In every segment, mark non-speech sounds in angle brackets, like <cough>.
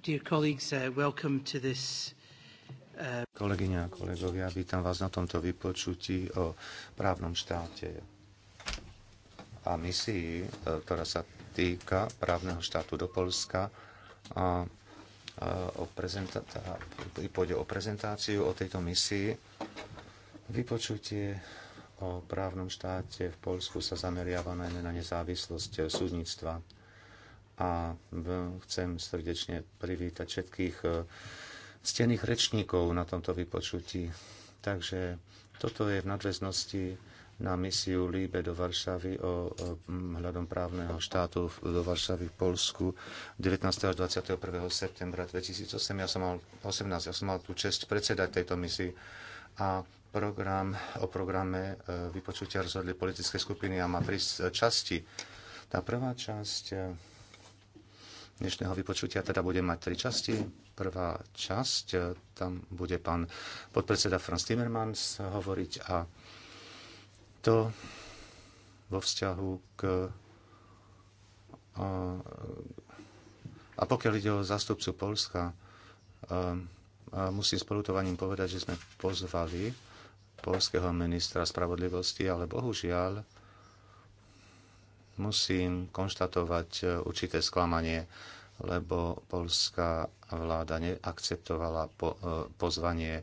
Uh, uh, Kolegyňa a kolegovia, vítam vás na tomto vypočutí o právnom štáte a misii, e, ktorá sa týka právneho štátu do Polska a, a e, o prezentá... pôjde o prezentáciu o tejto misii. Vypočutie o právnom štáte v Polsku sa zameriava najmä na nezávislosť súdnictva a chcem srdečne privítať všetkých stených e, rečníkov na tomto vypočutí. Takže toto je v nadväznosti na misiu Líbe do Varšavy o e, hľadom právneho štátu do Varšavy v Polsku 19. až 21. septembra 2008. Ja som mal 18, ja som mal tú čest predsedať tejto misii a program, o programe e, vypočutia rozhodli politické skupiny a má prísť časti. Tá prvá časť dnešného vypočutia teda bude mať tri časti. Prvá časť, e, tam bude pán podpredseda Franz Timmermans hovoriť a to vo vzťahu k e, a pokiaľ ide o zástupcu Polska, e, musím s polutovaním povedať, že sme pozvali polského ministra spravodlivosti, ale bohužiaľ musím konštatovať e, určité sklamanie, lebo polská vláda neakceptovala po, e, pozvanie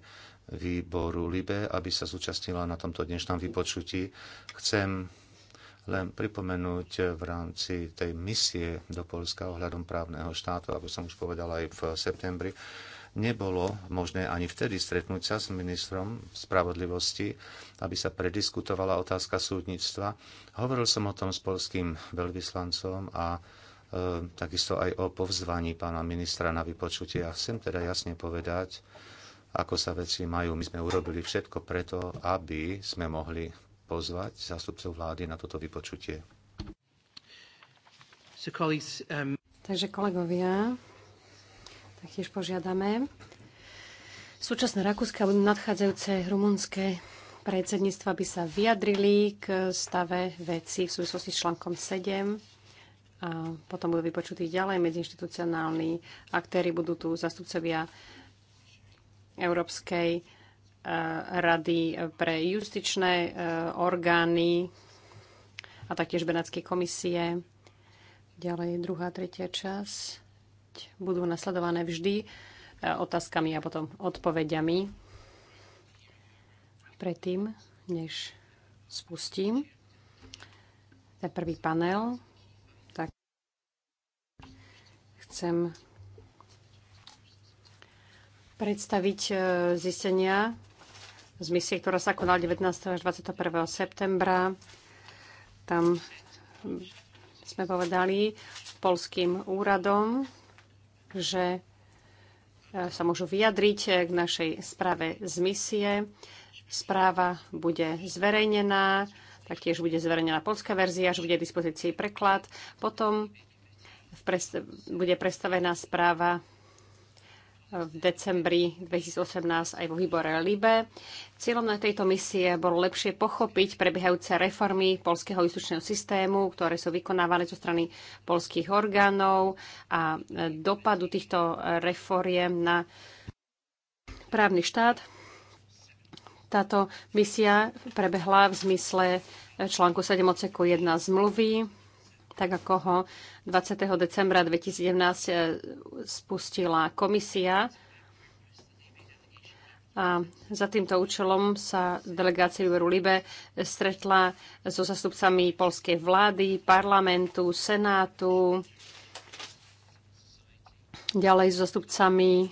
výboru LIBE, aby sa zúčastnila na tomto dnešnom vypočutí. Chcem len pripomenúť e, v rámci tej misie do Polska ohľadom právneho štátu, ako som už povedala aj v septembri, nebolo možné ani vtedy stretnúť sa s ministrom spravodlivosti, aby sa prediskutovala otázka súdnictva. Hovoril som o tom s polským veľvyslancom a e, takisto aj o povzvaní pána ministra na vypočutie. A chcem teda jasne povedať, ako sa veci majú. My sme urobili všetko preto, aby sme mohli pozvať zástupcov vlády na toto vypočutie. So, um... Takže kolegovia, tak tiež požiadame. Súčasné rakúske alebo nadchádzajúce rumunské predsedníctva by sa vyjadrili k stave veci v súvislosti s článkom 7 a potom budú vypočutí ďalej medziinstitucionálni aktéry, budú tu zastupcovia Európskej e, rady pre justičné e, orgány a taktiež Benátskej komisie. Ďalej druhá, tretia čas budú nasledované vždy e, otázkami a potom odpovediami. Predtým, než spustím ten prvý panel, tak chcem predstaviť e, zistenia z misie, ktorá sa konala 19. až 21. septembra. Tam sme povedali polským úradom, že e, sa môžu vyjadriť e, k našej správe z misie. Správa bude zverejnená, taktiež bude zverejnená polská verzia, až bude k dispozícii preklad. Potom bude predstavená správa v decembri 2018 aj vo výbore LIBE. Cieľom na tejto misie bolo lepšie pochopiť prebiehajúce reformy polského justičného systému, ktoré sú vykonávané zo strany polských orgánov a dopadu týchto reforiem na právny štát. Táto misia prebehla v zmysle článku 7 1 zmluvy tak ako ho 20. decembra 2017 e, spustila komisia. A za týmto účelom sa delegácia Uberu Libe stretla so zastupcami polskej vlády, parlamentu, senátu, ďalej so zastupcami e,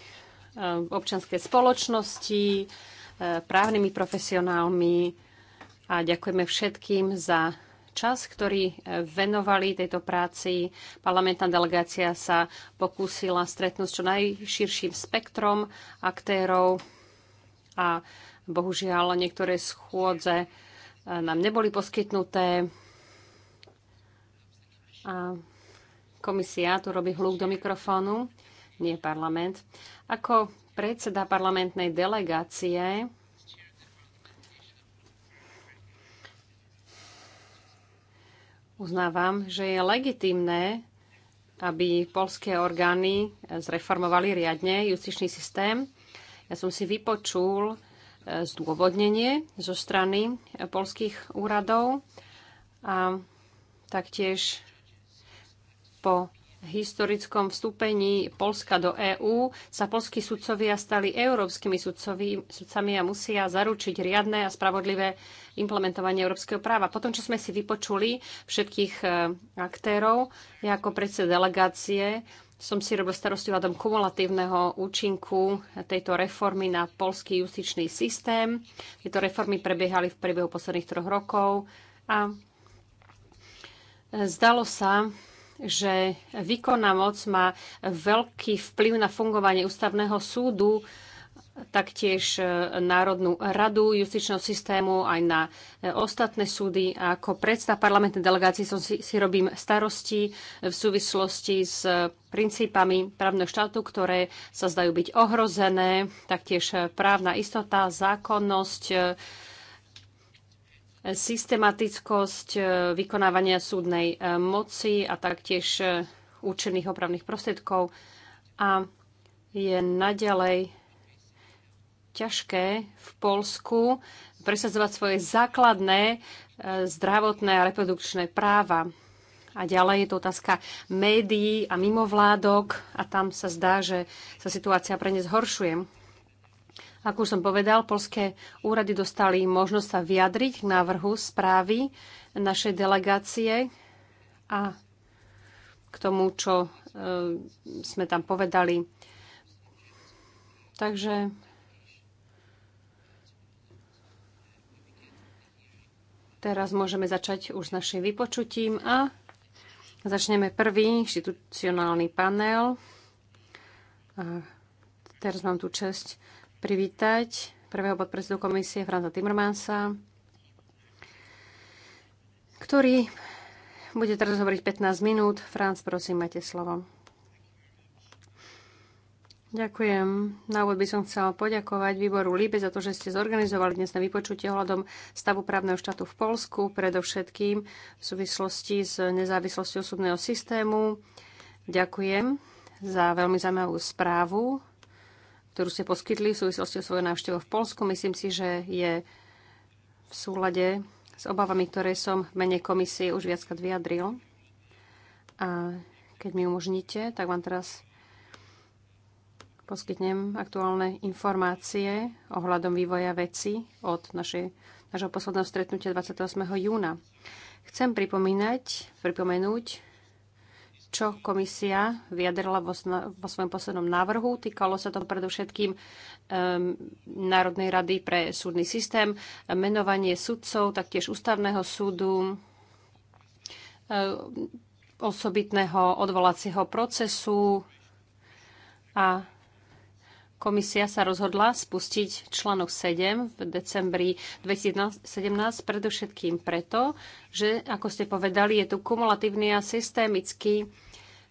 občanskej spoločnosti, e, právnymi profesionálmi a ďakujeme všetkým za čas, ktorý e, venovali tejto práci. Parlamentná delegácia sa pokúsila stretnúť s čo najširším spektrom aktérov a bohužiaľ niektoré schôdze e, nám neboli poskytnuté. A komisia tu robí hľúk do mikrofónu, nie parlament. Ako predseda parlamentnej delegácie Uznávam, že je legitimné, aby polské orgány zreformovali riadne justičný systém. Ja som si vypočul e, zdôvodnenie zo strany polských úradov a taktiež po historickom vstúpení Polska do EÚ sa polskí sudcovia stali európskymi sudcovi, sudcami a musia zaručiť riadne a spravodlivé implementovanie európskeho práva. Potom, čo sme si vypočuli všetkých e, aktérov, ja ako predseda delegácie som si robil starosti hľadom kumulatívneho účinku tejto reformy na polský justičný systém. Tieto reformy prebiehali v priebehu posledných troch rokov a e, zdalo sa, že výkonná moc má veľký vplyv na fungovanie ústavného súdu, taktiež e, Národnú radu justičného systému, aj na e, ostatné súdy. A ako predstav parlamentnej delegácie som si, si robím starosti e, v súvislosti s princípami právneho štátu, ktoré sa zdajú byť ohrozené, taktiež právna istota, zákonnosť, systematickosť e, vykonávania súdnej e, moci a taktiež e, účinných opravných prostriedkov a je naďalej ťažké v Polsku presadzovať svoje základné zdravotné a reprodukčné práva. A ďalej je to otázka médií a mimovládok a tam sa zdá, že sa situácia pre ne zhoršuje. Ako už som povedal, polské úrady dostali možnosť sa vyjadriť k návrhu správy našej delegácie a k tomu, čo e, sme tam povedali. Takže teraz môžeme začať už s našim vypočutím a začneme prvý inštitucionálny panel. A teraz mám tu čest privítať prvého podpredsedu komisie Franza Timmermansa, ktorý bude teraz hovoriť 15 minút. Franz, prosím, máte slovo. Ďakujem. Na úvod by som chcela poďakovať výboru Líbe za to, že ste zorganizovali dnes na vypočutie ohľadom stavu právneho štátu v Polsku, predovšetkým v súvislosti s nezávislosťou súdneho systému. Ďakujem za veľmi zaujímavú správu ktorú ste poskytli v súvislosti o svojou návštevou v Polsku. Myslím si, že je v súlade s obavami, ktoré som v mene komisie už viackrát vyjadril. A keď mi umožníte, tak vám teraz poskytnem aktuálne informácie ohľadom vývoja veci od našej, našeho posledného stretnutia 28. júna. Chcem pripomínať, pripomenúť, čo komisia vyjadrila vo, vo svojom poslednom návrhu. Týkalo sa to predovšetkým um, Národnej rady pre súdny systém, menovanie sudcov, taktiež ústavného súdu, osobitného odvolacieho procesu a Komisia sa rozhodla spustiť článok 7 v decembri 2017 predovšetkým preto, že, ako ste povedali, je tu kumulatívny a systémický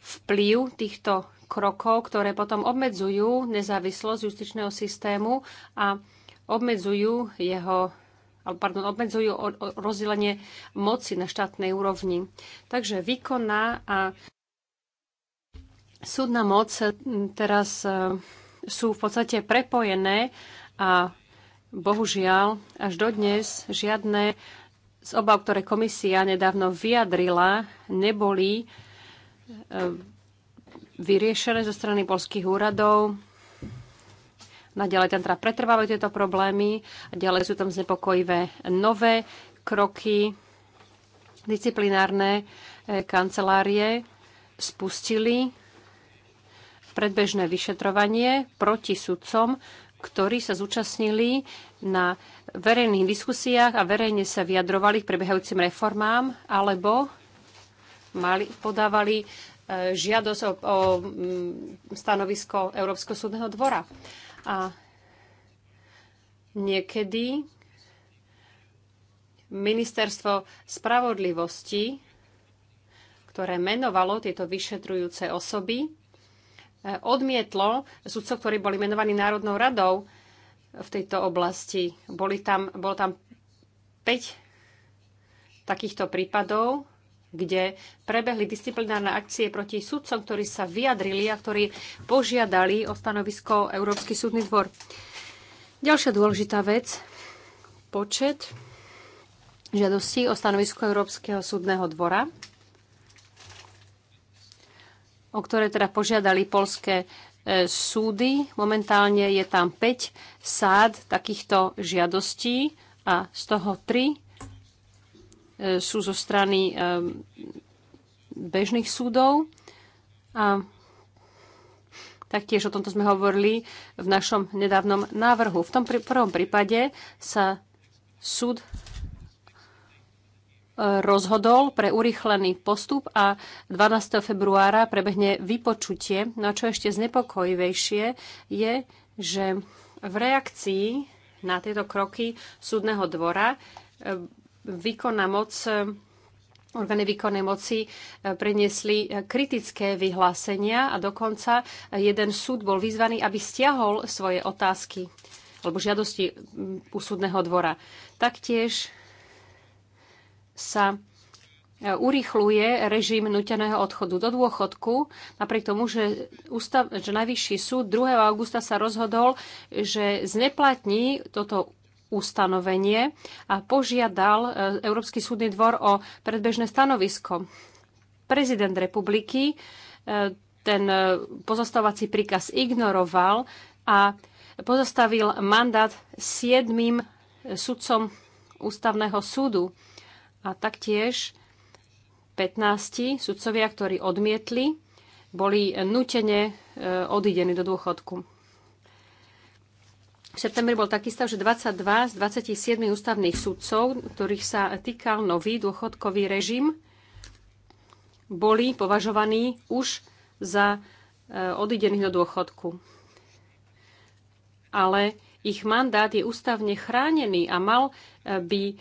vplyv týchto krokov, ktoré potom obmedzujú nezávislosť justičného systému a obmedzujú jeho ale pardon, obmedzujú rozdelenie moci na štátnej úrovni. Takže výkonná a súdna moc teraz eh, sú v podstate prepojené a bohužiaľ až dodnes žiadne z obav, ktoré komisia nedávno vyjadrila, neboli e, vyriešené zo strany polských úradov. Naďalej tam teda pretrvávajú tieto problémy a ďalej sú tam znepokojivé nové kroky. Disciplinárne e, kancelárie spustili predbežné vyšetrovanie proti sudcom, ktorí sa zúčastnili na verejných diskusiách a verejne sa vyjadrovali k prebiehajúcim reformám, alebo mali, podávali e, žiadosť o, o mm, stanovisko Európskeho súdneho dvora. A niekedy ministerstvo spravodlivosti, ktoré menovalo tieto vyšetrujúce osoby, odmietlo sudcov, ktorí boli menovaní Národnou radou v tejto oblasti. Boli tam, bolo tam 5 takýchto prípadov, kde prebehli disciplinárne akcie proti sudcom, ktorí sa vyjadrili a ktorí požiadali o stanovisko Európsky súdny dvor. Ďalšia dôležitá vec, počet žiadostí o stanovisko Európskeho súdneho dvora o ktoré teda požiadali polské e, súdy. Momentálne je tam 5 sád takýchto žiadostí a z toho 3 e, sú zo strany e, bežných súdov. A taktiež o tomto sme hovorili v našom nedávnom návrhu. V tom prvom prípade sa súd rozhodol pre urýchlený postup a 12. februára prebehne vypočutie. Na a čo ešte znepokojivejšie je, že v reakcii na tieto kroky súdneho dvora eh, výkonná moc orgány výkonnej moci eh, preniesli eh, kritické vyhlásenia a dokonca jeden súd bol vyzvaný, aby stiahol svoje otázky alebo žiadosti mm, u súdneho dvora. Taktiež sa e, urychluje režim nuteného odchodu do dôchodku, napriek tomu, že, ústav, že najvyšší súd 2. augusta sa rozhodol, že zneplatní toto ustanovenie a požiadal e, Európsky súdny dvor o predbežné stanovisko. Prezident republiky e, ten pozostavací príkaz ignoroval a pozostavil mandát siedmým sudcom ústavného súdu a taktiež 15 sudcovia, ktorí odmietli, boli nutene e, odídení do dôchodku. V septembri bol taký stav, že 22 z 27 ústavných sudcov, ktorých sa týkal nový dôchodkový režim, boli považovaní už za e, odidených do dôchodku. Ale ich mandát je ústavne chránený a mal by e,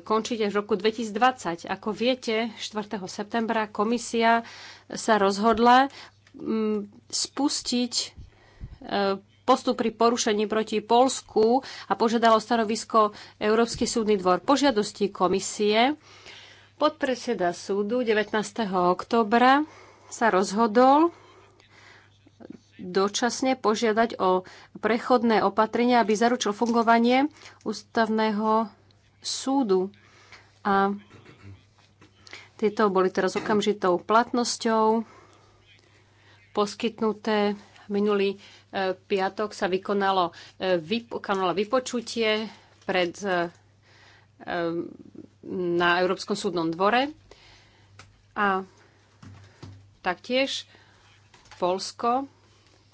končiť až v roku 2020. Ako viete, 4. septembra komisia sa rozhodla mm, spustiť e, postup pri porušení proti Polsku a požiadalo stanovisko Európsky súdny dvor. Požiadosti komisie podpredseda súdu 19. oktobra sa rozhodol dočasne požiadať o prechodné opatrenia, aby zaručil fungovanie ústavného súdu. A tieto boli teraz okamžitou platnosťou. Poskytnuté minulý e, piatok sa vykonalo, e, vypočutie pred, e, na Európskom súdnom dvore. A taktiež Polsko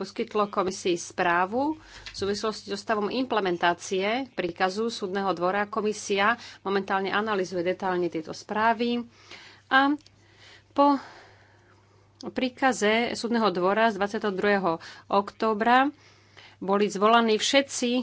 poskytlo komisii správu v súvislosti so stavom implementácie príkazu súdneho dvora. Komisia momentálne analizuje detálne tieto správy a po príkaze súdneho dvora z 22. októbra boli zvolaní všetci e,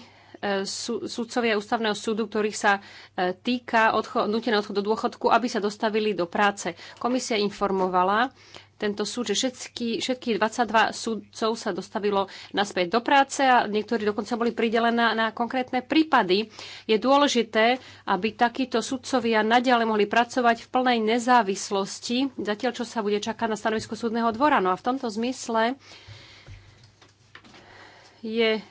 sudcovia ústavného súdu, ktorých sa e, týka odcho- nutené odchod do dôchodku, aby sa dostavili do práce. Komisia informovala tento súd, že všetky, všetky 22 súdcov sa dostavilo naspäť do práce a niektorí dokonca boli pridelené na konkrétne prípady. Je dôležité, aby takíto sudcovia naďalej mohli pracovať v plnej nezávislosti, zatiaľ čo sa bude čakať na stanovisko súdneho dvora. No a v tomto zmysle je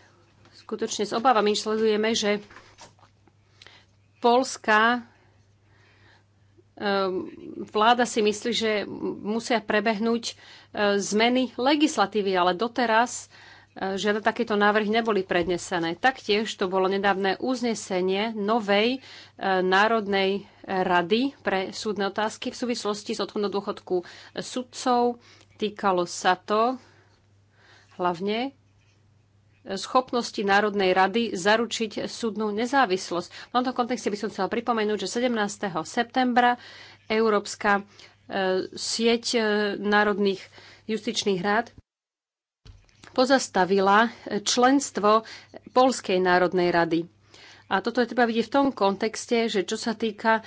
skutočne s obávami, sledujeme, že Polska. Ehm, vláda si myslí, že musia prebehnúť e, zmeny legislatívy, ale doteraz e, žiadne takéto návrhy neboli prednesené. Taktiež to bolo nedávne uznesenie novej e, Národnej rady pre súdne otázky v súvislosti s odchodom dôchodku sudcov. Týkalo sa to hlavne schopnosti Národnej rady zaručiť súdnu nezávislosť. V tomto kontexte by som chcela pripomenúť, že 17. septembra Európska e, sieť e, národných justičných rád pozastavila členstvo Polskej národnej rady. A toto je treba vidieť v tom kontexte, že čo sa týka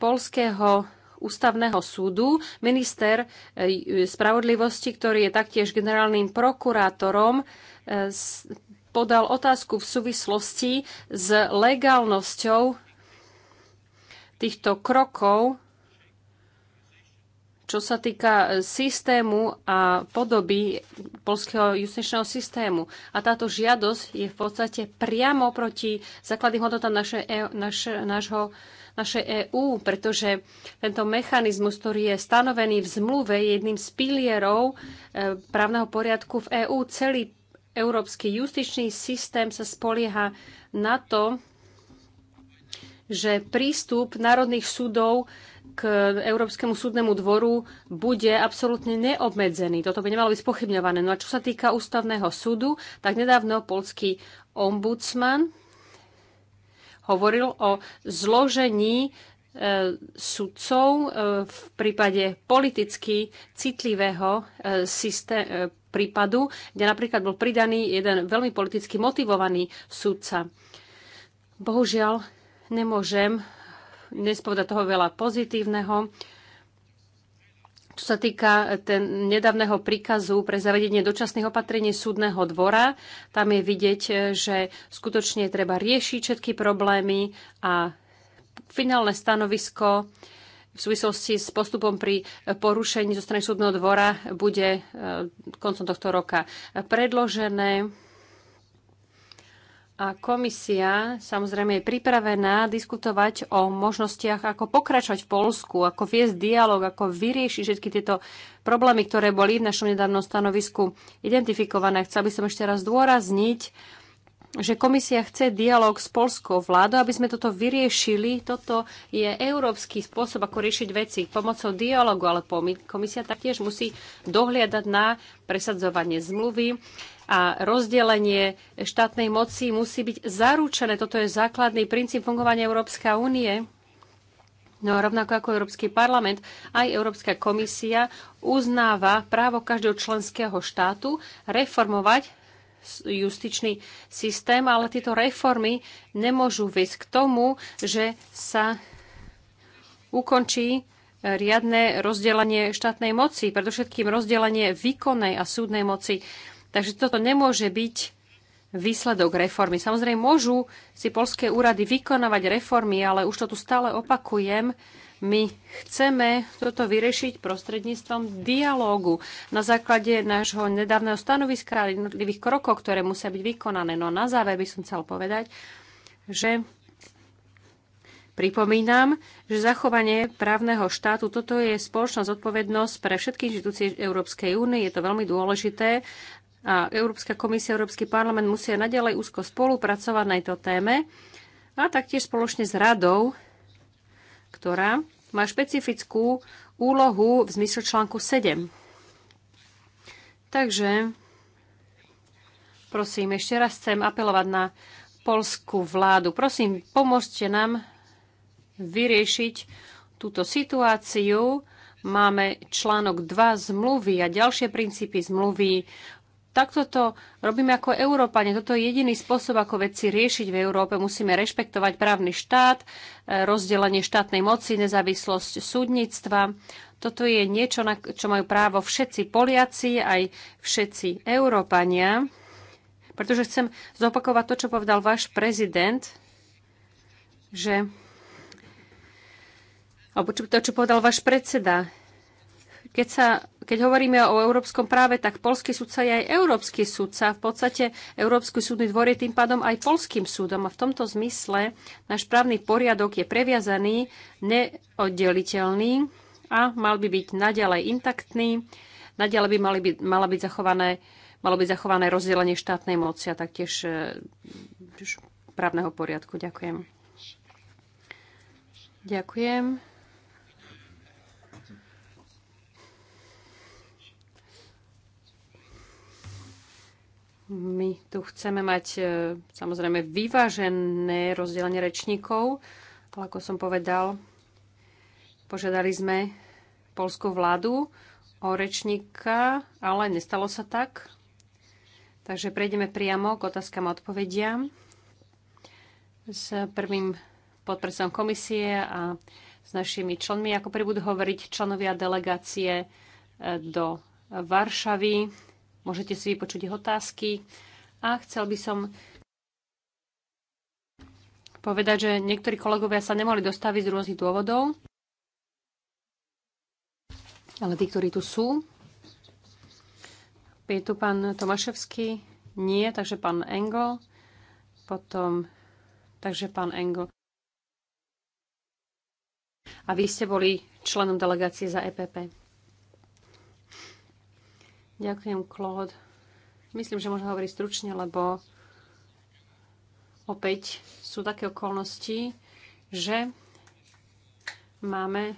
polského ústavného súdu. Minister eh, spravodlivosti, ktorý je taktiež generálnym prokurátorom, eh, podal otázku v súvislosti s legálnosťou týchto krokov, čo sa týka eh, systému a podoby polského justičného systému. A táto žiadosť je v podstate priamo proti základným hodnotám našeho. E-, naš, našej EÚ, pretože tento mechanizmus, ktorý je stanovený v zmluve, je jedným z pilierov e, právneho poriadku v EÚ. Celý európsky justičný systém sa spolieha na to, že prístup národných súdov k Európskemu súdnemu dvoru bude absolútne neobmedzený. Toto by nemalo byť spochybňované. No a čo sa týka ústavného súdu, tak nedávno polský ombudsman hovoril o zložení e, sudcov e, v prípade politicky citlivého e, systému, prípadu, kde napríklad bol pridaný jeden veľmi politicky motivovaný sudca. Bohužiaľ, nemôžem dnes povedať toho veľa pozitívneho. Čo sa týka eh, ten nedávneho príkazu pre zavedenie dočasných opatrení súdneho dvora, tam je vidieť, eh, že skutočne treba riešiť všetky problémy a finálne stanovisko v súvislosti s postupom pri eh, porušení zo strany súdneho dvora bude koncom tohto roka predložené. A komisia samozrejme je pripravená diskutovať o možnostiach, ako pokračovať v Polsku, ako viesť dialog, ako vyriešiť všetky tieto problémy, ktoré boli v našom nedávnom stanovisku identifikované. Chcela by som ešte raz dôrazniť, že komisia chce dialog s polskou vládou, aby sme toto vyriešili. Toto je európsky spôsob, ako riešiť veci pomocou dialogu, ale komisia taktiež musí dohliadať na presadzovanie zmluvy a rozdelenie štátnej moci musí byť zaručené. Toto je základný princíp fungovania Európska únie. No rovnako ako Európsky parlament, aj Európska komisia uznáva právo každého členského štátu reformovať justičný systém, ale tieto reformy nemôžu viesť k tomu, že sa ukončí e, riadne rozdelenie štátnej moci, predovšetkým rozdelenie výkonnej a súdnej moci. Takže toto nemôže byť výsledok reformy. Samozrejme, môžu si polské úrady vykonávať reformy, ale už to tu stále opakujem, my chceme toto vyriešiť prostredníctvom dialógu na základe nášho nedávneho stanoviska a jednotlivých krokov, ktoré musia byť vykonané. No na záver by som chcel povedať, že pripomínam, že zachovanie právneho štátu, toto je spoločná zodpovednosť pre všetky inštitúcie Európskej únie. Je to veľmi dôležité a Európska komisia, Európsky parlament musia naďalej úzko spolupracovať na tejto téme a taktiež spoločne s radou, ktorá má špecifickú úlohu v zmysle článku 7. Takže prosím, ešte raz chcem apelovať na polskú vládu. Prosím, pomôžte nám vyriešiť túto situáciu. Máme článok 2 zmluvy a ďalšie princípy zmluvy Takto to robíme ako Európane. Toto je jediný spôsob, ako veci riešiť v Európe. Musíme rešpektovať právny štát, e, rozdelenie štátnej moci, nezávislosť súdnictva. Toto je niečo, na čo majú právo všetci Poliaci, aj všetci Európania. Pretože chcem zopakovať to, čo povedal váš prezident, že alebo to, čo povedal váš predseda, keď sa keď hovoríme o európskom práve, tak polský sudca je aj európsky sudca. V podstate Európsky súdny dvor je tým pádom aj polským súdom a v tomto zmysle náš právny poriadok je previazaný, neoddeliteľný a mal by byť naďalej intaktný. Naďalej by mali byť, mala byť zachované, malo byť zachované rozdelenie štátnej moci a taktiež e, právneho poriadku. Ďakujem. Ďakujem. My tu chceme mať e, samozrejme vyvážené rozdelenie rečníkov, ale ako som povedal, požiadali sme polskú vládu o rečníka, ale nestalo sa tak. Takže prejdeme priamo k otázkam a odpovediam s prvým podpredsedom komisie a s našimi členmi, ako pribudú hovoriť členovia delegácie e, do Varšavy Môžete si vypočuť ich otázky. A chcel by som povedať, že niektorí kolegovia sa nemohli dostaviť z rôznych dôvodov, ale tí, ktorí tu sú, je tu pán Tomaševský, nie, takže pán Engel, potom, takže pán Engel. A vy ste boli členom delegácie za EPP. Ďakujem, Claude. Myslím, že môžem hovoriť stručne, lebo opäť sú také okolnosti, že máme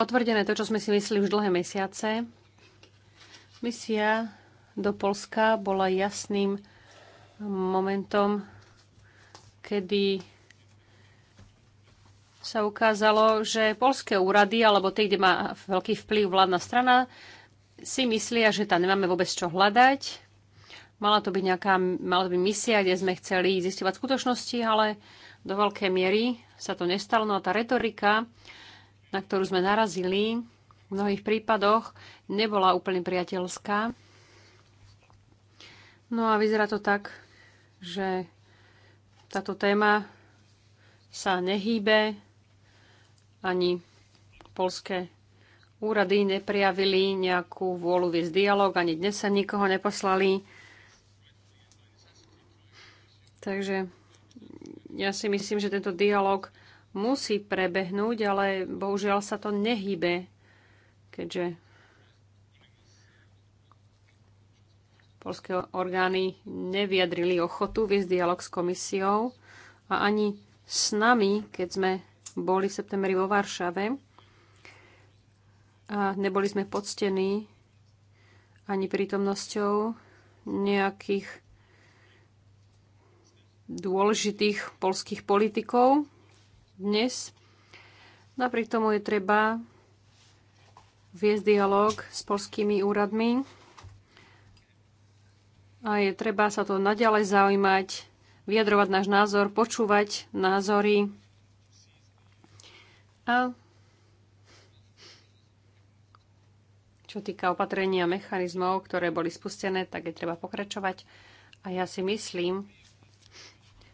potvrdené to, čo sme si mysleli už dlhé mesiace. Misia do Polska bola jasným momentom, kedy sa ukázalo, že polské úrady, alebo tie, kde má veľký vplyv vládna strana, si myslia, že tam nemáme vôbec čo hľadať. Mala to byť nejaká mala to byť misia, kde sme chceli zistiovať skutočnosti, ale do veľkej miery sa to nestalo. No a tá retorika, na ktorú sme narazili, v mnohých prípadoch nebola úplne priateľská. No a vyzerá to tak, že táto téma sa nehýbe, ani polské úrady neprijavili nejakú vôľu viesť dialog, ani dnes sa nikoho neposlali. Takže ja si myslím, že tento dialog musí prebehnúť, ale bohužiaľ sa to nehybe, keďže polské orgány nevyjadrili ochotu viesť dialog s komisiou a ani s nami, keď sme boli v septembri vo Varšave a neboli sme poctení ani prítomnosťou nejakých dôležitých polských politikov dnes. Napriek tomu je treba viesť dialog s polskými úradmi a je treba sa to naďalej zaujímať, vyjadrovať náš názor, počúvať názory Au. čo týka opatrenia mechanizmov, ktoré boli spustené, tak je treba pokračovať. A ja si myslím,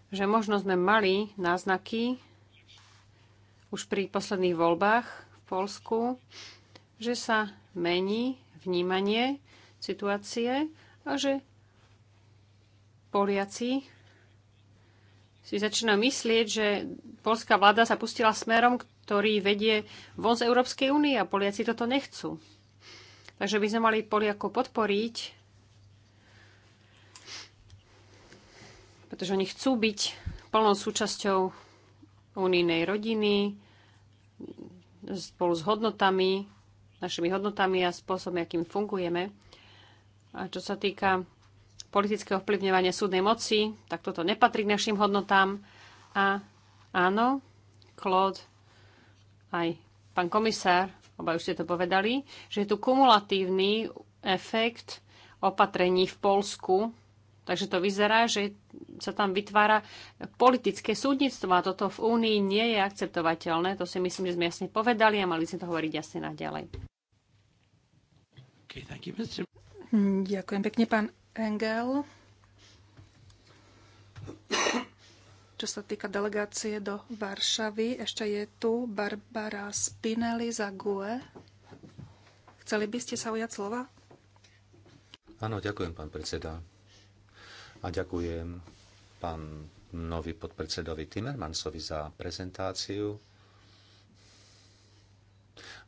že možno sme mali náznaky už pri posledných voľbách v Polsku, že sa mení vnímanie situácie a že Poliaci si začína myslieť, že polská vláda sa pustila smerom, ktorý vedie von z Európskej únie a Poliaci toto nechcú. Takže by sme mali poliako podporiť, pretože oni chcú byť plnou súčasťou unijnej rodiny, spolu s hodnotami, našimi hodnotami a spôsobom, akým fungujeme. A čo sa týka politické ovplyvňovanie súdnej moci, tak toto nepatrí k našim hodnotám. A áno, Claude, aj pán komisár, oba už ste to povedali, že je tu kumulatívny efekt opatrení v Polsku, takže to vyzerá, že sa tam vytvára politické súdnictvo a toto v Únii nie je akceptovateľné. To si myslím, že sme jasne povedali a mali sme to hovoriť jasne naďalej. Okay, you, Ďakujem pekne, pán Engel, čo sa týka delegácie do Varšavy. Ešte je tu Barbara Spinelli za GUE. Chceli by ste sa ujať slova? Áno, ďakujem, pán predseda. A ďakujem pán nový podpredsedovi Timmermansovi za prezentáciu.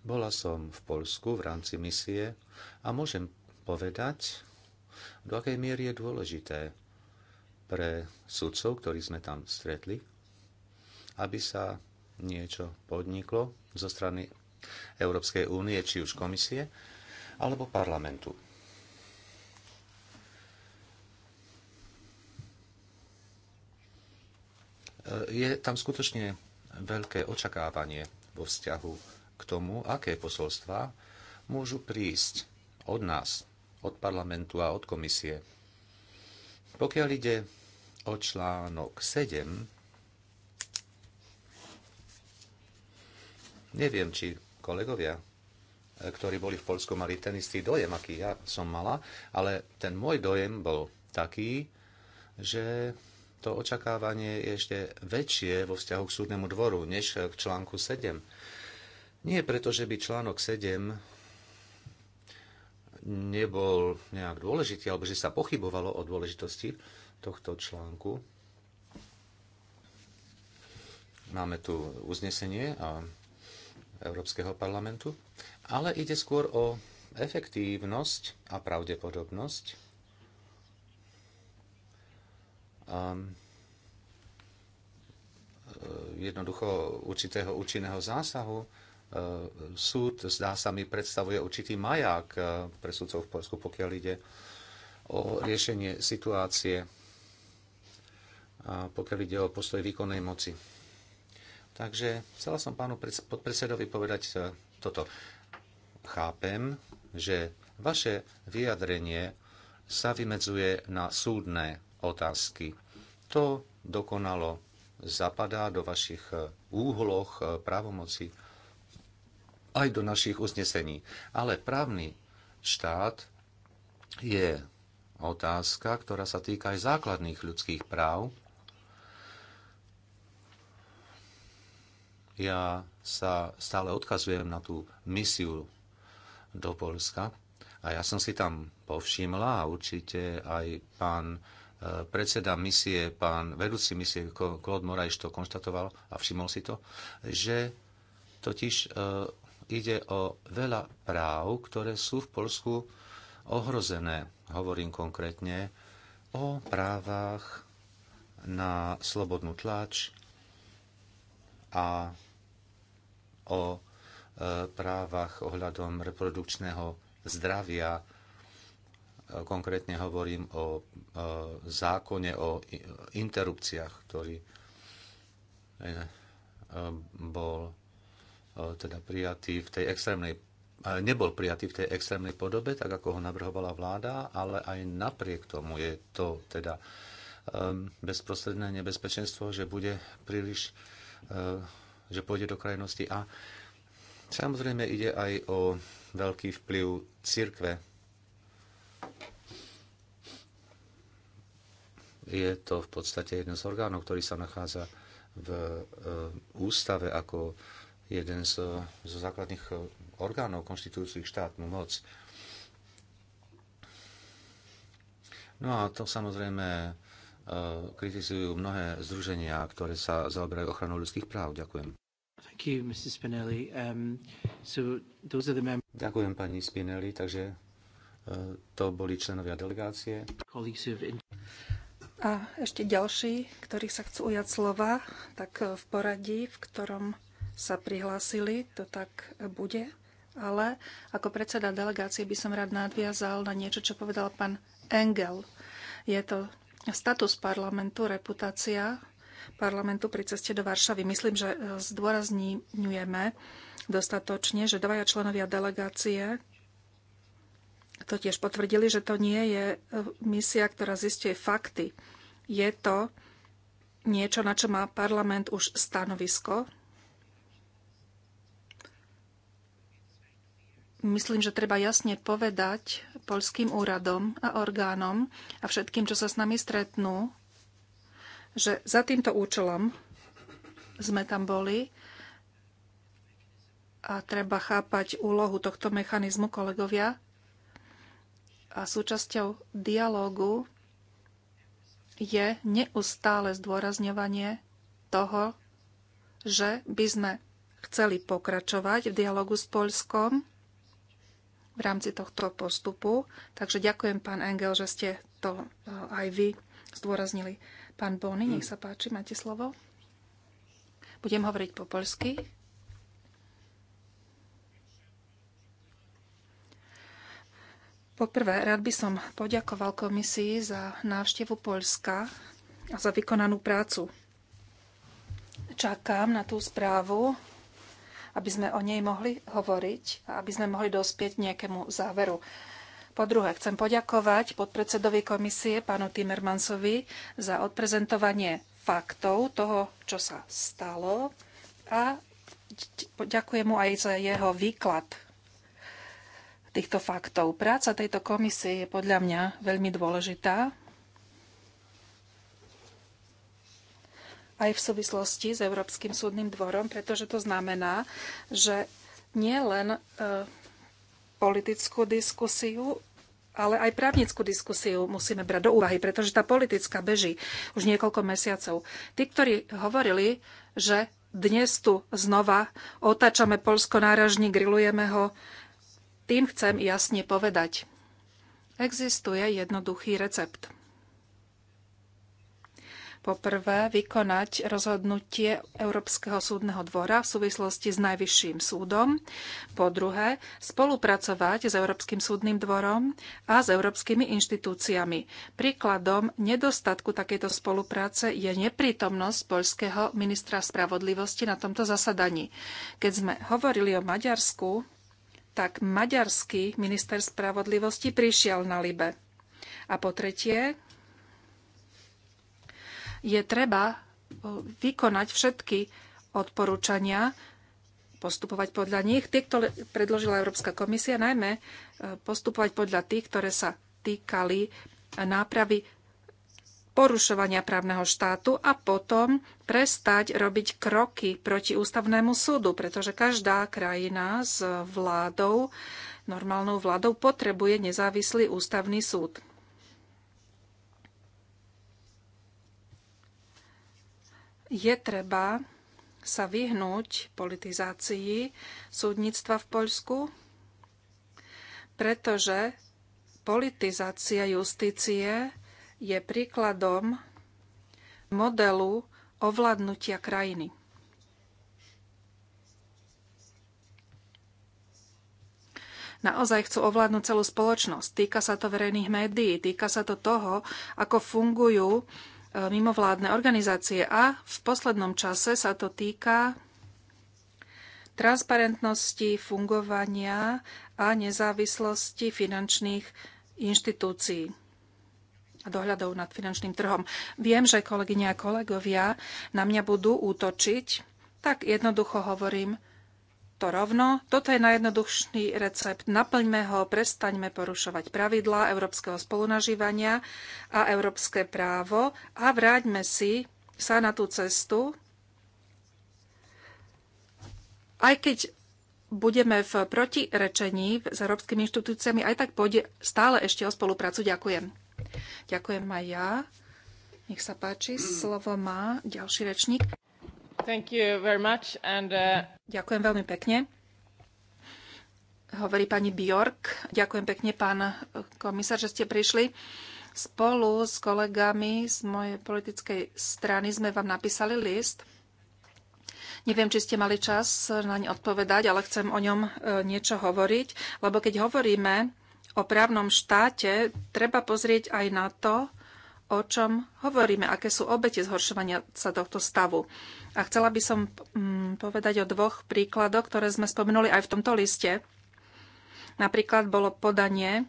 Bola som v Polsku v rámci misie a môžem povedať, do akej miery je dôležité pre sudcov, ktorí sme tam stretli, aby sa niečo podniklo zo strany Európskej únie, či už komisie, alebo parlamentu. Je tam skutočne veľké očakávanie vo vzťahu k tomu, aké posolstvá môžu prísť od nás, od parlamentu a od komisie. Pokiaľ ide o článok 7, neviem, či kolegovia, ktorí boli v Polsku, mali ten istý dojem, aký ja som mala, ale ten môj dojem bol taký, že to očakávanie je ešte väčšie vo vzťahu k súdnemu dvoru než k článku 7. Nie preto, že by článok 7 nebol nejak dôležitý, alebo že sa pochybovalo o dôležitosti tohto článku. Máme tu uznesenie Európskeho parlamentu, ale ide skôr o efektívnosť a pravdepodobnosť. Um, jednoducho určitého účinného zásahu E, súd, zdá sa mi, predstavuje určitý maják e, pre sudcov v Polsku, pokiaľ ide o riešenie situácie, pokiaľ ide o postoj výkonnej moci. Takže chcela som pánu podpredsedovi povedať e, toto. Chápem, že vaše vyjadrenie sa vymedzuje na súdne otázky. To dokonalo zapadá do vašich úhloch právomocí aj do našich uznesení. Ale právny štát je otázka, ktorá sa týka aj základných ľudských práv. Ja sa stále odkazujem na tú misiu do Polska a ja som si tam povšimla a určite aj pán e, predseda misie, pán vedúci misie Claude Morajš to konštatoval a všimol si to, že totiž e, ide o veľa práv, ktoré sú v Polsku ohrozené. Hovorím konkrétne o právach na slobodnú tlač a o e, právach ohľadom reprodukčného zdravia. E, konkrétne hovorím o e, zákone o interrupciách, ktorý bol E, teda prijatý v tej extrémnej e, nebol prijatý v tej extrémnej podobe, tak ako ho navrhovala vláda, ale aj napriek tomu je to teda e, bezprostredné nebezpečenstvo, že bude príliš, že pôjde do krajnosti. A samozrejme ide aj o veľký vplyv cirkve. Je to v podstate jeden z orgánov, ktorý sa nachádza v ústave ako jeden z, z základných eh, orgánov konštitujúcich štátnu moc. No a to samozrejme eh, kritizujú mnohé združenia, ktoré sa zaoberajú ochranou ľudských práv. Ďakujem. You, um, so Ďakujem pani Spinelli, takže eh, to boli členovia delegácie. A ešte ďalší, ktorí sa chcú ujať slova, tak v poradí, v ktorom sa prihlásili, to tak bude. Ale ako predseda delegácie by som rád nadviazal na niečo, čo povedal pán Engel. Je to status parlamentu, reputácia parlamentu pri ceste do Varšavy. Myslím, že e, zdôrazňujeme dostatočne, že dvaja členovia delegácie to tiež potvrdili, že to nie je e, misia, ktorá zistuje fakty. Je to niečo, na čo má parlament už stanovisko, myslím, že treba jasne povedať polským úradom a orgánom a všetkým, čo sa s nami stretnú, že za týmto účelom sme tam boli a treba chápať úlohu tohto mechanizmu, kolegovia. A súčasťou dialógu je neustále zdôrazňovanie toho, že by sme chceli pokračovať v dialogu s Polskom v rámci tohto postupu. Takže ďakujem, pán Engel, že ste to e, aj vy zdôraznili. Pán Bony, nech sa páči, máte slovo. Budem hovoriť po poľsky. Poprvé, rád by som poďakoval komisii za návštevu Poľska a za vykonanú prácu. Čakám na tú správu aby sme o nej mohli hovoriť a aby sme mohli dospieť nejakému záveru. Po druhé, chcem poďakovať podpredsedovi komisie, pánu Timmermansovi, za odprezentovanie faktov toho, čo sa stalo a ďakujem mu aj za jeho výklad týchto faktov. Práca tejto komisie je podľa mňa veľmi dôležitá. aj v súvislosti s Európskym súdnym dvorom, pretože to znamená, že nie len e, politickú diskusiu, ale aj právnickú diskusiu musíme brať do úvahy, pretože tá politická beží už niekoľko mesiacov. Tí, ktorí hovorili, že dnes tu znova otáčame Polsko náražní, grillujeme ho, tým chcem jasne povedať. Existuje jednoduchý recept – Poprvé, vykonať rozhodnutie Európskeho súdneho dvora v súvislosti s Najvyšším súdom. Po druhé, spolupracovať s Európskym súdnym dvorom a s európskymi inštitúciami. Príkladom nedostatku takejto spolupráce je neprítomnosť poľského ministra spravodlivosti na tomto zasadaní. Keď sme hovorili o Maďarsku, tak maďarský minister spravodlivosti prišiel na Libe. A po tretie, je treba vykonať všetky odporúčania, postupovať podľa nich, tie, ktoré predložila Európska komisia, najmä e, postupovať podľa tých, ktoré sa týkali nápravy porušovania právneho štátu a potom prestať robiť kroky proti ústavnému súdu, pretože každá krajina s vládou, normálnou vládou, potrebuje nezávislý ústavný súd. je treba sa vyhnúť politizácii súdnictva v Poľsku, pretože politizácia justície je príkladom modelu ovládnutia krajiny. naozaj chcú ovládnuť celú spoločnosť. Týka sa to verejných médií, týka sa to toho, ako fungujú E, mimovládne organizácie a v poslednom čase sa to týka transparentnosti fungovania a nezávislosti finančných inštitúcií a dohľadov nad finančným trhom. Viem, že kolegyne a kolegovia na mňa budú útočiť, tak jednoducho hovorím, to rovno. Toto je najjednoduchší recept. Naplňme ho, prestaňme porušovať pravidlá európskeho spolunažívania a európske právo a vráťme si sa na tú cestu, aj keď budeme v protirečení s európskymi inštitúciami, aj tak pôjde stále ešte o spoluprácu. Ďakujem. Ďakujem aj ja. Nech sa páči, mm. slovo má ďalší rečník. Thank you very much and, uh... Ďakujem veľmi pekne. Hovorí pani Bjork. Ďakujem pekne, pán komisár, že ste prišli. Spolu s kolegami z mojej politickej strany sme vám napísali list. Neviem, či ste mali čas na ne odpovedať, ale chcem o ňom e, niečo hovoriť, lebo keď hovoríme o právnom štáte, treba pozrieť aj na to, o čom hovoríme, aké sú obete zhoršovania sa tohto stavu. A chcela by som mm, povedať o dvoch príkladoch, ktoré sme spomenuli aj v tomto liste. Napríklad bolo podanie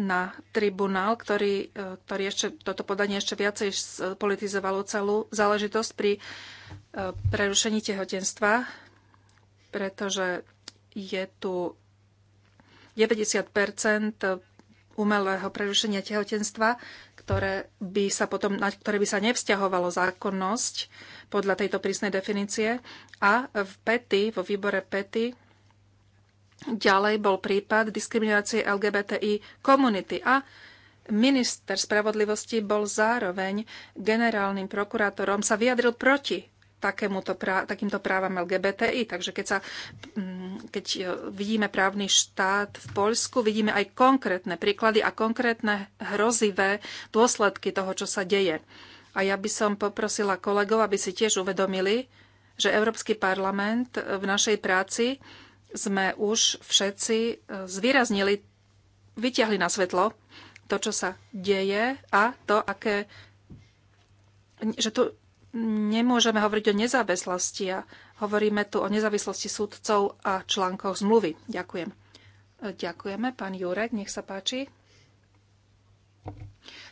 na tribunál, ktorý, e, ktorý ešte, toto podanie ešte viacej politizovalo celú záležitosť pri e, prerušení tehotenstva, pretože je tu 90 umelého prerušenia tehotenstva ktoré by sa potom, na ktoré by sa nevzťahovalo zákonnosť podľa tejto prísnej definície. A v PETI, vo výbore PETI, ďalej bol prípad diskriminácie LGBTI komunity. A minister spravodlivosti bol zároveň generálnym prokurátorom, sa vyjadril proti takémuto, takýmto právam LGBTI. Takže keď, sa, mm, keď e, vidíme právny štát v Poľsku, vidíme aj konkrétne príklady a konkrétne hrozivé dôsledky toho, čo sa deje. A ja by som poprosila kolegov, aby si tiež uvedomili, že Európsky parlament e, v našej práci sme už všetci e, zvýraznili, vyťahli na svetlo to, čo sa deje a to, aké, že tu nemôžeme hovoriť o nezávislosti a hovoríme tu o nezávislosti súdcov a článkoch zmluvy. Ďakujem. Ďakujeme. Pán Jurek, nech sa páči.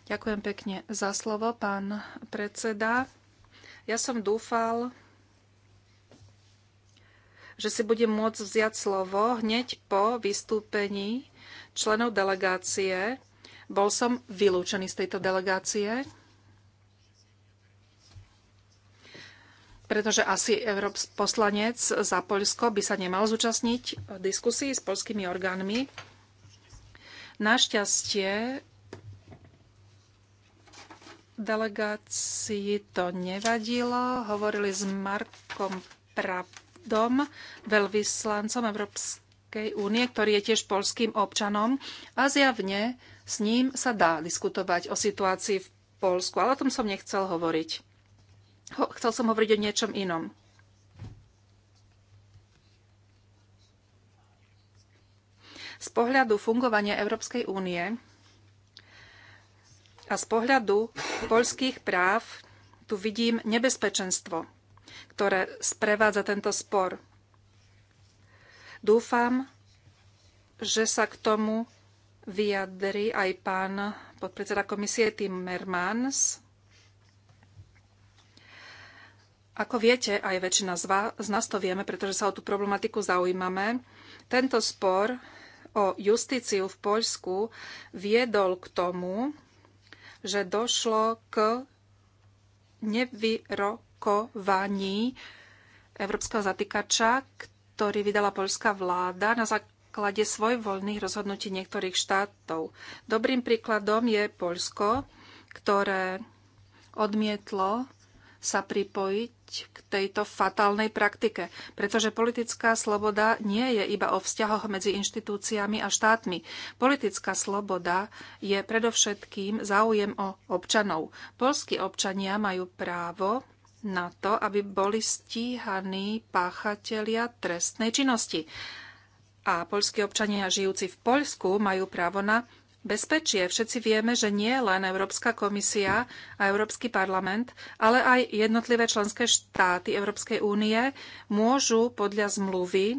Ďakujem pekne za slovo, pán predseda. Ja som dúfal, že si budem môcť vziať slovo hneď po vystúpení členov delegácie. Bol som vylúčený z tejto delegácie pretože asi Európs poslanec za Poľsko by sa nemal zúčastniť v diskusii s polskými orgánmi. Našťastie delegácii to nevadilo. Hovorili s Markom Pravdom, veľvyslancom Európskej únie, ktorý je tiež polským občanom a zjavne s ním sa dá diskutovať o situácii v Polsku, ale o tom som nechcel hovoriť. Chcel som hovoriť o niečom inom. Z pohľadu fungovania Európskej únie a z pohľadu poľských práv tu vidím nebezpečenstvo, ktoré sprevádza tento spor. Dúfam, že sa k tomu vyjadri aj pán podpredseda komisie Timmermans. Ako viete, aj väčšina z, vás, z nás to vieme, pretože sa o tú problematiku zaujímame, tento spor o justíciu v Poľsku viedol k tomu, že došlo k nevyrokovaní európskeho zatýkača, ktorý vydala poľská vláda na základe svojvoľných rozhodnutí niektorých štátov. Dobrým príkladom je Poľsko, ktoré odmietlo sa pripojiť k tejto fatálnej praktike, pretože politická sloboda nie je iba o vzťahoch medzi inštitúciami a štátmi. Politická sloboda je predovšetkým záujem o občanov. Polskí občania majú právo na to, aby boli stíhaní páchatelia trestnej činnosti. A polskí občania žijúci v Poľsku majú právo na bezpečie. Všetci vieme, že nie len Európska komisia a Európsky parlament, ale aj jednotlivé členské štáty Európskej únie môžu podľa zmluvy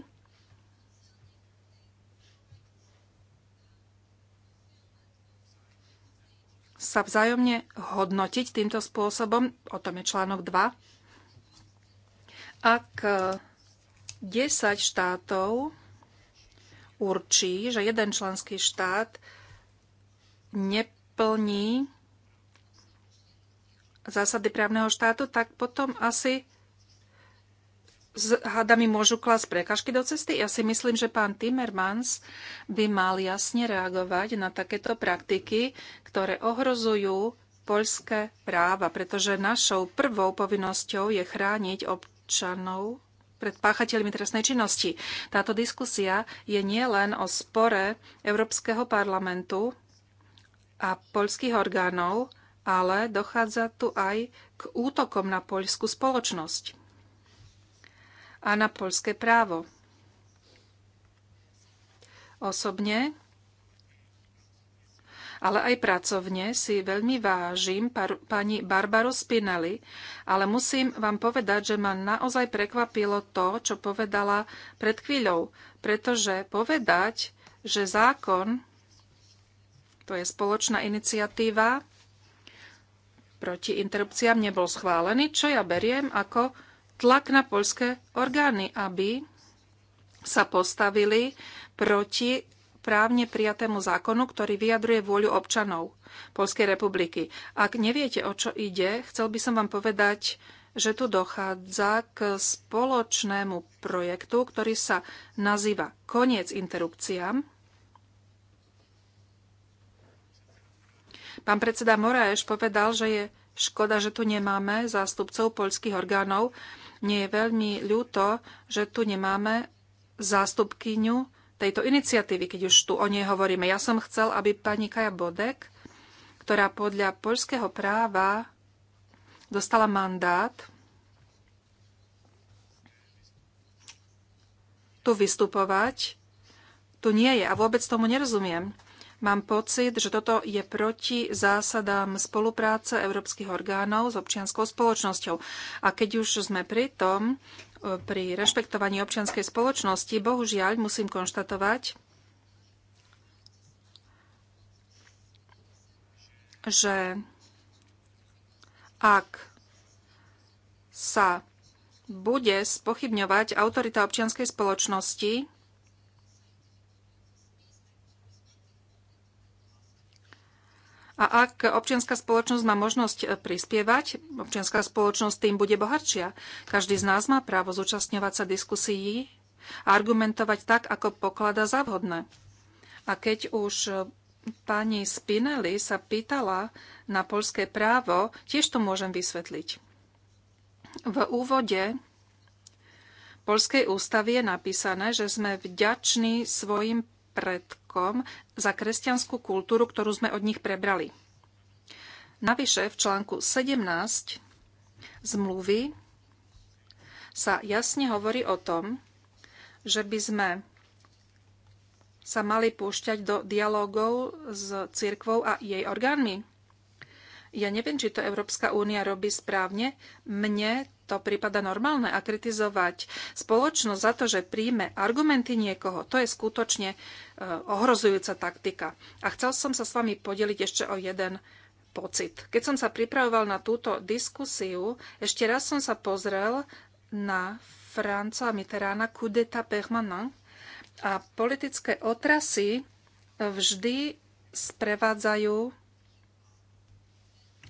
sa vzájomne hodnotiť týmto spôsobom. O tom je článok 2. Ak 10 štátov určí, že jeden členský štát neplní zásady právneho štátu, tak potom asi s hadami môžu klasť prekažky do cesty. Ja si myslím, že pán Timmermans by mal jasne reagovať na takéto praktiky, ktoré ohrozujú poľské práva, pretože našou prvou povinnosťou je chrániť občanov pred páchateľmi trestnej činnosti. Táto diskusia je nielen o spore Európskeho parlamentu a poľských orgánov, ale dochádza tu aj k útokom na poľskú spoločnosť a na poľské právo. Osobne, ale aj pracovne si veľmi vážim par- pani Barbaru Spinelli, ale musím vám povedať, že ma naozaj prekvapilo to, čo povedala pred chvíľou, pretože povedať, že zákon to je spoločná iniciatíva proti interrupciám nebol schválený, čo ja beriem ako tlak na poľské orgány, aby sa postavili proti právne prijatému zákonu, ktorý vyjadruje vôľu občanov Polskej republiky. Ak neviete, o čo ide, chcel by som vám povedať, že tu dochádza k spoločnému projektu, ktorý sa nazýva Koniec interrupciám. Pán predseda Moraeš povedal, že je škoda, že tu nemáme zástupcov poľských orgánov. Nie je veľmi ľúto, že tu nemáme zástupkyňu tejto iniciatívy, keď už tu o nej hovoríme. Ja som chcel, aby pani Kaja Bodek, ktorá podľa poľského práva dostala mandát, tu vystupovať, tu nie je a vôbec tomu nerozumiem. Mám pocit, že toto je proti zásadám spolupráce európskych orgánov s občianskou spoločnosťou. A keď už sme pri tom, e, pri rešpektovaní občianskej spoločnosti, bohužiaľ musím konštatovať, že ak sa bude spochybňovať autorita občianskej spoločnosti, A ak občianská spoločnosť má možnosť e, prispievať, občianská spoločnosť tým bude bohatšia. Každý z nás má právo zúčastňovať sa diskusií a argumentovať tak, ako poklada za vhodné. A keď už e, pani Spinelli sa pýtala na polské právo, tiež to môžem vysvetliť. V úvode polskej ústavy je napísané, že sme vďační svojim predkom Ruskom za kresťanskú kultúru, ktorú sme od nich prebrali. Navyše v článku 17 zmluvy sa jasne hovorí o tom, že by sme sa mali púšťať do dialogov s církvou a jej orgánmi. Ja neviem, či to Európska únia robí správne. Mne to prípada normálne a kritizovať spoločnosť za to, že príjme argumenty niekoho. To je skutočne e, ohrozujúca taktika. A chcel som sa s vami podeliť ešte o jeden pocit. Keď som sa pripravoval na túto diskusiu, ešte raz som sa pozrel na Franca Mitterána coup d'état permanent a politické otrasy vždy sprevádzajú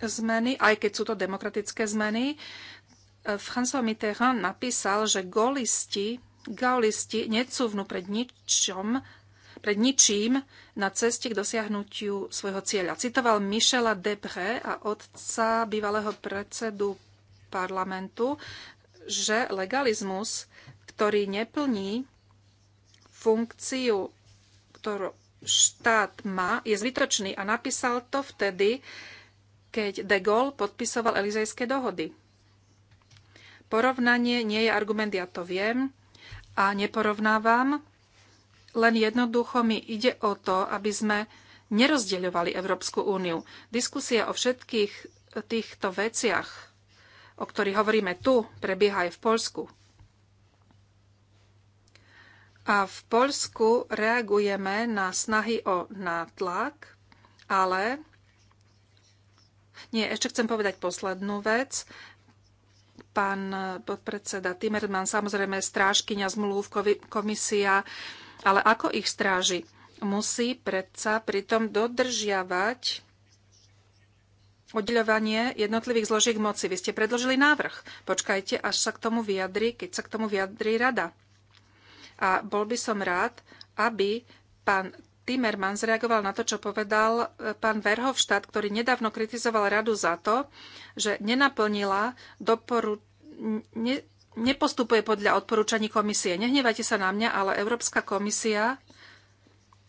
zmeny, aj keď sú to demokratické zmeny. François Mitterrand napísal, že gaulisti, gaulisti necúvnu pred ničom, pred ničím na ceste k dosiahnutiu svojho cieľa. Citoval Michela Debré a otca bývalého predsedu parlamentu, že legalizmus, ktorý neplní funkciu, ktorú štát má, je zbytočný. A napísal to vtedy, keď de Gaulle podpisoval Elizejské dohody. Porovnanie nie je argument, ja to viem a neporovnávam, len jednoducho mi ide o to, aby sme nerozdeľovali Európsku úniu. Diskusia o všetkých týchto veciach, o ktorých hovoríme tu, prebieha aj v Polsku. A v Polsku reagujeme na snahy o nátlak, ale nie, ešte chcem povedať poslednú vec. Pán podpredseda Timerman, samozrejme strážkyňa zmluv, komisia, ale ako ich stráži? Musí predsa pritom dodržiavať oddeľovanie jednotlivých zložiek moci. Vy ste predložili návrh. Počkajte, až sa k tomu vyjadri, keď sa k tomu vyjadri rada. A bol by som rád, aby pán Timmermans reagoval na to, čo povedal e, pán Verhofstadt, ktorý nedávno kritizoval radu za to, že nenaplnila doporu... ne... nepostupuje podľa odporúčaní komisie. Nehnevajte sa na mňa, ale Európska komisia,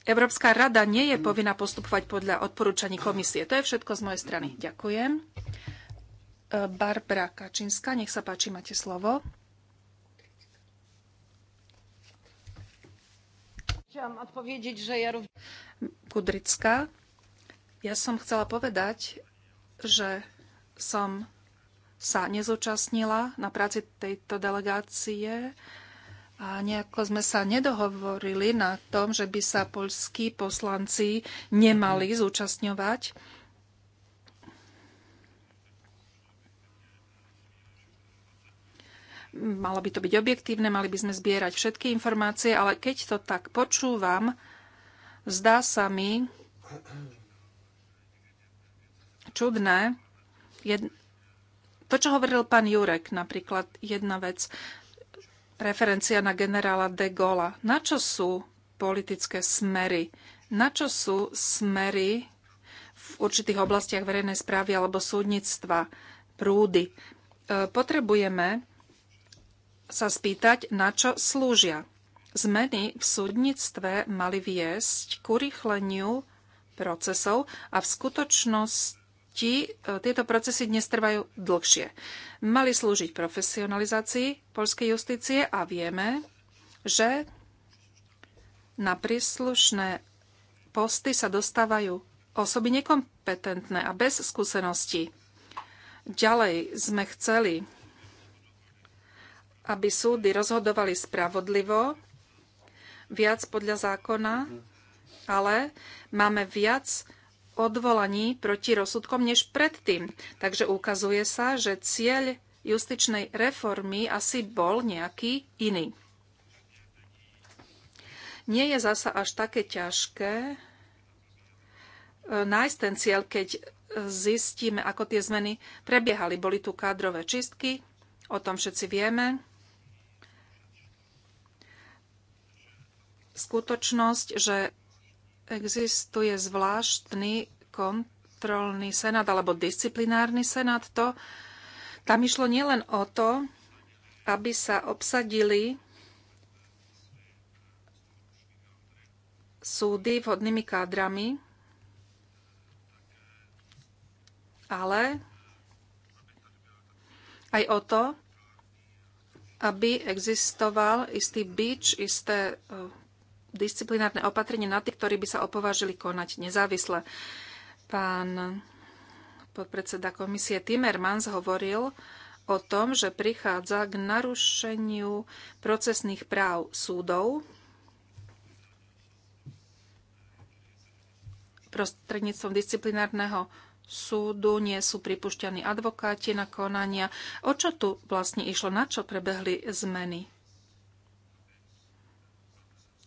Európska rada nie je povinná postupovať podľa odporúčaní komisie. To je všetko z mojej strany. Ďakujem. E, Barbara Kačinská, nech sa páči, máte slovo. Chciałam odpowiedzieć, że ja również... Kudrická. Ja som chcela povedať, že som sa nezúčastnila na práci tejto delegácie a nejako sme sa nedohovorili na tom, že by sa poľskí poslanci nemali zúčastňovať malo by to byť objektívne, mali by sme zbierať všetky informácie, ale keď to tak počúvam, zdá sa mi čudné. Jed... To, čo hovoril pán Jurek, napríklad jedna vec, referencia na generála de Gaulle. Na čo sú politické smery? Na čo sú smery v určitých oblastiach verejnej správy alebo súdnictva, prúdy? E, potrebujeme sa spýtať, na čo slúžia. Zmeny v súdnictve mali viesť k urychleniu procesov a v skutočnosti e, tieto procesy dnes trvajú dlhšie. Mali slúžiť profesionalizácii poľskej justície a vieme, že na príslušné posty sa dostávajú osoby nekompetentné a bez skúseností. Ďalej sme chceli aby súdy rozhodovali spravodlivo, viac podľa zákona, ale máme viac odvolaní proti rozsudkom než predtým. Takže ukazuje sa, že cieľ justičnej reformy asi bol nejaký iný. Nie je zasa až také ťažké e, nájsť ten cieľ, keď zistíme, ako tie zmeny prebiehali. Boli tu kádrové čistky, o tom všetci vieme. skutočnosť, že existuje zvláštny kontrolný senát alebo disciplinárny senát, to tam išlo nielen o to, aby sa obsadili súdy vhodnými kádrami, ale aj o to, aby existoval istý bič, isté disciplinárne opatrenie na tých, ktorí by sa opovážili konať nezávisle. Pán podpredseda komisie Timmermans hovoril o tom, že prichádza k narušeniu procesných práv súdov prostredníctvom disciplinárneho súdu, nie sú pripušťaní advokáti na konania. O čo tu vlastne išlo? Na čo prebehli zmeny?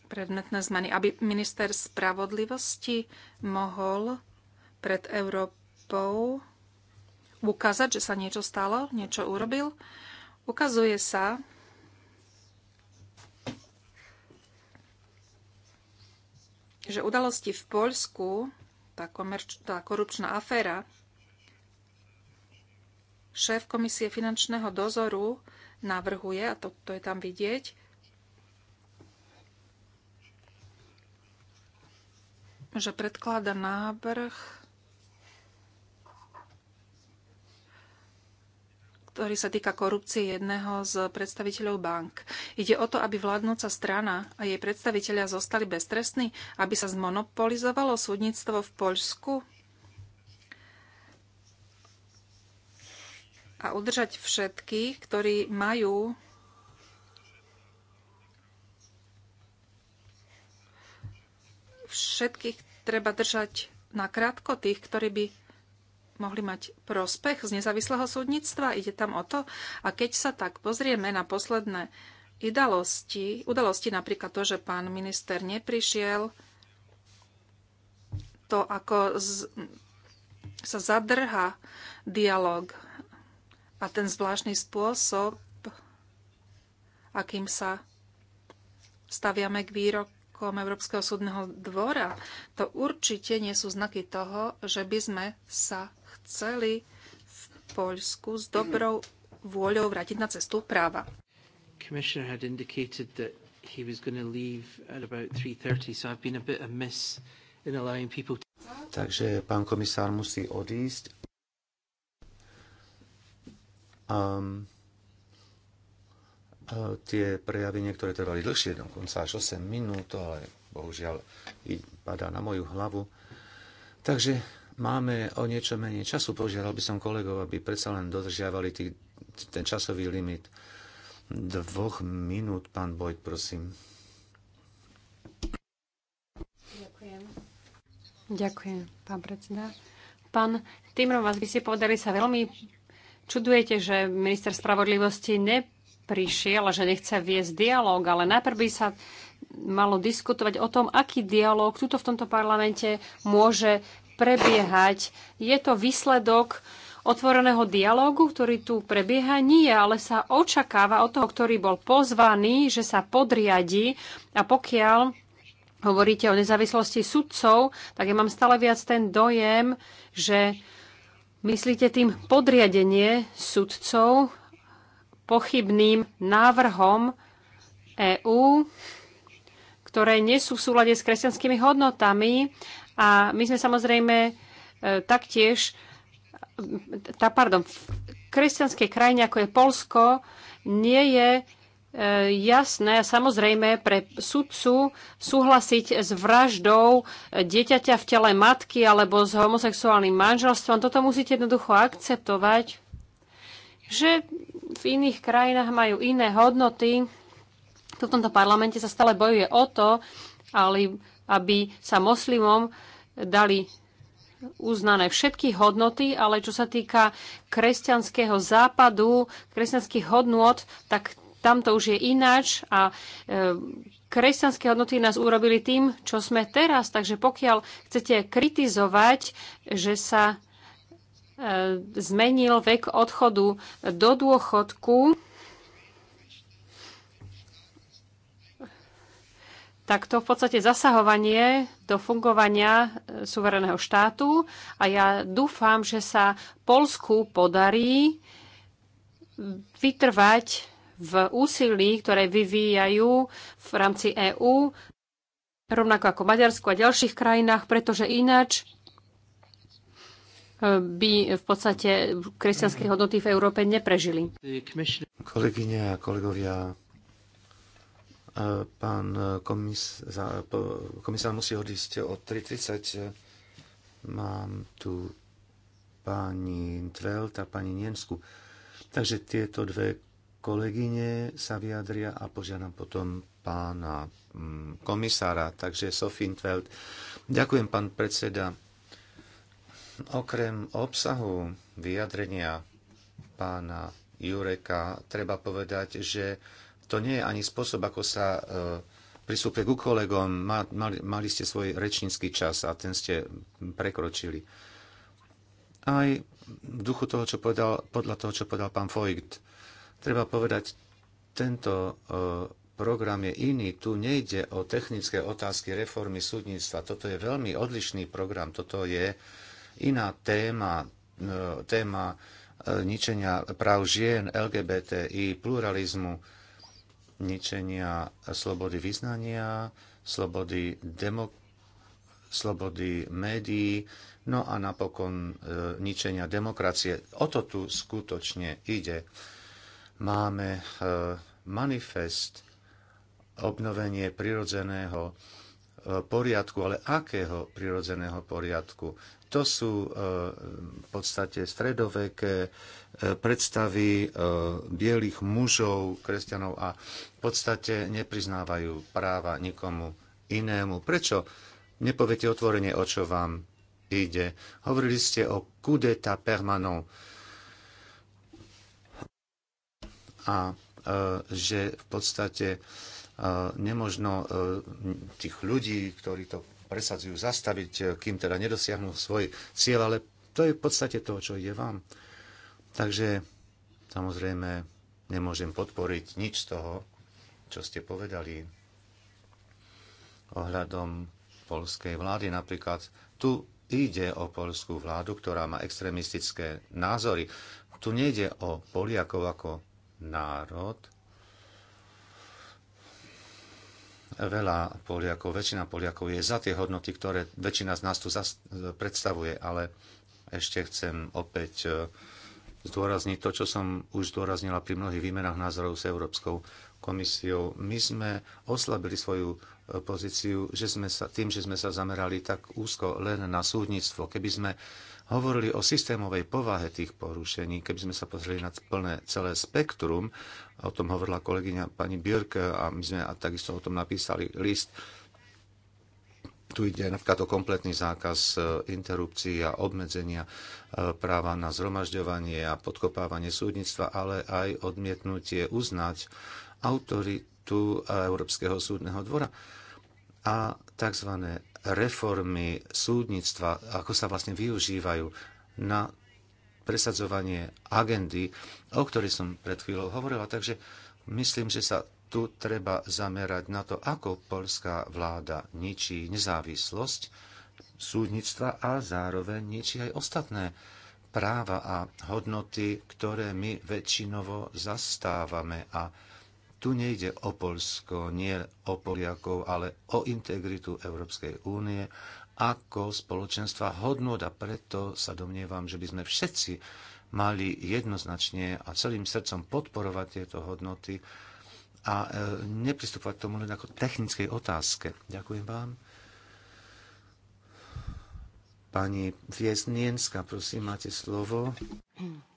predmetné zmeny, aby minister spravodlivosti mohol pred Európou ukázať, že sa niečo stalo, niečo urobil. Ukazuje sa, že udalosti v Poľsku, tá, komerč- tá korupčná aféra, šéf Komisie finančného dozoru navrhuje, a to, to je tam vidieť, že predklada návrh, ktorý sa týka korupcie jedného z predstaviteľov bank. Ide o to, aby vládnúca strana a jej predstaviteľia zostali beztrestní, aby sa zmonopolizovalo súdnictvo v Poľsku a udržať všetkých, ktorí majú všetkých, treba držať na krátko tých, ktorí by mohli mať prospech z nezávislého súdnictva. Ide tam o to. A keď sa tak pozrieme na posledné udalosti, udalosti napríklad to, že pán minister neprišiel, to, ako z, sa zadrha dialog a ten zvláštny spôsob, akým sa staviame k výroku rozsudkom Európskeho súdneho dvora, to určite nie sú znaky toho, že by sme sa chceli v Poľsku s dobrou vôľou vrátiť na cestu práva. Takže pán komisár musí odísť. Um, Tie prejavy niektoré trvali dlhšie, dokonca až 8 minút, ale bohužiaľ padá na moju hlavu. Takže máme o niečo menej času. Požiadal by som kolegov, aby predsa len dodržiavali tý, ten časový limit dvoch minút. Pán Bojt, prosím. Ďakujem. Ďakujem, pán predseda. Pán Timrov, vás vy ste povedali, sa veľmi čudujete, že minister spravodlivosti ne prišiel a že nechce viesť dialog, ale najprv by sa malo diskutovať o tom, aký dialog tuto v tomto parlamente môže prebiehať. Je to výsledok otvoreného dialógu, ktorý tu prebieha? Nie, ale sa očakáva od toho, ktorý bol pozvaný, že sa podriadi a pokiaľ hovoríte o nezávislosti sudcov, tak ja mám stále viac ten dojem, že myslíte tým podriadenie sudcov pochybným návrhom EÚ, ktoré nie sú v súlade s kresťanskými hodnotami. A my sme samozrejme e, taktiež, e, tá, pardon, v kresťanskej krajine, ako je Polsko, nie je e, jasné a samozrejme pre sudcu súhlasiť s vraždou dieťaťa v tele matky alebo s homosexuálnym manželstvom. Toto musíte jednoducho akceptovať že v iných krajinách majú iné hodnoty. Tu v tomto parlamente sa stále bojuje o to, ale aby sa moslimom dali uznané všetky hodnoty, ale čo sa týka kresťanského západu, kresťanských hodnot, tak tam to už je ináč a e, kresťanské hodnoty nás urobili tým, čo sme teraz. Takže pokiaľ chcete kritizovať, že sa E, zmenil vek odchodu do dôchodku, tak to v podstate zasahovanie do fungovania e, suvereného štátu a ja dúfam, že sa Polsku podarí vytrvať v úsilí, ktoré vyvíjajú v rámci EÚ, rovnako ako Maďarsku a ďalších krajinách, pretože ináč by v podstate kresťanské hodnoty v Európe neprežili. Kolegyne a kolegovia, pán komis, komisár musí odísť o 3.30. Mám tu pani Tvelt a pani Niensku. Takže tieto dve kolegyne sa vyjadria a požiadam potom pána mm, komisára. Takže Sofín Tvelt. Ďakujem, pán predseda. Okrem obsahu vyjadrenia pána Jureka treba povedať, že to nie je ani spôsob, ako sa e, pristúpe ku kolegom. Mali, mali ste svoj rečnícky čas a ten ste prekročili. Aj v duchu toho, čo povedal, podľa toho, čo povedal pán Foigt, treba povedať, tento e, program je iný. Tu nejde o technické otázky reformy súdnictva. Toto je veľmi odlišný program. Toto je Iná téma, e, téma e, ničenia práv žien, LGBTI, pluralizmu, ničenia slobody vyznania, slobody, demo, slobody médií, no a napokon e, ničenia demokracie. O to tu skutočne ide. Máme e, manifest obnovenie prirodzeného poriadku, ale akého prirodzeného poriadku. To sú e, v podstate stredoveké e, predstavy e, bielých mužov, kresťanov a v podstate nepriznávajú práva nikomu inému. Prečo nepoviete otvorene, o čo vám ide? Hovorili ste o kudeta permanent. A že v podstate Eh, nemožno eh, tých ľudí, ktorí to presadzujú, zastaviť, eh, kým teda nedosiahnu svoj cieľ, ale to je v podstate to, čo ide vám. Takže samozrejme nemôžem podporiť nič z toho, čo ste povedali ohľadom polskej vlády. Napríklad tu ide o polskú vládu, ktorá má extrémistické názory. Tu nejde o Poliakov ako národ, veľa Poliakov, väčšina Poliakov je za tie hodnoty, ktoré väčšina z nás tu predstavuje, ale ešte chcem opäť e, zdôrazniť to, čo som už zdôraznila pri mnohých výmenách názorov s Európskou komisiou. My sme oslabili svoju e, pozíciu že sme sa, tým, že sme sa zamerali tak úzko len na súdnictvo. Keby sme hovorili o systémovej povahe tých porušení, keby sme sa pozreli na plné celé spektrum, o tom hovorila kolegyňa pani Birke a my sme a takisto o tom napísali list, tu ide napríklad o kompletný zákaz e, interrupcií a obmedzenia e, práva na zhromažďovanie a podkopávanie súdnictva, ale aj odmietnutie uznať autoritu Európskeho súdneho dvora a tzv reformy súdnictva, ako sa vlastne využívajú na presadzovanie agendy, o ktorej som pred chvíľou hovorila. Takže myslím, že sa tu treba zamerať na to, ako polská vláda ničí nezávislosť súdnictva a zároveň ničí aj ostatné práva a hodnoty, ktoré my väčšinovo zastávame a tu nejde o Polsko, nie o Poliakov, ale o integritu Európskej únie ako spoločenstva hodnot a preto sa domnievam, že by sme všetci mali jednoznačne a celým srdcom podporovať tieto hodnoty a e, nepristupovať tomu len ako technickej otázke. Ďakujem vám. Pani Viesnienska, prosím, máte slovo. <clears throat>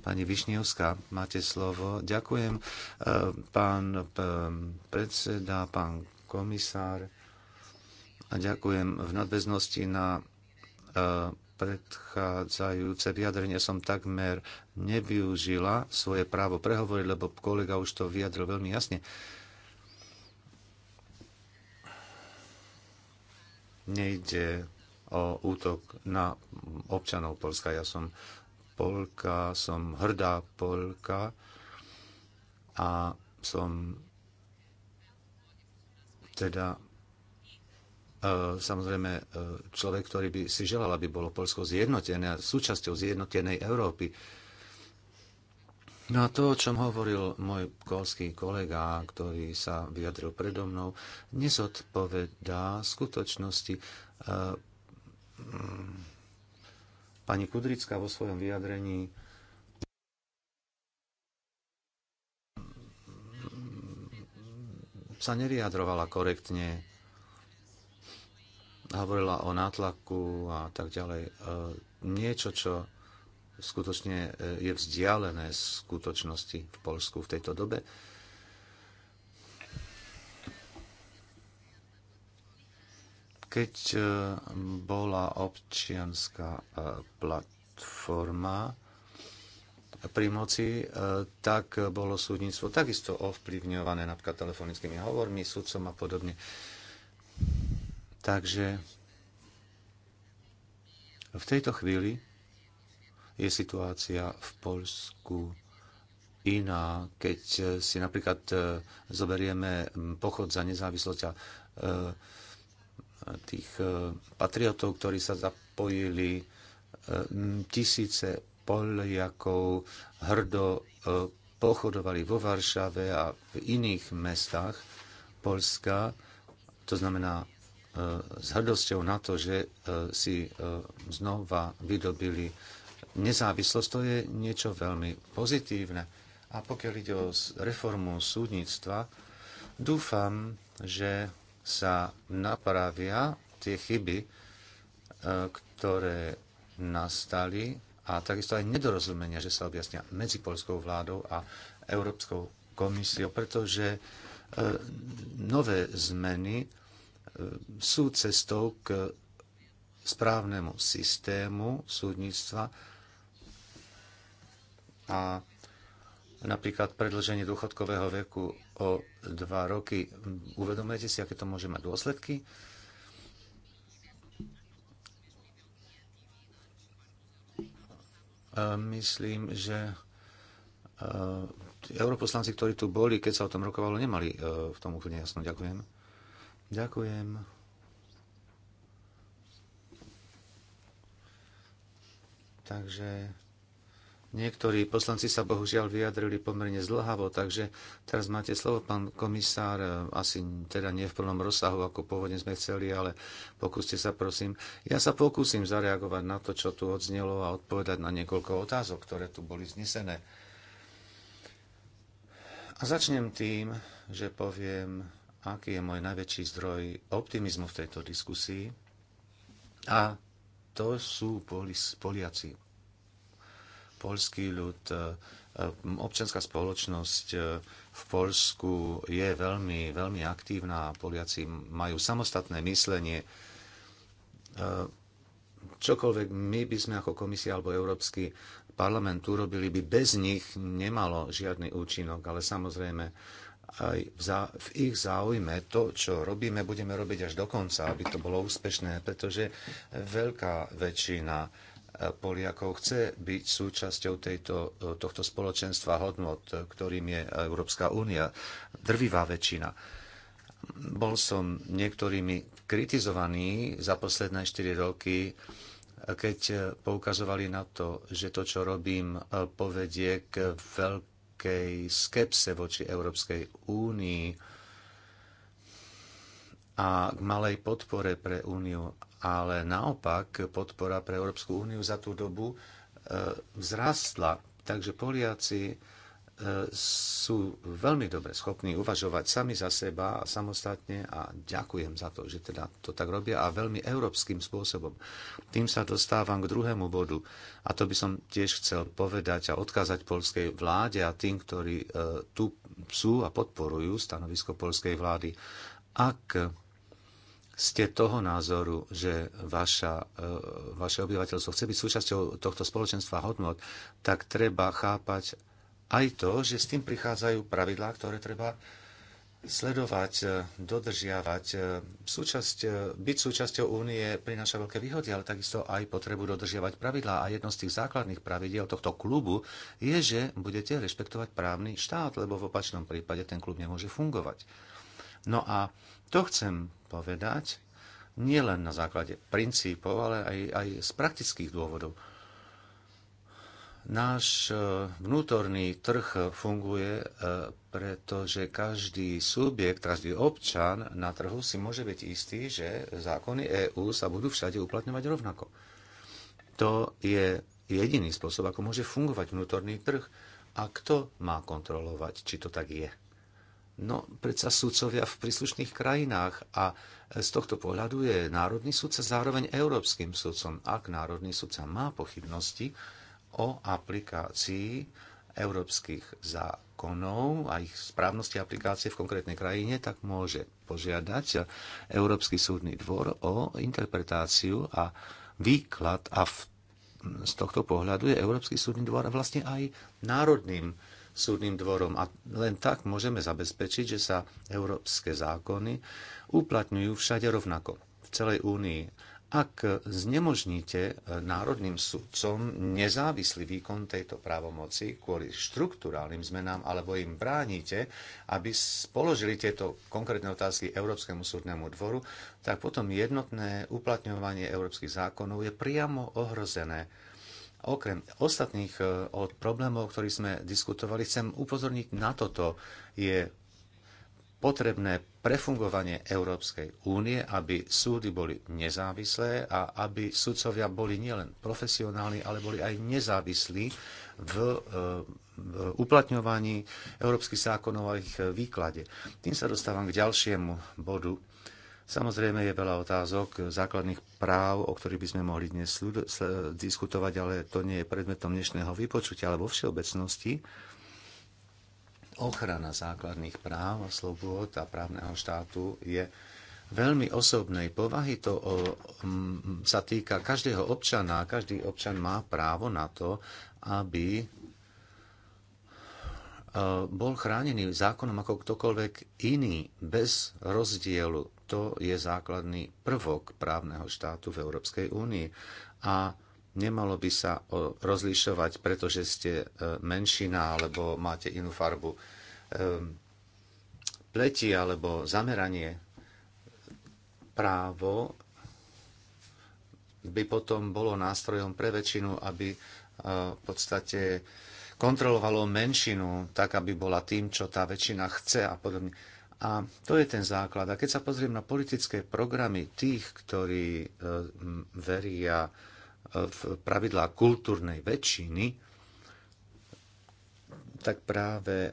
Pani Višňovská, máte slovo. Ďakujem, pán predseda, pán komisár. A ďakujem v nadväznosti na e, predchádzajúce vyjadrenie som takmer nevyužila svoje právo prehovoriť, lebo kolega už to vyjadril veľmi jasne. Nejde o útok na občanov Polska. Ja som Polka, som hrdá Polka a som teda e, samozrejme e, človek, ktorý by si želal, aby bolo Polsko zjednotené a súčasťou zjednotenej Európy. No a to, o čom hovoril môj polský kolega, ktorý sa vyjadril predo mnou, nezodpovedá skutočnosti. E, Mm. pani Kudrická vo svojom vyjadrení sa nevyjadrovala korektne. Hovorila o nátlaku a tak ďalej. E, niečo, čo skutočne e, je vzdialené z skutočnosti v Polsku v tejto dobe. Keď e, bola občianská e, platforma pri moci, e, tak bolo súdnictvo takisto ovplyvňované napríklad telefonickými hovormi, sudcom a podobne. Takže v tejto chvíli je situácia v Polsku iná, keď si napríklad zoberieme pochod za nezávislosť a tých e, patriotov, ktorí sa zapojili, e, tisíce Poliakov hrdo e, pochodovali vo Varšave a v iných mestách Polska, to znamená s hrdosťou na to, že si znova vydobili nezávislosť, to je niečo veľmi pozitívne. A pokiaľ ide o reformu súdnictva, dúfam, že sa napravia tie chyby, e, ktoré nastali a takisto aj nedorozumenia, že sa objasnia medzi polskou vládou a Európskou komisiou, pretože e, nové zmeny e, sú cestou k správnemu systému súdnictva a napríklad predlženie dôchodkového veku o dva roky. Uvedomujete si, aké to môže mať dôsledky? Myslím, že e, europoslanci, ktorí tu boli, keď sa o tom rokovalo, nemali e, v tom úplne jasno. Ďakujem. Ďakujem. Takže Niektorí poslanci sa bohužiaľ vyjadrili pomerne zlhavo. takže teraz máte slovo, pán komisár, e, asi teda nie v plnom rozsahu, ako pôvodne sme chceli, ale pokúste sa, prosím. Ja sa pokúsim zareagovať na to, čo tu odznelo a odpovedať na niekoľko otázok, ktoré tu boli znesené. A začnem tým, že poviem, aký je môj najväčší zdroj optimizmu v tejto diskusii. A to sú Poliaci polský ľud, e, e, občianská spoločnosť e, v Polsku je veľmi, veľmi aktívna. Poliaci majú samostatné myslenie. Čokoľvek my by sme ako komisia alebo Európsky parlament urobili by bez nich nemalo žiadny účinok, ale samozrejme aj v, zá, v ich záujme to, čo robíme, budeme robiť až do konca, aby to bolo úspešné, pretože veľká väčšina Poliakov chce byť súčasťou tejto, tohto spoločenstva hodnot, ktorým je Európska únia. Drvivá väčšina. Bol som niektorými kritizovaný za posledné 4 roky, keď poukazovali na to, že to, čo robím, povedie k veľkej skepse voči Európskej únii a k malej podpore pre Úniu, ale naopak podpora pre Európsku úniu za tú dobu e, vzrastla. Takže Poliaci e, sú veľmi dobre schopní uvažovať sami za seba a samostatne a ďakujem za to, že teda to tak robia a veľmi európskym spôsobom. Tým sa dostávam k druhému bodu a to by som tiež chcel povedať a odkázať polskej vláde a tým, ktorí e, tu sú a podporujú stanovisko polskej vlády. Ak ste toho názoru, že vaša, e, vaše obyvateľstvo chce byť súčasťou tohto spoločenstva hodnot, tak treba chápať aj to, že s tým prichádzajú pravidlá, ktoré treba sledovať, e, dodržiavať. E, súčasť, byť súčasťou únie prináša veľké výhody, ale takisto aj potrebu dodržiavať pravidlá. A jedno z tých základných pravidiel tohto klubu je, že budete rešpektovať právny štát, lebo v opačnom prípade ten klub nemôže fungovať. No a to chcem povedať nielen na základe princípov, ale aj, aj z praktických dôvodov. Náš e, vnútorný trh funguje, e, pretože každý subjekt, každý občan na trhu si môže byť istý, že zákony EÚ sa budú všade uplatňovať rovnako. To je jediný spôsob, ako môže fungovať vnútorný trh. A kto má kontrolovať, či to tak je? No, predsa súdcovia v príslušných krajinách a z tohto pohľadu je Národný súdca zároveň Európskym súdcom. Ak Národný súdca má pochybnosti o aplikácii európskych zákonov a ich správnosti aplikácie v konkrétnej krajine, tak môže požiadať Európsky súdny dvor o interpretáciu a výklad a v, z tohto pohľadu je Európsky súdny dvor vlastne aj národným súdnym dvorom. A len tak môžeme zabezpečiť, že sa európske zákony uplatňujú všade rovnako, v celej únii. Ak znemožníte e, národným sudcom nezávislý výkon tejto právomoci kvôli štruktúrálnym zmenám alebo im bránite, aby spoložili tieto konkrétne otázky Európskemu súdnemu dvoru, tak potom jednotné uplatňovanie európskych zákonov je priamo ohrozené Okrem ostatných e, od problémov, ktorých sme diskutovali, chcem upozorniť na toto. Je potrebné prefungovanie Európskej únie, aby súdy boli nezávislé a aby sudcovia boli nielen profesionálni, ale boli aj nezávislí v, e, v uplatňovaní európskych zákonov a ich e, výklade. Tým sa dostávam k ďalšiemu bodu Samozrejme je veľa otázok eh, základných práv, o ktorých by sme mohli dnes diskutovať, ale to nie je predmetom dnešného vypočutia, ale vo všeobecnosti ochrana základných práv a slobôd a právneho štátu je veľmi osobnej povahy. To o, m, mm, sa týka každého občana. Každý občan má právo na to, aby eh, bol chránený zákonom ako ktokoľvek iný, bez rozdielu to je základný prvok právneho štátu v Európskej únii. A nemalo by sa e, rozlišovať, pretože ste e, menšina alebo máte inú farbu e, pleti alebo zameranie. Právo by potom bolo nástrojom pre väčšinu, aby v podstate kontrolovalo menšinu, tak aby bola tým, čo tá väčšina chce a podobne a to je ten základ. A keď sa pozriem na politické programy tých, ktorí e, veria e, v pravidlá kultúrnej väčšiny, tak práve e,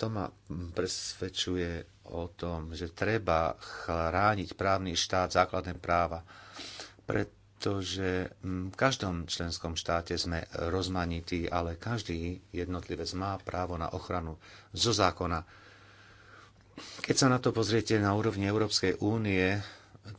to ma presvedčuje o tom, že treba chrániť právny štát, základné práva, pretože v každom členskom štáte sme rozmanití, ale každý jednotlivec má právo na ochranu zo zákona keď sa na to pozriete na úrovni Európskej únie,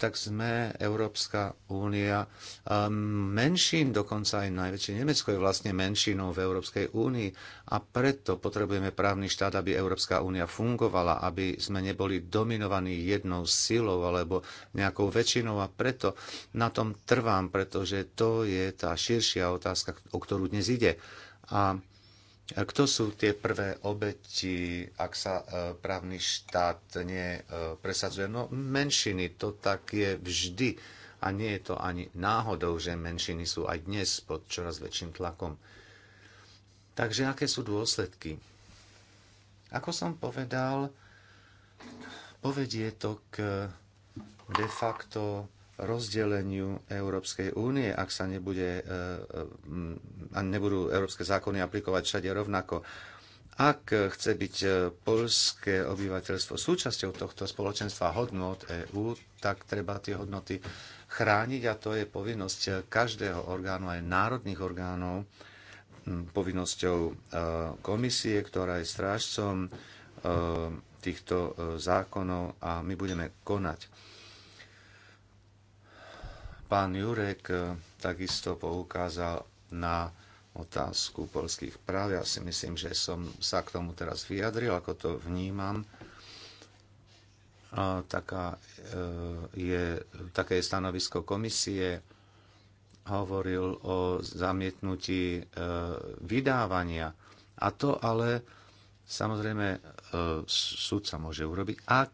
tak sme Európska únia ehm, menším, dokonca aj najväčšie Nemecko je vlastne menšinou v Európskej únii a preto potrebujeme právny štát, aby Európska únia fungovala, aby sme neboli dominovaní jednou silou alebo nejakou väčšinou a preto na tom trvám, pretože to je tá širšia otázka, o ktorú dnes ide. A kto sú tie prvé obeti, ak sa e, právny štát nepresadzuje? E, no menšiny, to tak je vždy. A nie je to ani náhodou, že menšiny sú aj dnes pod čoraz väčším tlakom. Takže aké sú dôsledky? Ako som povedal, povedie to k de facto rozdeleniu Európskej únie, ak sa nebude, e, e, a nebudú európske zákony aplikovať všade rovnako. Ak chce byť e, polské obyvateľstvo súčasťou tohto spoločenstva hodnot EÚ, tak treba tie hodnoty chrániť a to je povinnosť každého orgánu, aj národných orgánov, povinnosťou komisie, ktorá je strážcom týchto zákonov a my budeme konať Pán Jurek eh, takisto poukázal na otázku polských práv. Ja si myslím, že som sa k tomu teraz vyjadril, ako to vnímam. taká eh, je, také je stanovisko komisie. Hovoril o zamietnutí eh, vydávania. A to ale samozrejme súd sa môže urobiť, ak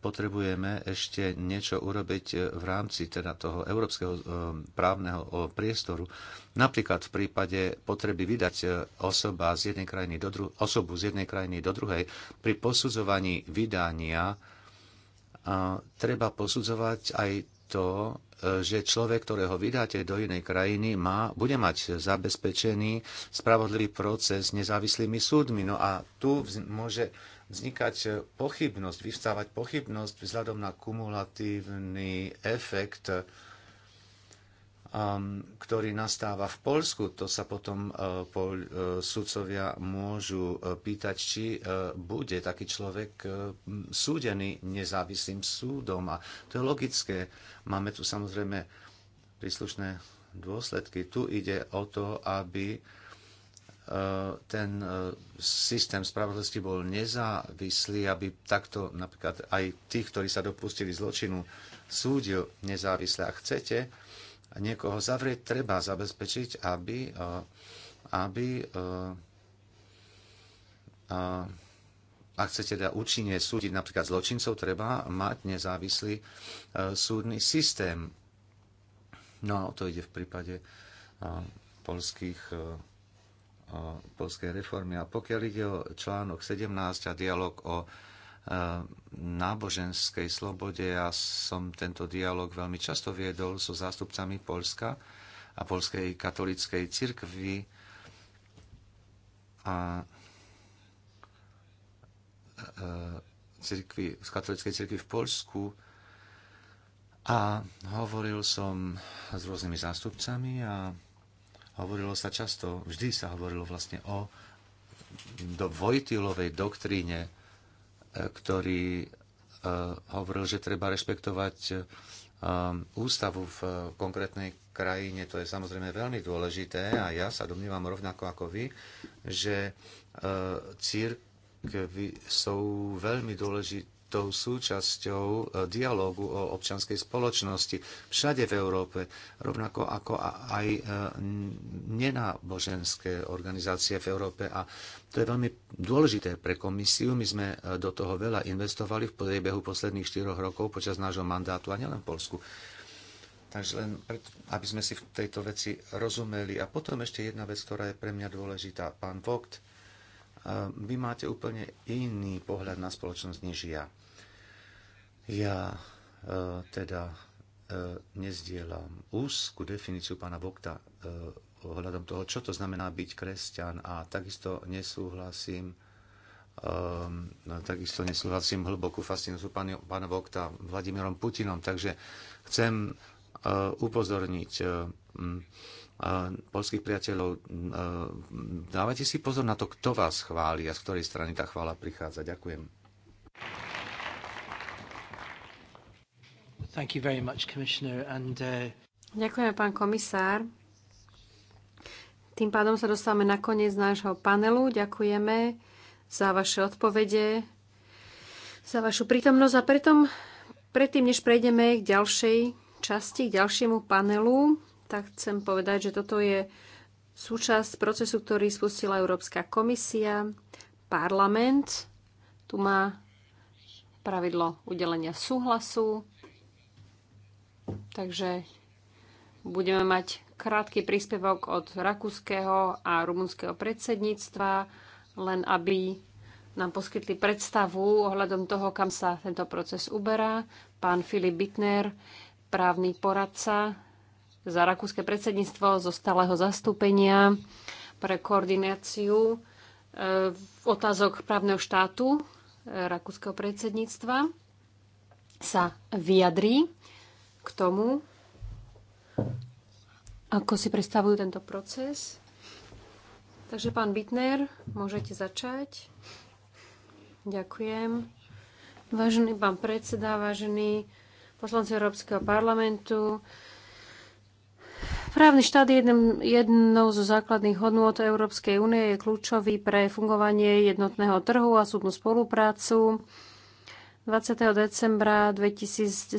potrebujeme ešte niečo urobiť e, v rámci teda toho európskeho e, právneho priestoru. Napríklad v prípade potreby vydať e, osoba z jednej krajiny do dru- osobu z jednej krajiny do druhej pri posudzovaní vydania a treba posudzovať aj to, že človek, ktorého vydáte do inej krajiny, má, bude mať zabezpečený spravodlivý proces nezávislými súdmi. No a tu môže vznikať e, pochybnosť, vyvstávať pochybnosť vzhľadom na kumulatívny efekt, e, um, ktorý nastáva v Polsku. To sa potom e, sudcovia môžu pýtať, či bude taký človek súdený nezávislým súdom. A to je logické. Máme tu samozrejme príslušné dôsledky. Tu ide o to, aby ten e, systém spravodlivosti bol nezávislý, aby takto napríklad aj tých, ktorí sa dopustili zločinu, súdil nezávisle. Ak chcete niekoho zavrieť, treba zabezpečiť, aby, e, aby e, ak chcete teda účinne súdiť napríklad zločincov, treba mať nezávislý súdny systém. No, to ide v prípade polských polskej reformy. A pokiaľ ide o článok 17 a dialog o e, náboženskej slobode, ja som tento dialog veľmi často viedol so zástupcami Polska a Polskej katolíckej cirkvi. A e, cirkvi, z katolíckej cirkvi v Polsku a hovoril som s rôznymi zástupcami a Hovorilo sa často, vždy sa hovorilo vlastne o do Vojtilovej doktríne, e, ktorý e, hovoril, že treba rešpektovať e, ústavu v konkrétnej krajine, to je samozrejme veľmi dôležité a ja sa domnívam rovnako ako vy, že církvy sú veľmi dôležité dôležitou súčasťou e, dialógu o občianskej spoločnosti všade v Európe, rovnako ako aj e, nenáboženské organizácie v Európe. A to je veľmi dôležité pre komisiu. My sme e, do toho veľa investovali v priebehu posledných štyroch rokov počas nášho mandátu a nielen v Polsku. Takže len, preto, aby sme si v tejto veci rozumeli. A potom ešte jedna vec, ktorá je pre mňa dôležitá. Pán Vogt vy máte úplne iný pohľad na spoločnosť než ja. Ja e, teda e, nezdielam úzku definíciu pána Bokta e, ohľadom toho, čo to znamená byť kresťan a takisto nesúhlasím um, takisto nesúhlasím hlbokú fascináciu pána, Vokta Vladimírom Putinom, takže chcem uh, upozorniť uh, polských priateľov, mm, mm, dávajte si pozor na to, kto vás chváli a z ktorej strany tá chvála prichádza. Ďakujem. Thank you very much, Commissioner. And, uh... Ďakujeme, pán komisár. Tým pádom sa dostávame na koniec nášho panelu. Ďakujeme za vaše odpovede, za vašu prítomnosť. A preto predtým, než prejdeme k ďalšej časti, k ďalšiemu panelu, tak chcem povedať, že toto je súčasť procesu, ktorý spustila Európska komisia, parlament. Tu má pravidlo udelenia súhlasu. Takže budeme mať krátky príspevok od rakúskeho a rumunského predsedníctva, len aby nám poskytli predstavu ohľadom toho, kam sa tento proces uberá. Pán Filip Bitner, právny poradca za rakúske predsedníctvo zo stáleho zastúpenia pre koordináciu e, otázok právneho štátu e, rakúskeho predsedníctva sa vyjadrí k tomu, ako si predstavujú tento proces. Takže pán Bitner, môžete začať. Ďakujem. Vážený pán predseda, vážení poslanci Európskeho parlamentu, Právny štát je jednou zo základných hodnôt Európskej únie, je kľúčový pre fungovanie jednotného trhu a súdnu spoluprácu. 20. decembra 2017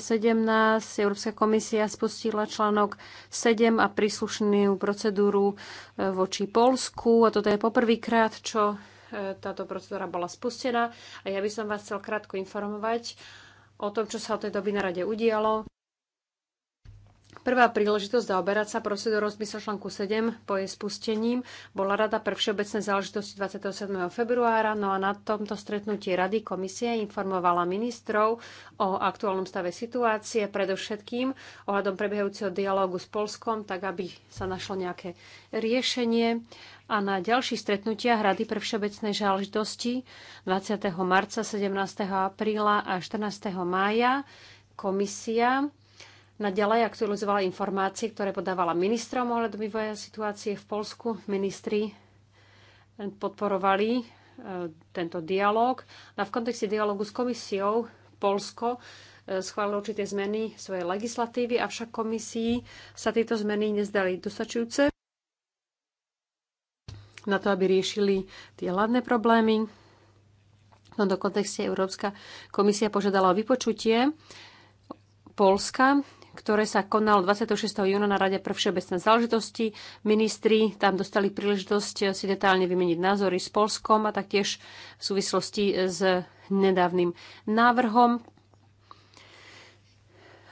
Európska komisia spustila článok 7 a príslušnú procedúru e, voči Polsku. A toto je poprvýkrát, čo e, táto procedúra bola spustená. A ja by som vás chcel krátko informovať o tom, čo sa od tej doby na rade udialo. Prvá príležitosť zaoberať sa procedúrou zmysel článku 7 po jej spustením bola Rada pre všeobecné záležitosti 27. februára, no a na tomto stretnutí Rady komisie informovala ministrov o aktuálnom stave situácie, predovšetkým ohľadom prebiehajúceho dialógu s Polskom, tak aby sa našlo nejaké riešenie. A na ďalších stretnutiach Rady pre všeobecné záležitosti 20. marca, 17. apríla a 14. mája komisia naďalej aktualizovala informácie, ktoré podávala ministrom ohľadom vývoja situácie v Polsku. Ministri eh, podporovali eh, tento dialog. A v kontexte dialogu s komisiou Polsko eh, schválilo určité zmeny svojej legislatívy, avšak komisii sa tieto zmeny nezdali dostačujúce na to, aby riešili tie hlavné problémy. V tomto kontexte Európska komisia požiadala o vypočutie Polska ktoré sa konalo 26. júna na Rade pre všeobecné záležitosti. Ministri tam dostali príležitosť si detálne vymeniť názory s Polskom a taktiež v súvislosti s nedávnym návrhom.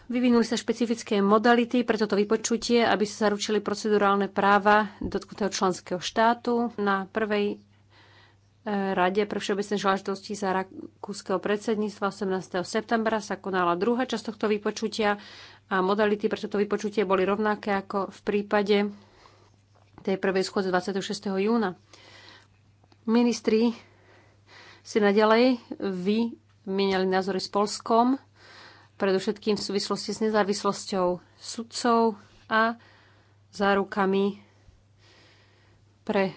Vyvinuli sa špecifické modality pre toto vypočutie, aby sa zaručili procedurálne práva dotknutého členského štátu. Na prvej Rade pre všeobecné žlážitosti za rakúskeho predsedníctva 18. septembra sa konala druhá časť tohto vypočutia a modality pre toto vypočutie boli rovnaké ako v prípade tej prvej schôdze 26. júna. Ministri si nadalej vymieniali názory s Polskom, predovšetkým v súvislosti s nezávislosťou sudcov a zárukami pre e,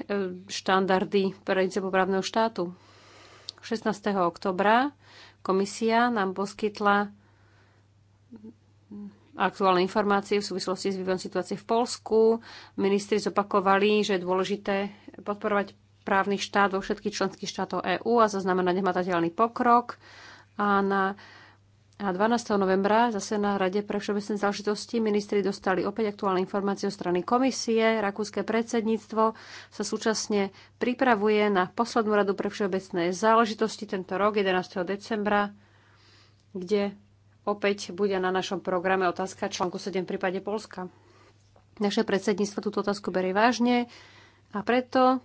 štandardy princípu štátu. 16. oktobra komisia nám poskytla aktuálne informácie v súvislosti s vývojom situácie v Polsku. Ministri zopakovali, že je dôležité podporovať právny štát vo všetkých členských štátov EÚ a zaznamenať hmatateľný pokrok. A na a 12. novembra zase na Rade pre všeobecné záležitosti ministri dostali opäť aktuálne informácie o strany komisie. Rakúske predsedníctvo sa súčasne pripravuje na poslednú radu pre všeobecné záležitosti tento rok, 11. decembra, kde opäť bude na našom programe otázka článku 7 v prípade Polska. Naše predsedníctvo túto otázku berie vážne a preto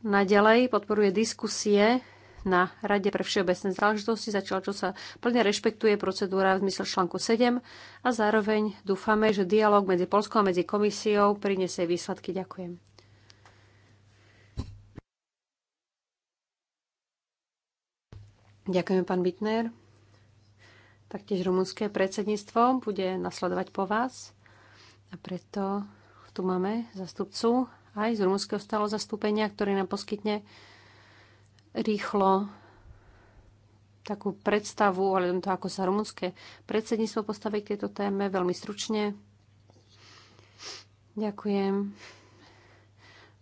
naďalej podporuje diskusie na Rade pre všeobecné záležitosti, začal, čo sa plne rešpektuje procedúra v zmysle článku 7 a zároveň dúfame, že dialog medzi Polskou a medzi komisiou prinesie výsledky. Ďakujem. Ďakujem, pán Bitner. Taktiež rumunské predsedníctvo bude nasledovať po vás a preto tu máme zastupcu aj z rumunského stálo zastúpenia, ktorý nám poskytne rýchlo takú predstavu, ale to, ako sa rumunské predsedníctvo postaví k tejto téme, veľmi stručne. Ďakujem.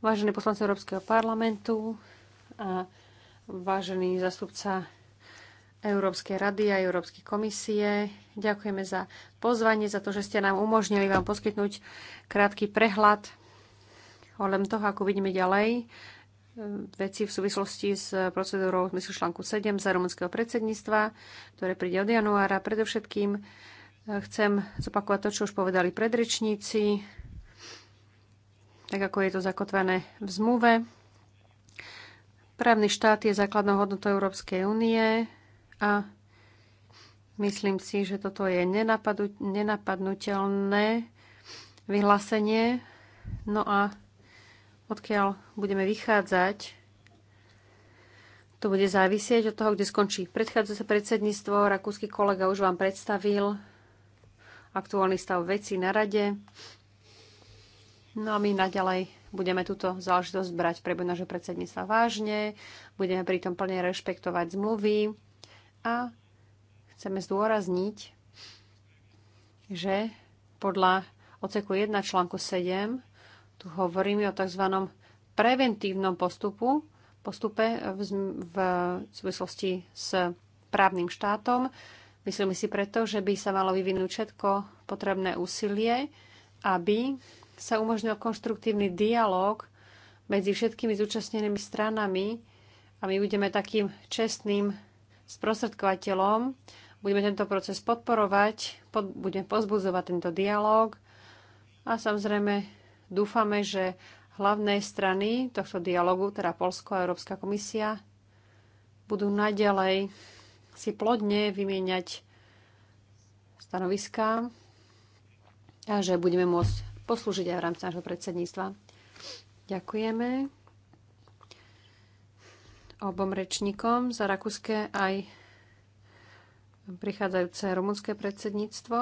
Vážení poslanci Európskeho parlamentu a vážený zastupca Európskej rady a Európskej komisie, ďakujeme za pozvanie, za to, že ste nám umožnili vám poskytnúť krátky prehľad o toho, ako vidíme ďalej veci v súvislosti s procedúrou v zmysle článku 7 za rumunského predsedníctva, ktoré príde od januára. Predovšetkým eh, chcem zopakovať to, čo už povedali predrečníci, tak ako je to zakotvené v zmluve. Právny štát je základnou hodnotou Európskej únie a myslím si, že toto je nenapadnutelné vyhlásenie. No a odkiaľ budeme vychádzať, to bude závisieť od toho, kde skončí predchádzajúce predsedníctvo. Rakúsky kolega už vám predstavil aktuálny stav veci na rade. No a my naďalej budeme túto záležitosť brať pre naše predsedníctva vážne, budeme pritom plne rešpektovať zmluvy a chceme zdôrazniť, že podľa oceku 1 článku 7 tu hovoríme o tzv. preventívnom postupu, postupe v, v súvislosti s právnym štátom. Myslím si preto, že by sa malo vyvinúť všetko potrebné úsilie, aby sa umožnil konštruktívny dialog medzi všetkými zúčastnenými stranami a my budeme takým čestným sprostredkovateľom, budeme tento proces podporovať, pod, budeme pozbudzovať tento dialog a samozrejme dúfame, že hlavné strany tohto dialogu, teda Polsko a Európska komisia, budú naďalej si plodne vymieňať stanoviská a že budeme môcť poslúžiť aj v rámci nášho predsedníctva. Ďakujeme obom rečníkom za rakúske aj prichádzajúce rumunské predsedníctvo.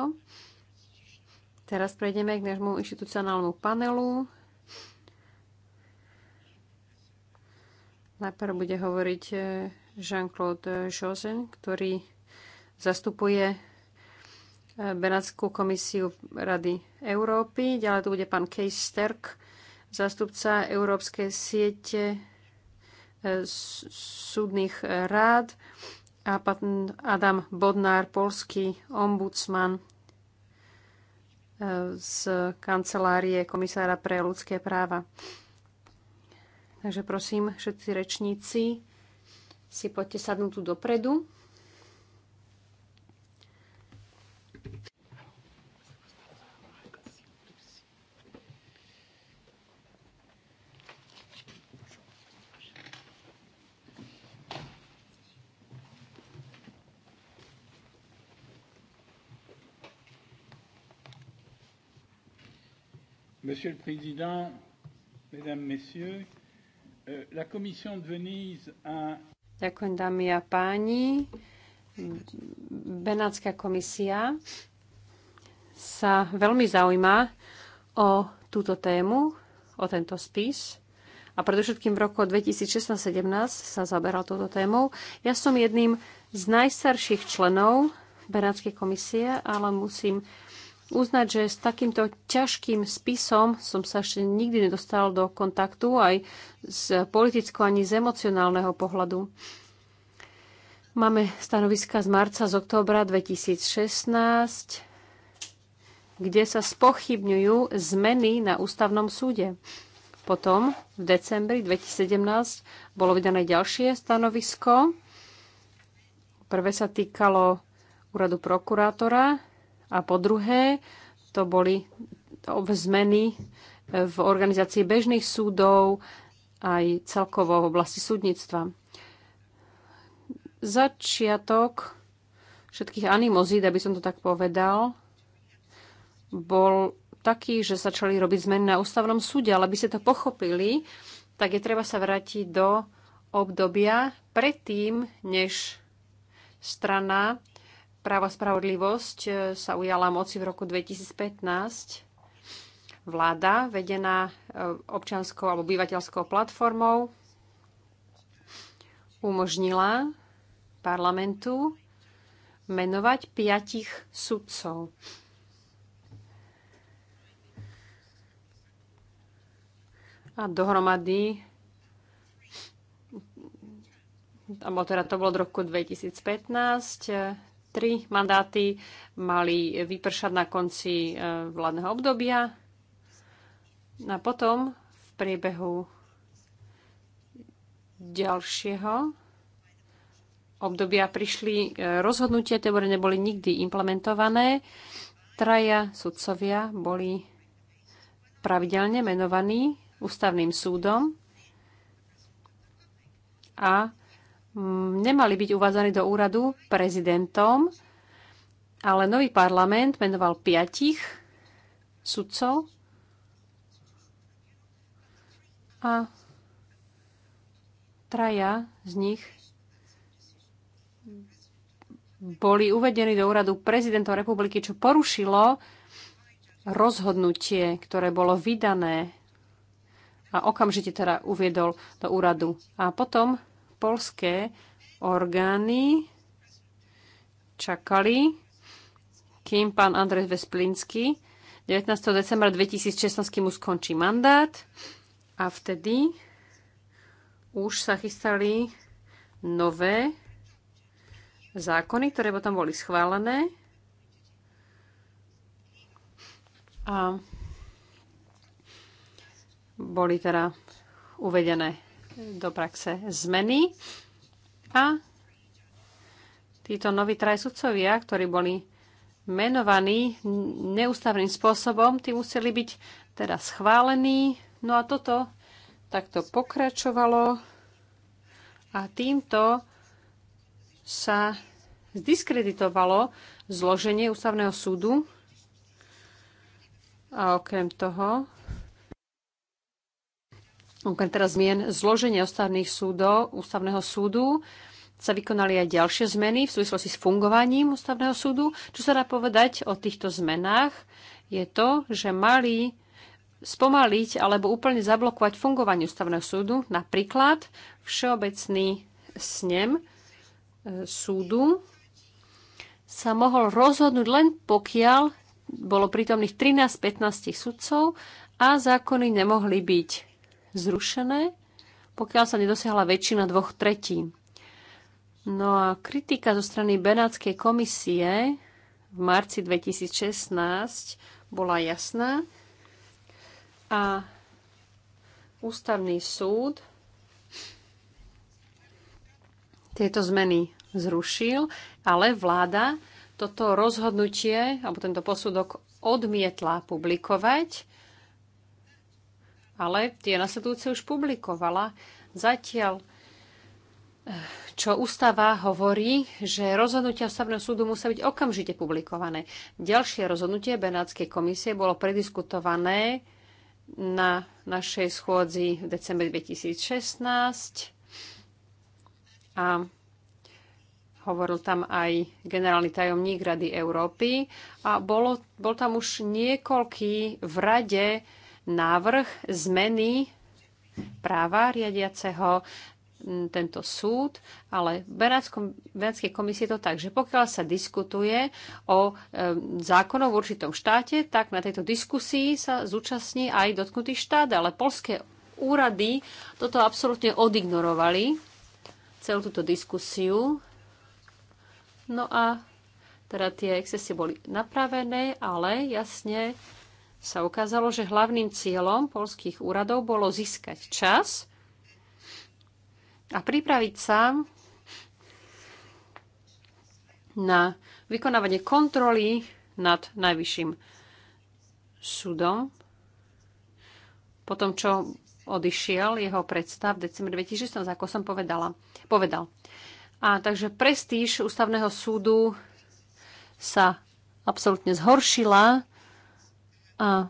Teraz prejdeme k nášmu inštitucionálnemu panelu. Najprv bude hovoriť e, Jean-Claude Josen, ktorý zastupuje e, Benátskú komisiu Rady Európy. Ďalej tu bude pán Case Sterk, zástupca Európskej siete e, súdnych rád a pán Adam Bodnár, polský ombudsman z kancelárie komisára pre ľudské práva. Takže prosím, všetci rečníci, si poďte sadnúť tu dopredu. Monsieur le Président, Mesdames, Messieurs, euh, la Commission de Venise a... Ďakujem, dámy a páni. Benátska komisia sa veľmi zaujíma o túto tému, o tento spis. A predovšetkým v roku 2016 2017 sa zaberal túto tému. Ja som jedným z najstarších členov Benátskej komisie, ale musím uznať, že s takýmto ťažkým spisom som sa ešte nikdy nedostal do kontaktu aj z politického ani z emocionálneho pohľadu. Máme stanoviska z marca, z októbra 2016, kde sa spochybňujú zmeny na ústavnom súde. Potom v decembri 2017 bolo vydané ďalšie stanovisko. Prvé sa týkalo úradu prokurátora a po druhé, to boli zmeny e, v organizácii bežných súdov aj celkovo v oblasti súdnictva. Začiatok všetkých animozít, aby som to tak povedal, bol taký, že začali robiť zmeny na ústavnom súde, ale aby ste to pochopili, tak je treba sa vrátiť do obdobia predtým, než strana práva spravodlivosť e, sa ujala moci v roku 2015. Vláda, vedená e, občanskou alebo obyvateľskou platformou, umožnila parlamentu menovať piatich sudcov. A dohromady alebo teda to bolo od roku 2015, Tri mandáty mali vypršať na konci e, vládneho obdobia. No a potom v priebehu ďalšieho obdobia prišli e, rozhodnutia, ktoré neboli nikdy implementované. Traja sudcovia boli pravidelne menovaní ústavným súdom a Mm, nemali byť uvádzaní do úradu prezidentom, ale nový parlament menoval piatich sudcov a traja z nich boli uvedení do úradu prezidentov republiky, čo porušilo rozhodnutie, ktoré bolo vydané a okamžite teda uviedol do úradu. A potom polské orgány čakali, kým pán Andrej Vesplínsky 19. decembra 2016 mu skončí mandát a vtedy už sa chystali nové zákony, ktoré potom boli schválené. A boli teda uvedené do praxe zmeny a títo noví traj sudcovia, ktorí boli menovaní neústavným spôsobom, tí museli byť teda schválení. No a toto takto pokračovalo a týmto sa zdiskreditovalo zloženie ústavného súdu a okrem toho okrem teraz zmien zloženia ústavných súdov, ústavného súdu, sa vykonali aj ďalšie zmeny v súvislosti s fungovaním ústavného súdu. Čo sa dá povedať o týchto zmenách, je to, že mali spomaliť alebo úplne zablokovať fungovanie ústavného súdu, napríklad všeobecný snem e, súdu sa mohol rozhodnúť len pokiaľ bolo prítomných 13-15 sudcov a zákony nemohli byť zrušené, pokiaľ sa nedosiahla väčšina dvoch tretín. No a kritika zo strany Benátskej komisie v marci 2016 bola jasná a ústavný súd tieto zmeny zrušil, ale vláda toto rozhodnutie alebo tento posudok odmietla publikovať ale tie nasledujúce už publikovala. Zatiaľ eh, čo ústava hovorí, že rozhodnutia ústavného súdu musia byť okamžite publikované. Ďalšie rozhodnutie Benátskej komisie bolo prediskutované na našej schôdzi v decembri 2016 a hovoril tam aj generálny tajomník Rady Európy a bolo, bol tam už niekoľký v rade návrh zmeny práva riadiaceho tento súd, ale v Benátskej komisii je to tak, že pokiaľ sa diskutuje o zákonu v určitom štáte, tak na tejto diskusii sa zúčastní aj dotknutý štát, ale polské úrady toto absolútne odignorovali, celú túto diskusiu. No a teda tie excesy boli napravené, ale jasne sa ukázalo, že hlavným cieľom polských úradov bolo získať čas a pripraviť sa na vykonávanie kontroly nad najvyšším súdom. Po tom, čo odišiel jeho predstav v decembri 2016, ako som povedala, povedal. A takže prestíž ústavného súdu sa absolútne zhoršila a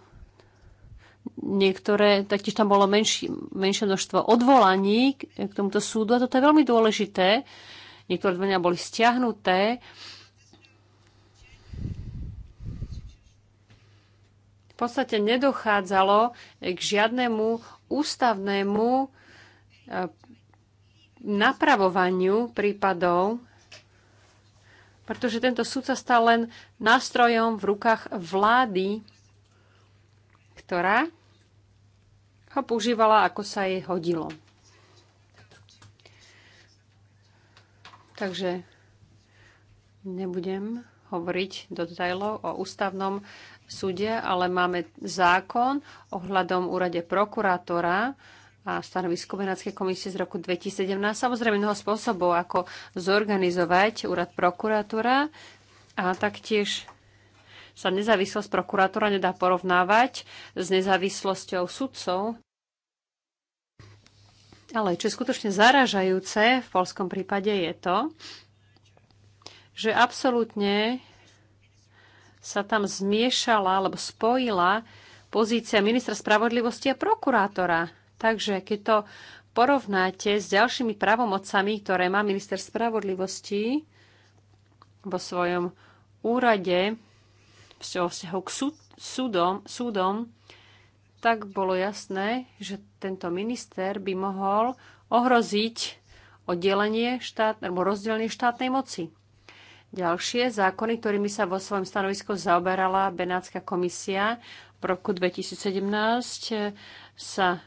niektoré, taktiež tam bolo menší, menšie množstvo odvolaní k tomuto súdu a toto je veľmi dôležité. Niektoré odvolania boli stiahnuté. V podstate nedochádzalo k žiadnemu ústavnému e, napravovaniu prípadov, pretože tento súd sa stal len nástrojom v rukách vlády ktorá ho používala, ako sa jej hodilo. Takže nebudem hovoriť do detajlov o ústavnom súde, ale máme zákon ohľadom úrade prokurátora a stanovisko Benátskej komisie z roku 2017. Samozrejme mnoho spôsobov, ako zorganizovať úrad prokurátora a taktiež sa nezávislosť prokurátora nedá porovnávať s nezávislosťou sudcov. Ale čo je skutočne zaražajúce v polskom prípade je to, že absolútne sa tam zmiešala alebo spojila pozícia ministra spravodlivosti a prokurátora. Takže keď to porovnáte s ďalšími pravomocami, ktoré má minister spravodlivosti vo svojom úrade, vzťahu k súd, súdom, súdom, tak bolo jasné, že tento minister by mohol ohroziť oddelenie štát, alebo rozdelenie štátnej moci. Ďalšie zákony, ktorými sa vo svojom stanovisku zaoberala Benátska komisia v roku 2017, eh, sa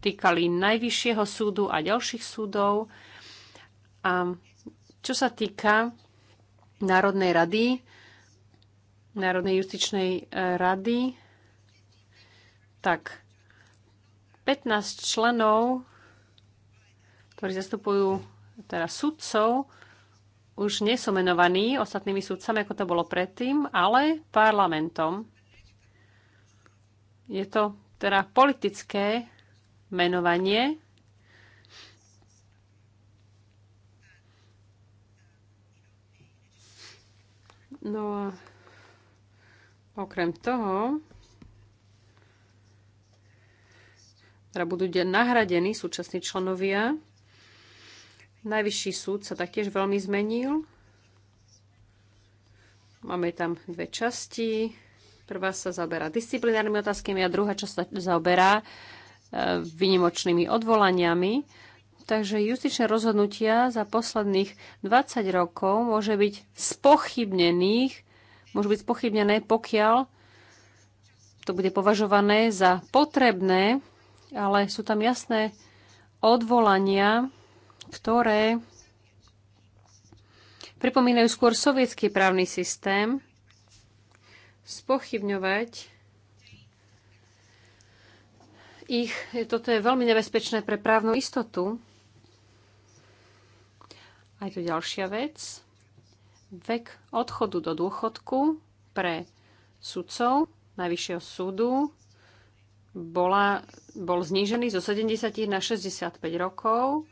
týkali Najvyššieho súdu a ďalších súdov. A čo sa týka Národnej rady, Národnej justičnej e, rady, tak 15 členov, ktorí zastupujú teda sudcov, už nie sú menovaní ostatnými sudcami, ako to bolo predtým, ale parlamentom. Je to teda politické menovanie. No a Okrem toho, teda budú nahradení súčasní členovia. Najvyšší súd sa taktiež veľmi zmenil. Máme tam dve časti. Prvá sa zaoberá disciplinárnymi otázkami a druhá časť sa zaoberá e, vynimočnými odvolaniami. Takže justičné rozhodnutia za posledných 20 rokov môže byť spochybnených môžu byť spochybnené, pokiaľ to bude považované za potrebné, ale sú tam jasné odvolania, ktoré pripomínajú skôr sovietský právny systém. Spochybňovať ich, toto je veľmi nebezpečné pre právnu istotu. Aj tu ďalšia vec vek odchodu do dôchodku pre sudcov Najvyššieho súdu bola, bol znížený zo 70 na 65 rokov.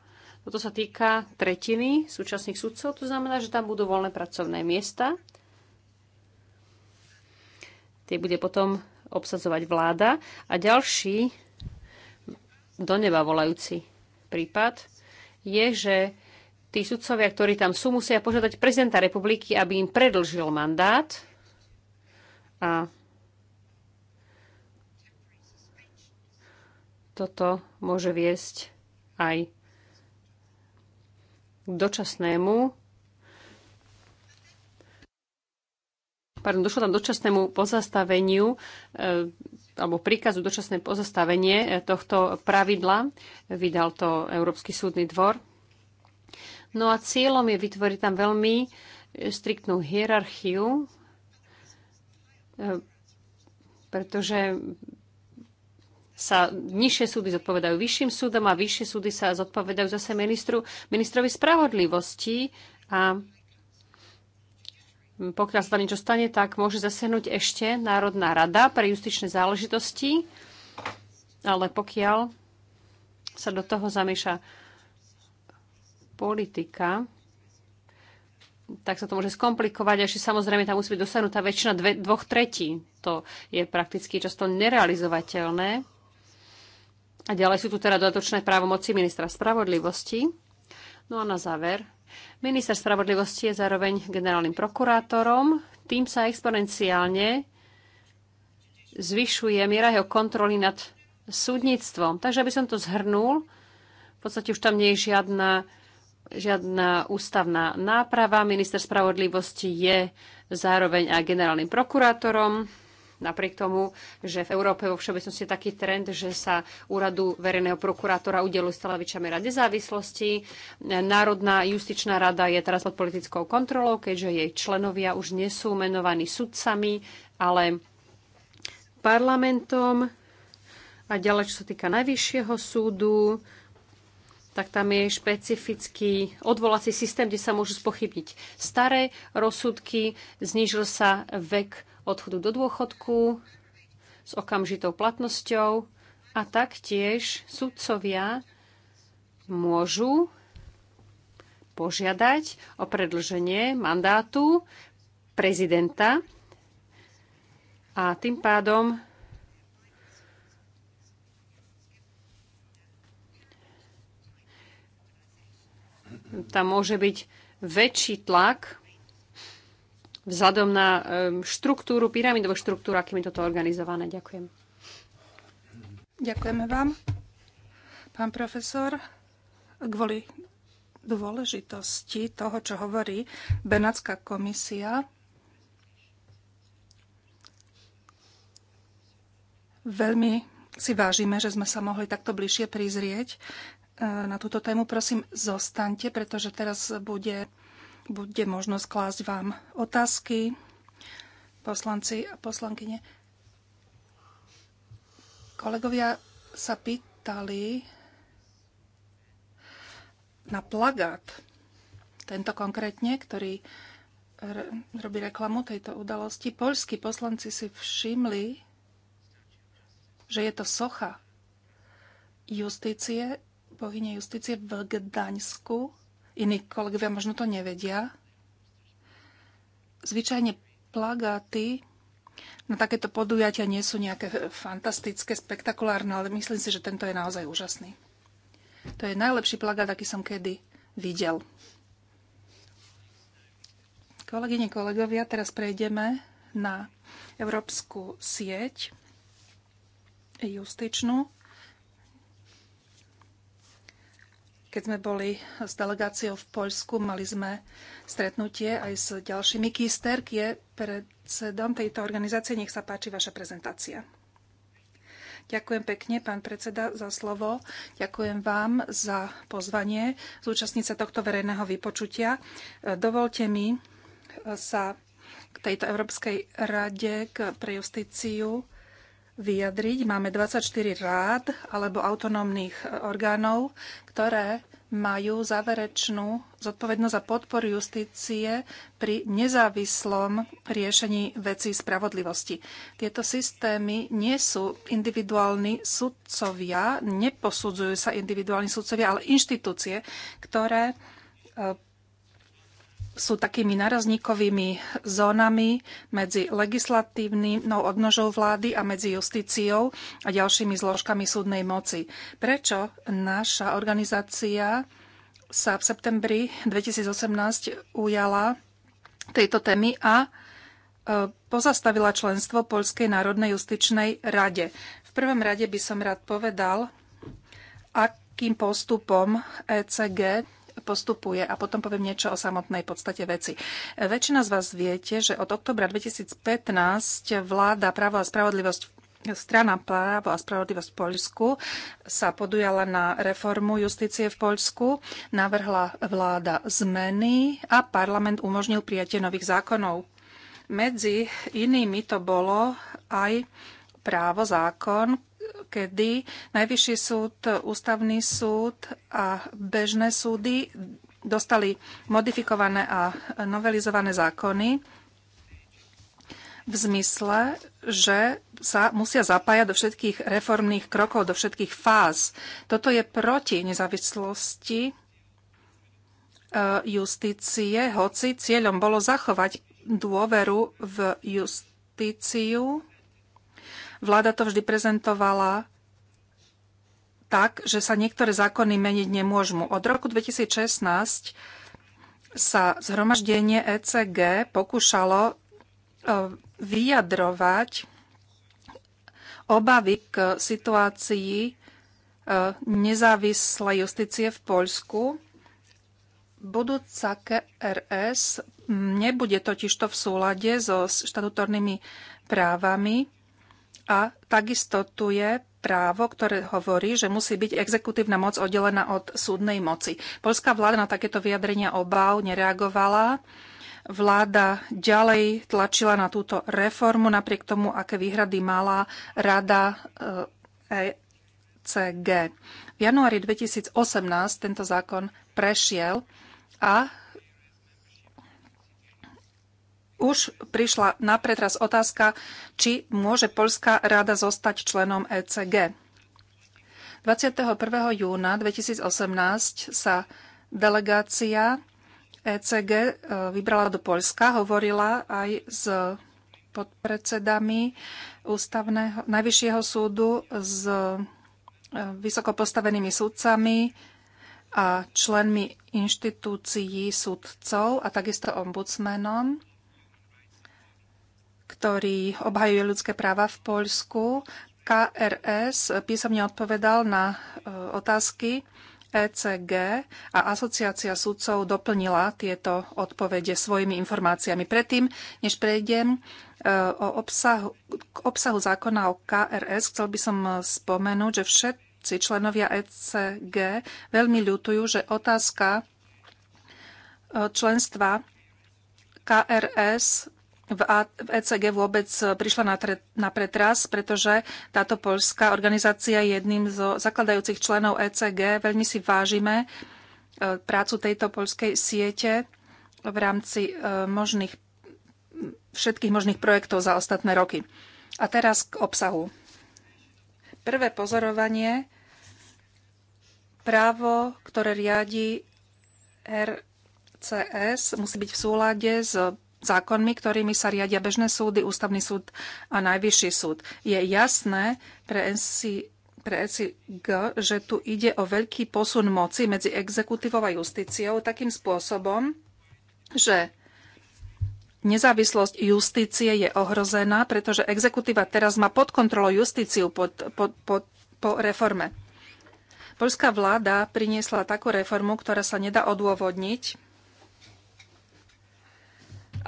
Toto sa týka tretiny súčasných sudcov, to znamená, že tam budú voľné pracovné miesta. Tie bude potom obsadzovať vláda. A ďalší do neba volajúci prípad je, že tí sudcovia, ktorí tam sú, musia požiadať prezidenta republiky, aby im predlžil mandát. A toto môže viesť aj k dočasnému pardon, došlo tam dočasnému pozastaveniu eh, alebo príkazu dočasné pozastavenie eh, tohto pravidla. Vydal to Európsky súdny dvor. No a cieľom je vytvoriť tam veľmi e, striktnú hierarchiu, e, pretože sa nižšie súdy zodpovedajú vyšším súdom a vyššie súdy sa zodpovedajú zase ministru, ministrovi spravodlivosti a pokiaľ sa tam niečo stane, tak môže zasehnúť ešte Národná rada pre justičné záležitosti, ale pokiaľ sa do toho zamieša politika, tak sa to môže skomplikovať, ešte samozrejme tam musí byť dosiahnutá väčšina dve, dvoch tretí. To je prakticky často nerealizovateľné. A ďalej sú tu teda dodatočné právomoci ministra spravodlivosti. No a na záver, minister spravodlivosti je zároveň generálnym prokurátorom. Tým sa exponenciálne zvyšuje miera jeho kontroly nad súdnictvom. Takže aby som to zhrnul, v podstate už tam nie je žiadna žiadna ústavná náprava. Minister spravodlivosti je zároveň aj generálnym prokurátorom. Napriek tomu, že v Európe vo všeobecnosti je taký trend, že sa úradu verejného prokurátora udeluje stále väčšia miera nezávislosti. Národná justičná rada je teraz pod politickou kontrolou, keďže jej členovia už nie sú menovaní sudcami, ale parlamentom. A ďalej, čo sa týka najvyššieho súdu, tak tam je špecifický odvolací systém, kde sa môžu spochybniť staré rozsudky, znížil sa vek odchodu do dôchodku s okamžitou platnosťou a taktiež sudcovia môžu požiadať o predlženie mandátu prezidenta a tým pádom tam môže byť väčší tlak vzhľadom na štruktúru, pyramidovú štruktúru, akým je toto organizované. Ďakujem. Ďakujeme vám, pán profesor. Kvôli dôležitosti toho, čo hovorí Benacká komisia, veľmi si vážime, že sme sa mohli takto bližšie prizrieť na túto tému. Prosím, zostaňte, pretože teraz bude, bude možnosť klásť vám otázky, poslanci a poslankyne. Kolegovia sa pýtali na plagát, tento konkrétne, ktorý robí reklamu tejto udalosti. Poľskí poslanci si všimli, že je to socha justície bohyne justície v Gdaňsku. Iní kolegovia možno to nevedia. Zvyčajne plagáty na takéto podujatia nie sú nejaké fantastické, spektakulárne, ale myslím si, že tento je naozaj úžasný. To je najlepší plagát, aký som kedy videl. Kolegyne, kolegovia, teraz prejdeme na Európsku sieť justičnú. Keď sme boli s delegáciou v Poľsku, mali sme stretnutie aj s ďalšími. Kisterk je predsedom tejto organizácie. Nech sa páči vaša prezentácia. Ďakujem pekne, pán predseda, za slovo. Ďakujem vám za pozvanie zúčastniť sa tohto verejného vypočutia. Dovolte mi sa k tejto Európskej rade k pre justíciu vyjadriť. Máme 24 rád alebo autonómnych orgánov, ktoré majú záverečnú zodpovednosť za podporu justície pri nezávislom riešení vecí spravodlivosti. Tieto systémy nie sú individuálni sudcovia, neposudzujú sa individuálni sudcovia, ale inštitúcie, ktoré e, sú takými narazníkovými zónami medzi legislatívnou no, odnožou vlády a medzi justíciou a ďalšími zložkami súdnej moci. Prečo naša organizácia sa v septembri 2018 ujala tejto témy a e, pozastavila členstvo Polskej národnej justičnej rade. V prvom rade by som rád povedal, akým postupom ECG postupuje a potom poviem niečo o samotnej podstate veci. Väčšina z vás viete, že od oktobra 2015 vláda právo a spravodlivosť strana právo a spravodlivosť v Poľsku sa podujala na reformu justície v Poľsku, navrhla vláda zmeny a parlament umožnil prijatie nových zákonov. Medzi inými to bolo aj právo zákon, kedy Najvyšší súd, Ústavný súd a bežné súdy dostali modifikované a novelizované zákony v zmysle, že sa musia zapájať do všetkých reformných krokov, do všetkých fáz. Toto je proti nezávislosti e, justície, hoci cieľom bolo zachovať dôveru v justíciu Vláda to vždy prezentovala tak, že sa niektoré zákony meniť nemôžu. Od roku 2016 sa zhromaždenie ECG pokúšalo e, vyjadrovať obavy k situácii e, nezávislej justície v Poľsku. Budúca KRS nebude totižto v súlade so štatutornými právami a takisto tu je právo, ktoré hovorí, že musí byť exekutívna moc oddelená od súdnej moci. Polská vláda na takéto vyjadrenia obáv nereagovala. Vláda ďalej tlačila na túto reformu, napriek tomu, aké výhrady mala rada ECG. E v januári 2018 tento zákon prešiel a už prišla na pretras otázka, či môže Polská rada zostať členom ECG. 21. júna 2018 sa delegácia ECG e, vybrala do Polska, hovorila aj s podpredsedami ústavného, Najvyššieho súdu, s e, vysokopostavenými súdcami a členmi inštitúcií súdcov a takisto ombudsmenom ktorý obhajuje ľudské práva v Poľsku, KRS písomne odpovedal na e, otázky ECG a asociácia sudcov doplnila tieto odpovede svojimi informáciami. Predtým, než prejdem e, o obsahu, k obsahu zákona o KRS, chcel by som spomenúť, že všetci členovia ECG veľmi ľutujú, že otázka e, členstva KRS v ECG vôbec e, prišla na, tre, na pretras, pretože táto poľská organizácia je jedným zo zakladajúcich členov ECG. Veľmi si vážime e, prácu tejto poľskej siete v rámci e, možných, všetkých možných projektov za ostatné roky. A teraz k obsahu. Prvé pozorovanie právo, ktoré riadi RCS, musí byť v súlade s zákonmi, ktorými sa riadia bežné súdy, ústavný súd a najvyšší súd. Je jasné pre NC pre ECG, že tu ide o veľký posun moci medzi exekutívou a justíciou takým spôsobom, že nezávislosť justície je ohrozená, pretože exekutíva teraz má pod kontrolou justíciu pod, pod, pod, po reforme. Poľská vláda priniesla takú reformu, ktorá sa nedá odôvodniť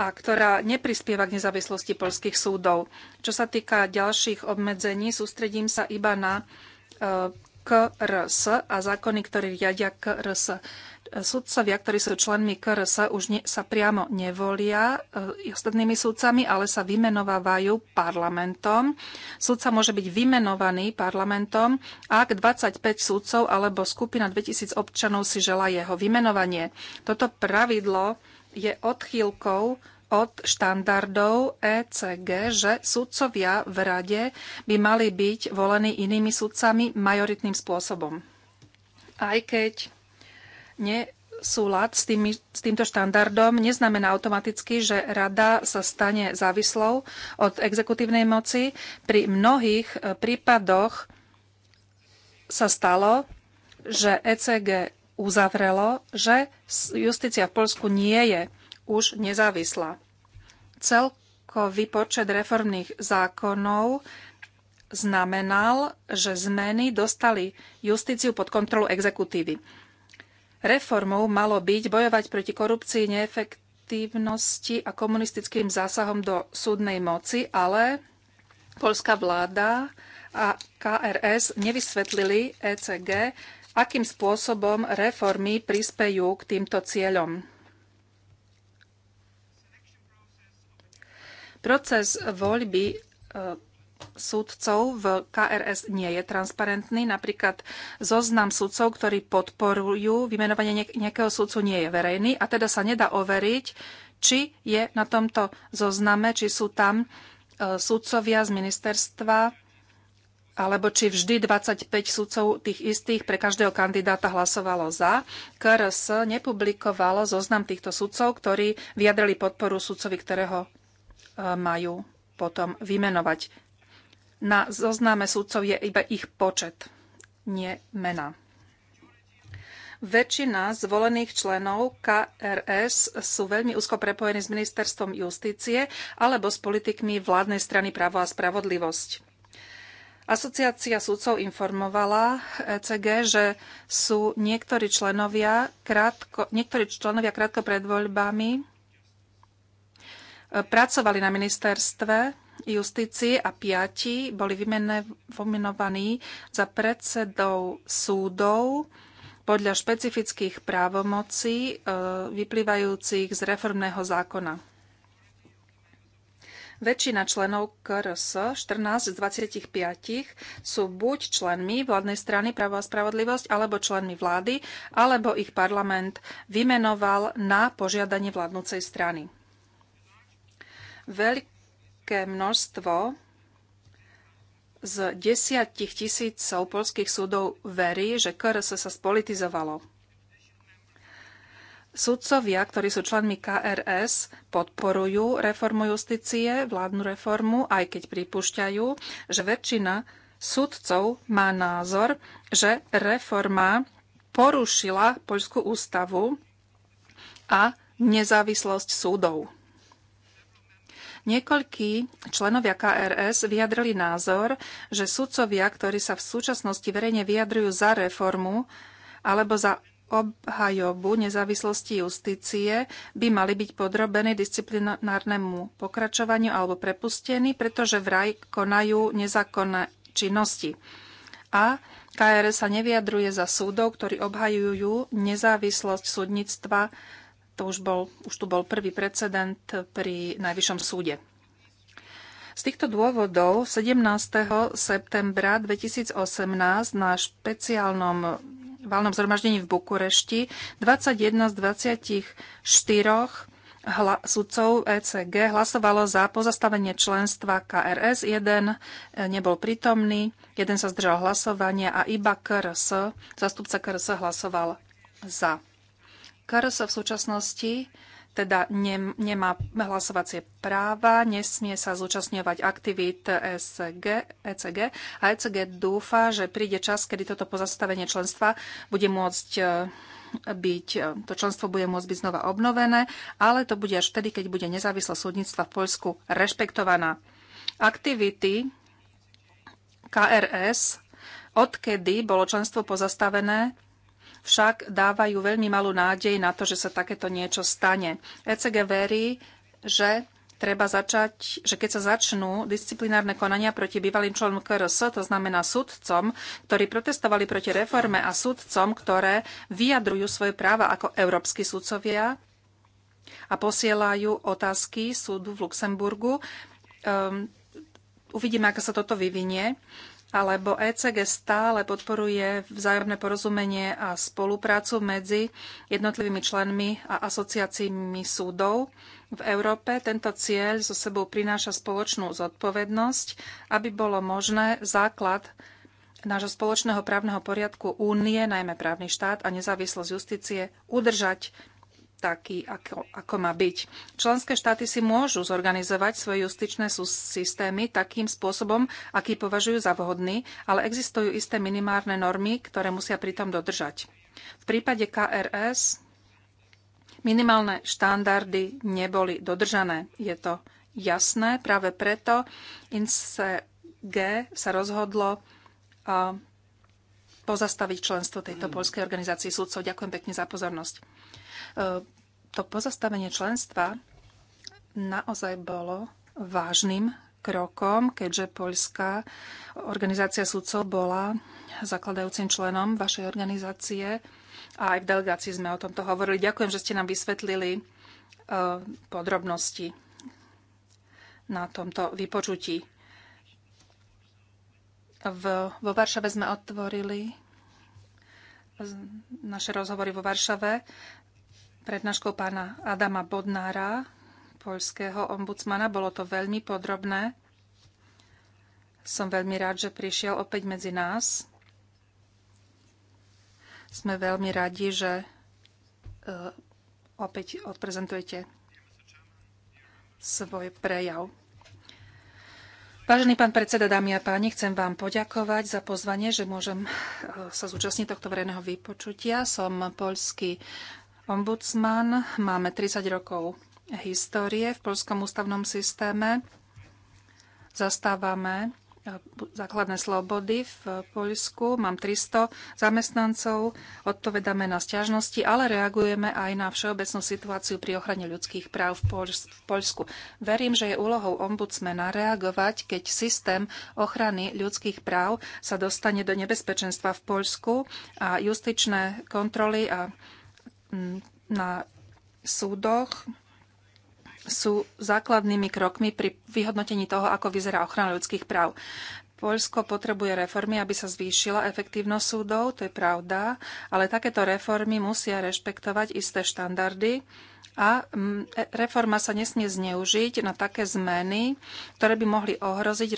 a ktorá neprispieva k nezávislosti polských súdov. Čo sa týka ďalších obmedzení, sústredím sa iba na e, KRS a zákony, ktoré riadia KRS. Sudcovia, ktorí sú členmi KRS, už ne, sa priamo nevolia e, ostatnými sudcami, ale sa vymenovávajú parlamentom. Sudca môže byť vymenovaný parlamentom, ak 25 sudcov alebo skupina 2000 občanov si želá jeho vymenovanie. Toto pravidlo je odchýlkou od štandardov ECG, že sudcovia v rade by mali byť volení inými sudcami majoritným spôsobom. Aj keď nesúlad s, tými, s týmto štandardom neznamená automaticky, že rada sa stane závislou od exekutívnej moci. Pri mnohých eh, prípadoch sa stalo, že ECG uzavrelo, že justícia v Polsku nie je už nezávislá. Celkový počet reformných zákonov znamenal, že zmeny dostali justíciu pod kontrolu exekutívy. Reformou malo byť bojovať proti korupcii, neefektívnosti a komunistickým zásahom do súdnej moci, ale polská vláda a KRS nevysvetlili ECG, akým spôsobom reformy prispejú k týmto cieľom. Proces voľby e, súdcov v KRS nie je transparentný. Napríklad zoznam súdcov, ktorí podporujú vymenovanie nejakého súdcu, nie je verejný a teda sa nedá overiť, či je na tomto zozname, či sú tam e, súdcovia z ministerstva alebo či vždy 25 sudcov tých istých pre každého kandidáta hlasovalo za. KRS nepublikovalo zoznam týchto sudcov, ktorí vyjadrili podporu sudcovi, ktorého e, majú potom vymenovať. Na zozname sudcov je iba ich počet, nie mena. Väčšina zvolených členov KRS sú veľmi úzko prepojení s ministerstvom justície alebo s politikmi vládnej strany právo a spravodlivosť. Asociácia sudcov informovala ECG, eh, že sú niektorí členovia krátko, niektorí členovia krátko pred voľbami eh, pracovali na ministerstve justícii a piati boli vymenovaní za predsedov súdov podľa špecifických právomocí eh, vyplývajúcich z reformného zákona. Väčšina členov KRS, 14 z 25, sú buď členmi vládnej strany Pravo a spravodlivosť, alebo členmi vlády, alebo ich parlament vymenoval na požiadanie vládnúcej strany. Veľké množstvo z desiatich tisícov polských súdov verí, že KRS sa spolitizovalo. Sudcovia, ktorí sú členmi KRS, podporujú reformu justície, vládnu reformu, aj keď pripúšťajú, že väčšina sudcov má názor, že reforma porušila poľskú ústavu a nezávislosť súdov. Niekoľkí členovia KRS vyjadrili názor, že sudcovia, ktorí sa v súčasnosti verejne vyjadrujú za reformu alebo za obhajobu nezávislosti justície by mali byť podrobení disciplinárnemu pokračovaniu alebo prepustení, pretože vraj konajú nezákonné činnosti. A KR sa neviadruje za súdov, ktorí obhajujú nezávislosť súdnictva. To už, bol, už tu bol prvý precedent pri Najvyššom súde. Z týchto dôvodov 17. septembra 2018 na špeciálnom valnom zhromaždení v Bukurešti 21 z 24 hla- sudcov ECG hlasovalo za pozastavenie členstva KRS. Jeden e, nebol prítomný, jeden sa zdržal hlasovania a iba KRS, zastupca KRS hlasoval za. KRS v súčasnosti teda nemá hlasovacie práva, nesmie sa zúčastňovať aktivít ECG, ECG a ECG dúfa, že príde čas, kedy toto pozastavenie členstva bude môcť e, byť, e, to členstvo bude môcť byť znova obnovené, ale to bude až vtedy, keď bude nezávislá súdnictva v Poľsku rešpektovaná. Aktivity KRS, odkedy bolo členstvo pozastavené, však dávajú veľmi malú nádej na to, že sa takéto niečo stane. ECG verí, že treba začať, že keď sa začnú disciplinárne konania proti bývalým členom KRS, to znamená sudcom, ktorí protestovali proti reforme a sudcom, ktoré vyjadrujú svoje práva ako európsky sudcovia a posielajú otázky súdu v Luxemburgu, um, uvidíme, ako sa toto vyvinie alebo ECG stále podporuje vzájomné porozumenie a spoluprácu medzi jednotlivými členmi a asociáciami súdov v Európe. Tento cieľ so sebou prináša spoločnú zodpovednosť, aby bolo možné základ nášho spoločného právneho poriadku únie, najmä právny štát a nezávislosť justície, udržať taký, ako, ako má byť. Členské štáty si môžu zorganizovať svoje justičné systémy takým spôsobom, aký považujú za vhodný, ale existujú isté minimárne normy, ktoré musia pritom dodržať. V prípade KRS minimálne štandardy neboli dodržané. Je to jasné, práve preto INSEG sa rozhodlo pozastaviť členstvo tejto poľskej organizácie súdcov. Ďakujem pekne za pozornosť. E, to pozastavenie členstva naozaj bolo vážnym krokom, keďže Poľská organizácia súdcov bola zakladajúcim členom vašej organizácie a aj v delegácii sme o tomto hovorili. Ďakujem, že ste nám vysvetlili e, podrobnosti na tomto vypočutí. V, vo Varšave sme otvorili naše rozhovory vo Varšave prednáškou pána Adama Bodnára, poľského ombudsmana. Bolo to veľmi podrobné. Som veľmi rád, že prišiel opäť medzi nás. Sme veľmi radi, že e, opäť odprezentujete svoj prejav. Vážený pán predseda, dámy a páni, chcem vám poďakovať za pozvanie, že môžem e, sa zúčastniť tohto verejného vypočutia. Som poľský ombudsman, máme 30 rokov histórie v Polskom ústavnom systéme. Zastávame základné slobody v Poľsku. Mám 300 zamestnancov, odpovedáme na stiažnosti, ale reagujeme aj na všeobecnú situáciu pri ochrane ľudských práv v Poľsku. Verím, že je úlohou ombudsmena reagovať, keď systém ochrany ľudských práv sa dostane do nebezpečenstva v Poľsku a justičné kontroly a mm, na súdoch sú základnými krokmi pri vyhodnotení toho, ako vyzerá ochrana ľudských práv. Poľsko potrebuje reformy, aby sa zvýšila efektívnosť súdov, to je pravda, ale takéto reformy musia rešpektovať isté štandardy, a mm, e, reforma sa nesmie zneužiť na také zmeny, ktoré by mohli ohroziť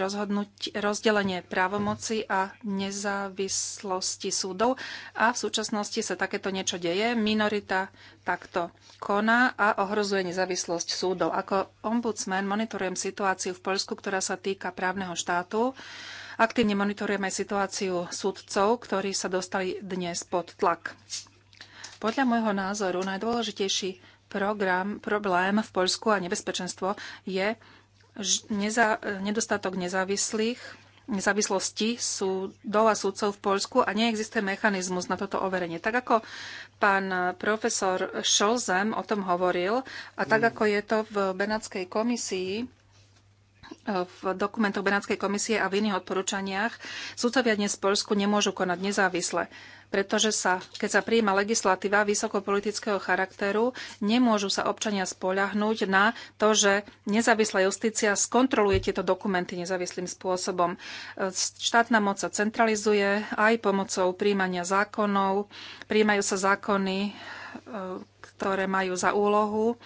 rozdelenie právomoci a nezávislosti súdov. A v súčasnosti sa takéto niečo deje. Minorita takto koná a ohrozuje nezávislosť súdov. Ako ombudsman monitorujem situáciu v Poľsku, ktorá sa týka právneho štátu. Aktívne monitorujem aj situáciu súdcov, ktorí sa dostali dnes pod tlak. Podľa môjho názoru najdôležitejší program, problém v Poľsku a nebezpečenstvo je neza, nedostatok nezávislých nezávislosti sú dola súdcov v Poľsku a neexistuje mechanizmus na toto overenie. Tak ako pán profesor Šolzem o tom hovoril a tak mm. ako je to v Benátskej komisii, v dokumentoch Benátskej komisie a v iných odporúčaniach súcovia dnes v Polsku nemôžu konať nezávisle, pretože sa, keď sa prijíma legislatíva vysokopolitického charakteru, nemôžu sa občania spoľahnúť na to, že nezávislá justícia skontroluje tieto dokumenty nezávislým spôsobom. Štátna moc sa centralizuje aj pomocou príjmania zákonov. Príjmajú sa zákony, e, ktoré majú za úlohu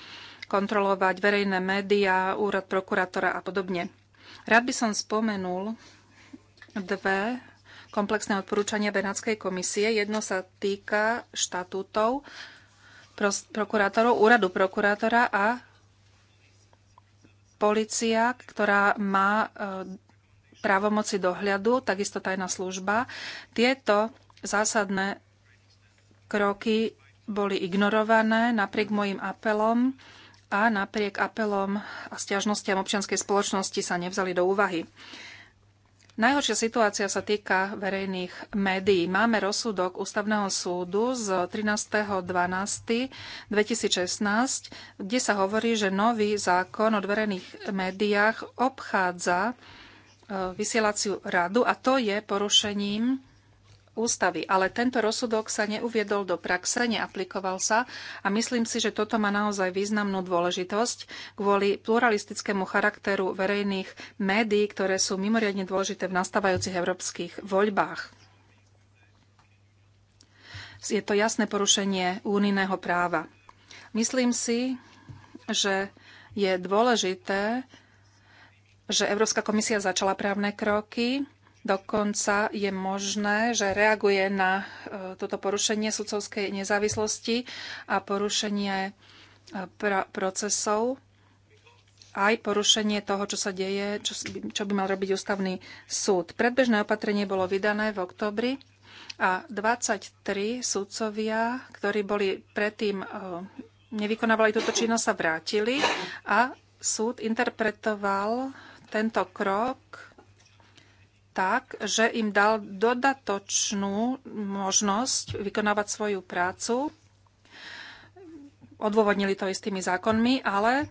kontrolovať verejné médiá, úrad prokurátora a podobne. Rád by som spomenul dve komplexné odporúčania Benátskej komisie. Jedno sa týka štatútov prokurátorov, úradu prokurátora a policia, ktorá má e, právomoci dohľadu, takisto tajná služba. Tieto zásadné kroky boli ignorované napriek mojim apelom a napriek apelom a stiažnostiam občianskej spoločnosti sa nevzali do úvahy. Najhoršia situácia sa týka verejných médií. Máme rozsudok Ústavného súdu z 13.12.2016, kde sa hovorí, že nový zákon o verejných médiách obchádza e, vysielaciu radu a to je porušením ústavy. Ale tento rozsudok sa neuviedol do praxe, neaplikoval sa a myslím si, že toto má naozaj významnú dôležitosť kvôli pluralistickému charakteru verejných médií, ktoré sú mimoriadne dôležité v nastávajúcich európskych voľbách. Je to jasné porušenie únijného práva. Myslím si, že je dôležité, že Európska komisia začala právne kroky Dokonca je možné, že reaguje na e, toto porušenie sudcovskej nezávislosti a porušenie e, procesov aj porušenie toho, čo sa deje, čo, čo by mal robiť ústavný súd. Predbežné opatrenie bolo vydané v oktobri a 23 sudcovia, ktorí boli predtým e, nevykonávali túto činnosť, sa vrátili a súd interpretoval tento krok tak, že im dal dodatočnú možnosť vykonávať svoju prácu. Odôvodnili to istými zákonmi, ale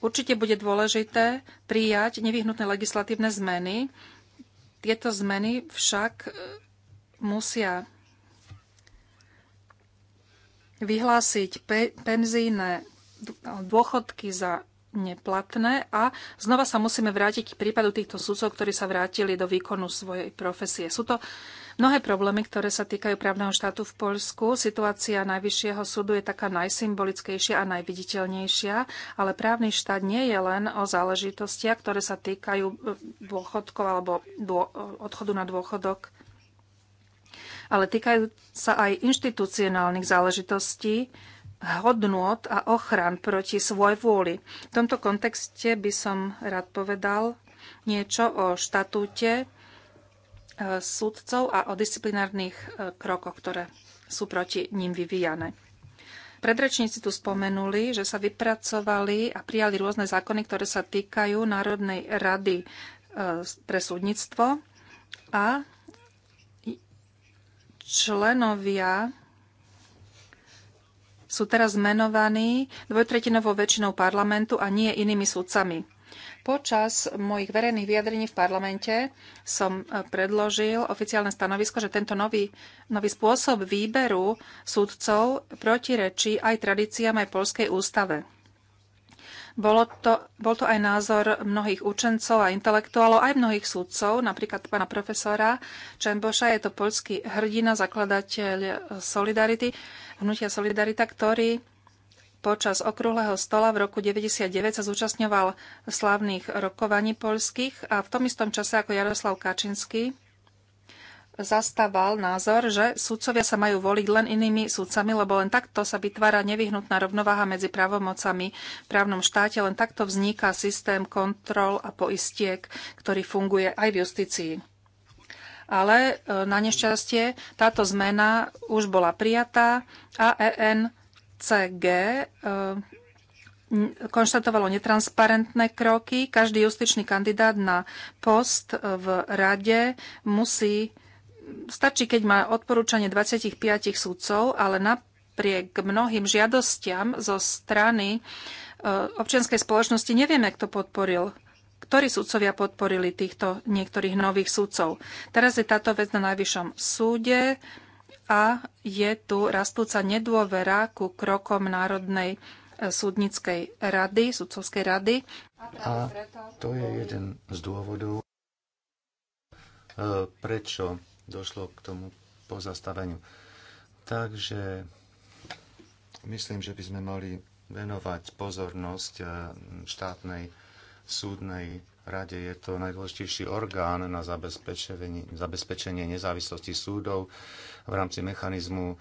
určite bude dôležité prijať nevyhnutné legislatívne zmeny. Tieto zmeny však e, musia vyhlásiť pe- penzíne dôchodky za neplatné a znova sa musíme vrátiť k prípadu týchto sudcov, ktorí sa vrátili do výkonu svojej profesie. Sú to mnohé problémy, ktoré sa týkajú právneho štátu v Poľsku. Situácia Najvyššieho súdu je taká najsymbolickejšia a najviditeľnejšia, ale právny štát nie je len o záležitostiach, ktoré sa týkajú e, dôchodkov alebo dô, odchodu na dôchodok ale týkajú sa aj inštitucionálnych záležitostí, hodnôt a ochran proti svoj vôli. V tomto kontexte by som rád povedal niečo o štatúte e, súdcov a o disciplinárnych e, krokoch, ktoré sú proti ním vyvíjane. Predrečníci tu spomenuli, že sa vypracovali a prijali rôzne zákony, ktoré sa týkajú Národnej rady e, pre súdnictvo a členovia sú teraz menovaní dvojtretinovou väčšinou parlamentu a nie inými sudcami. Počas mojich verejných vyjadrení v parlamente som e, predložil oficiálne stanovisko, že tento nový, nový spôsob výberu súdcov protirečí aj tradíciám aj Polskej ústave. Bolo to, bol to aj názor mnohých učencov a intelektuálov, aj mnohých sudcov, napríklad pána profesora Čemboša, je to poľský hrdina, zakladateľ Solidarity, hnutia Solidarita, ktorý počas okrúhleho stola v roku 1999 sa zúčastňoval slávnych rokovaní poľských a v tom istom čase ako Jaroslav Kačinský zastával názor, že sudcovia sa majú voliť len inými sudcami, lebo len takto sa vytvára nevyhnutná rovnováha medzi právomocami v právnom štáte, len takto vzniká systém kontrol a poistiek, ktorý funguje aj v justícii. Ale e, na nešťastie táto zmena už bola prijatá a ENCG e, konštatovalo netransparentné kroky. Každý justičný kandidát na post e, v rade musí stačí, keď má odporúčanie 25 sudcov, ale napriek mnohým žiadostiam zo strany e, občianskej spoločnosti nevieme, kto podporil ktorí sudcovia podporili týchto niektorých nových sudcov. Teraz je táto vec na najvyššom súde a je tu rastúca nedôvera ku krokom Národnej e, súdnickej rady, sudcovskej rady. A to je jeden z dôvodov, e, prečo došlo k tomu pozastaveniu. Takže myslím, že by sme mali venovať pozornosť eh, štátnej súdnej rade. Je to najdôležitejší orgán na zabezpečenie, zabezpečenie nezávislosti súdov v rámci mechanizmu eh,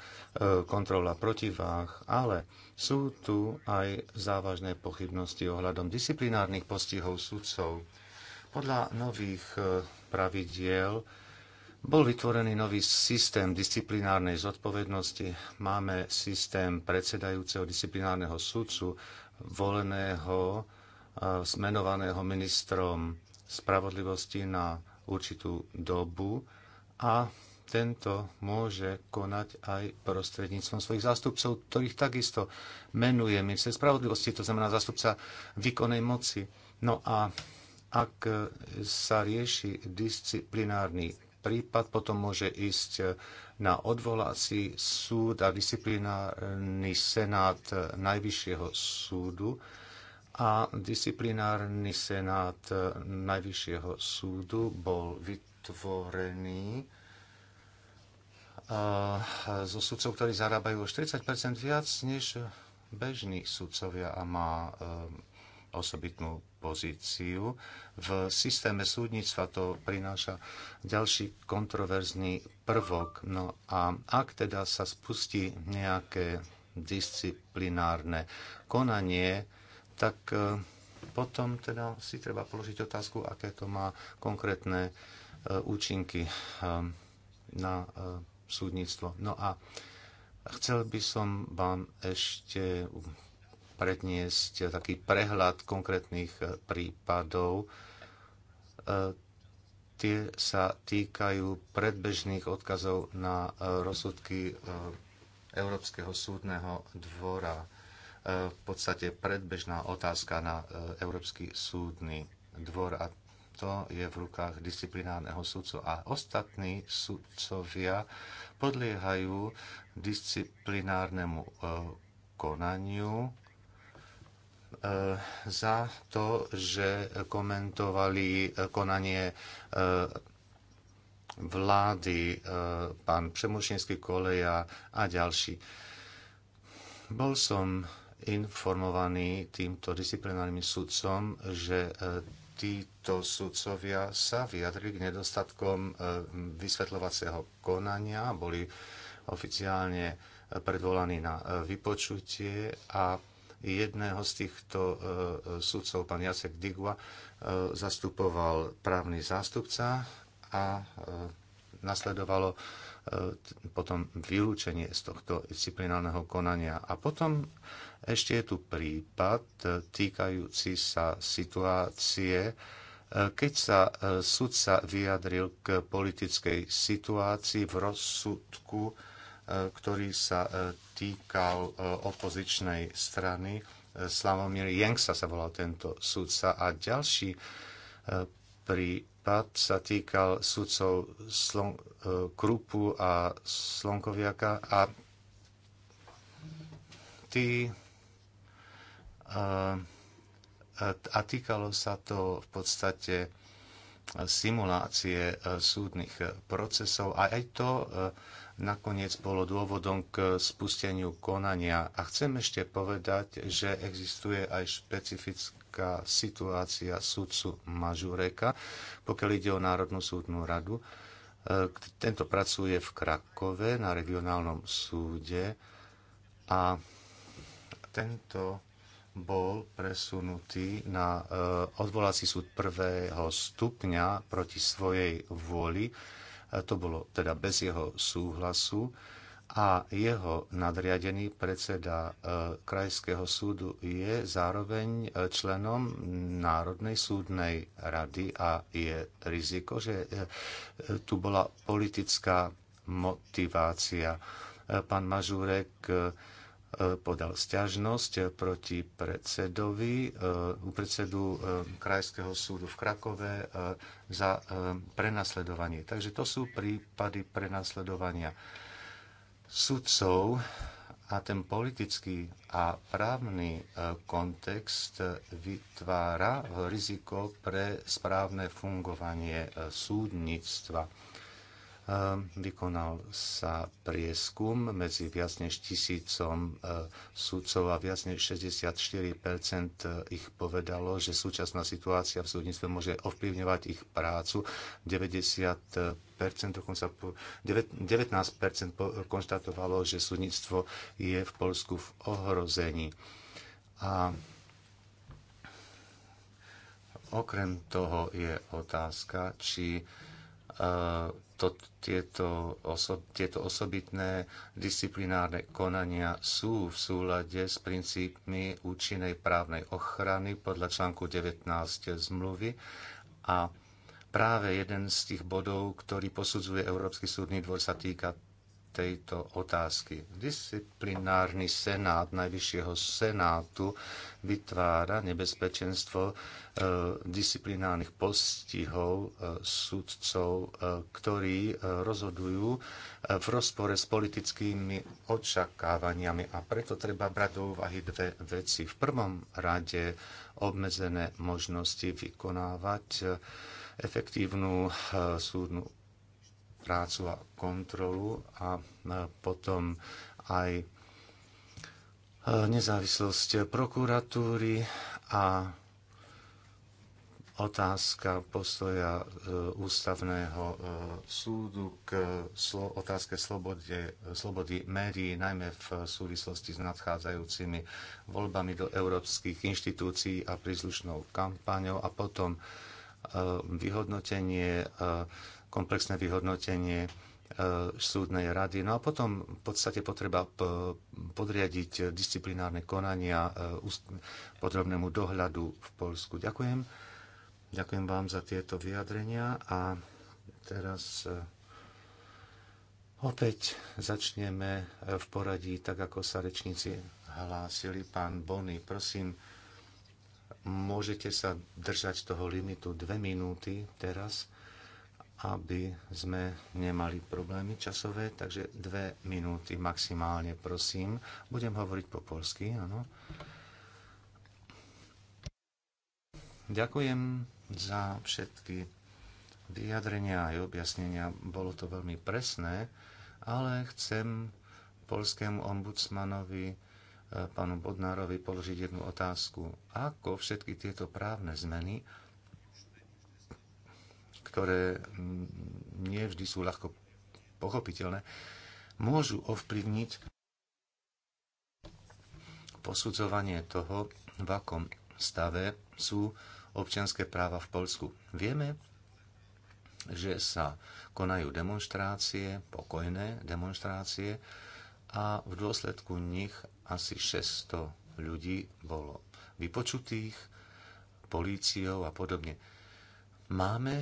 kontrola protiváh, ale sú tu aj závažné pochybnosti ohľadom disciplinárnych postihov súdcov. Podľa nových eh, pravidiel bol vytvorený nový systém disciplinárnej zodpovednosti. Máme systém predsedajúceho disciplinárneho sudcu, voleného, eh, smenovaného ministrom spravodlivosti na určitú dobu a tento môže konať aj prostredníctvom svojich zástupcov, ktorých takisto menuje minister spravodlivosti, to znamená zástupca výkonnej moci. No a ak sa rieši disciplinárny prípad potom môže ísť e, na odvolací súd a disciplinárny senát e, Najvyššieho súdu a disciplinárny senát e, Najvyššieho súdu bol vytvorený zo sudcov, ktorí zarábajú o 40 viac než bežní sudcovia a má osobitnú pozíciu. V systéme súdnictva to prináša ďalší kontroverzný prvok. No a ak teda sa spustí nejaké disciplinárne konanie, tak e, potom teda si treba položiť otázku, aké to má konkrétne e, účinky e, na súdnictvo. No a chcel by som vám ešte predniesť taký prehľad konkrétnych eh, prípadov. Eh, tie sa týkajú predbežných odkazov na eh, rozsudky Európskeho súdneho dvora. V podstate predbežná otázka na Európsky súdny dvor a to je v rukách disciplinárneho sudcu a ostatní súdcovia podliehajú disciplinárnemu konaniu E, za to, že komentovali e, konanie e, vlády pán Přemušinský koleja a ďalší. Bol som informovaný týmto disciplinárnym sudcom, že títo sudcovia sa vyjadrili k nedostatkom vysvetľovacieho konania, boli oficiálne predvolaní na vypočutie a jedného z týchto e, e, sudcov, pán Jacek Digua, e, zastupoval právny zástupca a nasledovalo potom vylúčenie z tohto disciplinárneho konania. A potom ešte je tu prípad týkajúci sa situácie, keď sa sudca vyjadril k politickej situácii v rozsudku ktorý sa e, týkal e, opozičnej strany. E, Slavomír Jenksa sa volal tento sudca a ďalší prípad sa týkal sudcov Slon- Krupu a Slonkoviaka a tí a týkalo sa to v podstate simulácie súdnych procesov a aj to nakoniec bolo dôvodom k spusteniu konania. A chcem ešte povedať, že existuje aj špecifická situácia sudcu Mažureka, pokiaľ ide o Národnú súdnu radu. E, tento pracuje v Krakove na regionálnom súde a tento bol presunutý na e, odvolací súd prvého stupňa proti svojej vôli to bolo teda bez jeho súhlasu a jeho nadriadený predseda e, Krajského súdu je zároveň e, členom Národnej súdnej rady a je riziko, že e, tu bola politická motivácia. Pán Mažurek E, podal stiažnosť e, proti predsedovi, e, u predsedu Krajského súdu v Krakove za prenasledovanie. Takže to sú prípady prenasledovania sudcov a ten politický a právny kontext vytvára riziko pre správne fungovanie súdnictva. Ehm, vykonal sa prieskum medzi viac než tisícom eh, sudcov a viac než 64 eh, ich povedalo, že súčasná situácia v súdnictve môže ovplyvňovať ich prácu. 90 dokonca 19 konštatovalo, že súdnictvo je v Polsku v ohrození. A okrem toho je otázka, či eh, to, tieto, oso, tieto osobitné disciplinárne konania sú v súlade s princípmi účinnej právnej ochrany podľa článku 19 zmluvy a práve jeden z tých bodov, ktorý posudzuje Európsky súdny dvor, sa týka tejto otázky. Disciplinárny senát Najvyššieho senátu vytvára nebezpečenstvo e, disciplinárnych postihov e, sudcov, e, ktorí rozhodujú v rozpore s politickými očakávaniami. A preto treba brať do úvahy dve veci. V prvom rade obmedzené možnosti vykonávať efektívnu súdnu prácu a kontrolu a e, potom aj e, nezávislosť prokuratúry a otázka postoja e, ústavného súdu k otázke slobody médií, najmä v súvislosti s nadchádzajúcimi voľbami do európskych inštitúcií a príslušnou kampaňou a potom vyhodnotenie komplexné vyhodnotenie e, súdnej rady. No a potom v podstate potreba podriadiť disciplinárne konania e, podrobnému dohľadu v Polsku. Ďakujem. Ďakujem vám za tieto vyjadrenia a teraz e, opäť začneme v poradí, tak ako sa rečníci hlásili. Pán Bony, prosím, môžete sa držať toho limitu dve minúty teraz aby sme nemali problémy časové, takže dve minúty maximálne, prosím. Budem hovoriť po polsky, áno. Ďakujem za všetky vyjadrenia aj objasnenia. Bolo to veľmi presné, ale chcem polskému ombudsmanovi, eh, pánu Bodnárovi, položiť jednu otázku. Ako všetky tieto právne zmeny ktoré nie vždy sú ľahko pochopiteľné, môžu ovplyvniť posudzovanie toho, v akom stave sú občianské práva v Polsku. Vieme, že sa konajú demonstrácie, pokojné demonstrácie a v dôsledku nich asi 600 ľudí bolo vypočutých, políciou a podobne. Máme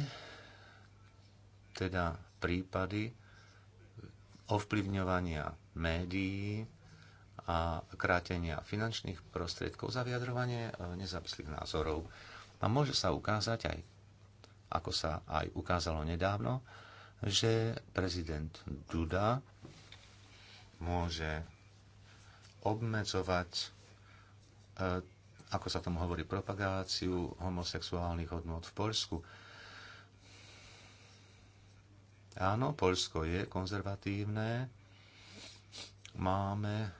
teda prípady ovplyvňovania médií a krátenia finančných prostriedkov za vyjadrovanie e, nezávislých názorov. A môže sa ukázať aj, ako sa aj ukázalo nedávno, že prezident Duda môže obmedzovať, e, ako sa tomu hovorí, propagáciu homosexuálnych hodnot v Polsku Áno, Polsko je konzervatívne. Máme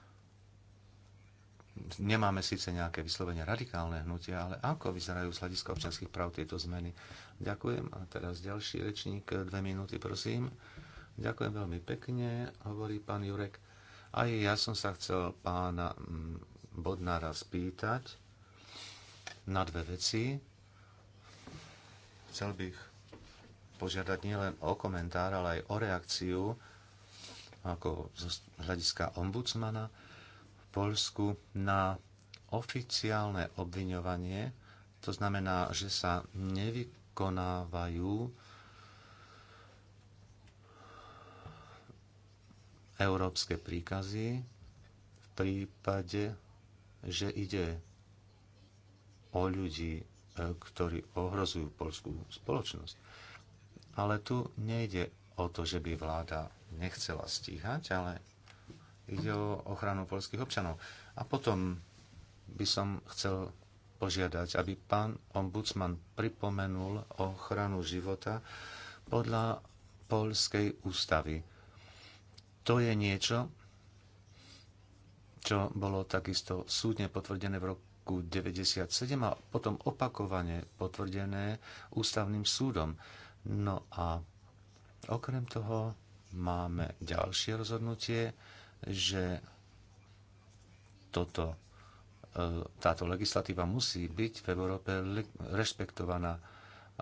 nemáme síce nejaké vyslovene radikálne hnutia, ale ako vyzerajú z hľadiska občanských práv tieto zmeny. Ďakujem. A teraz ďalší rečník, dve minúty, prosím. Ďakujem veľmi pekne, hovorí pán Jurek. Aj ja som sa chcel pána mm, Bodnára spýtať na dve veci. Chcel bych požiadať nielen o komentár, ale aj o reakciu ako z hľadiska ombudsmana v Polsku na oficiálne obviňovanie. To znamená, že sa nevykonávajú európske príkazy v prípade, že ide o ľudí, e, ktorí ohrozujú polskú spoločnosť. Ale tu nejde o to, že by vláda nechcela stíhať, ale ide o ochranu polských občanov. A potom by som chcel požiadať, aby pán ombudsman pripomenul ochranu života podľa polskej ústavy. To je niečo, čo bolo takisto súdne potvrdené v roku 1997 a potom opakovane potvrdené ústavným súdom. No a okrem toho máme ďalšie rozhodnutie, že toto, e, táto legislatíva musí byť v Európe rešpektovaná.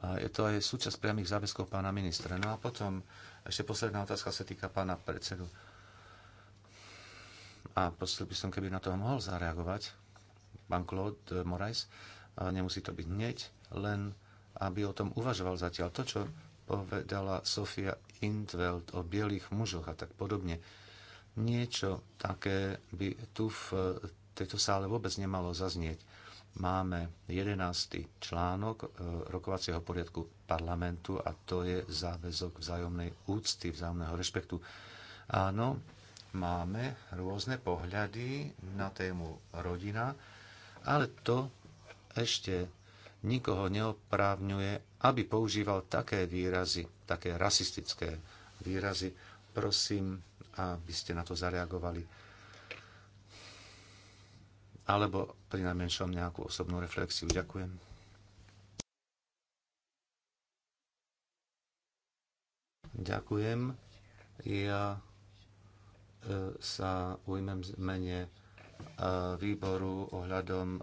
A je to aj súčasť priamých záväzkov pána ministra. No a potom ešte posledná otázka sa týka pána predsedu. A posledný by som, keby na to mohol zareagovať. Pán Claude Morais, nemusí to byť hneď, len aby o tom uvažoval zatiaľ. To, čo povedala Sofia Intveld o bielých mužoch a tak podobne, niečo také by tu v tejto sále vôbec nemalo zaznieť. Máme 11. článok e, rokovacieho poriadku parlamentu a to je záväzok vzájomnej úcty, vzájomného rešpektu. Áno, máme rôzne pohľady na tému rodina, ale to ešte nikoho neoprávňuje, aby používal také výrazy, také rasistické výrazy. Prosím, aby ste na to zareagovali. Alebo pri najmenšom nejakú osobnú reflexiu. Ďakujem. Ďakujem. Ja e, sa ujmem mene e, výboru ohľadom e,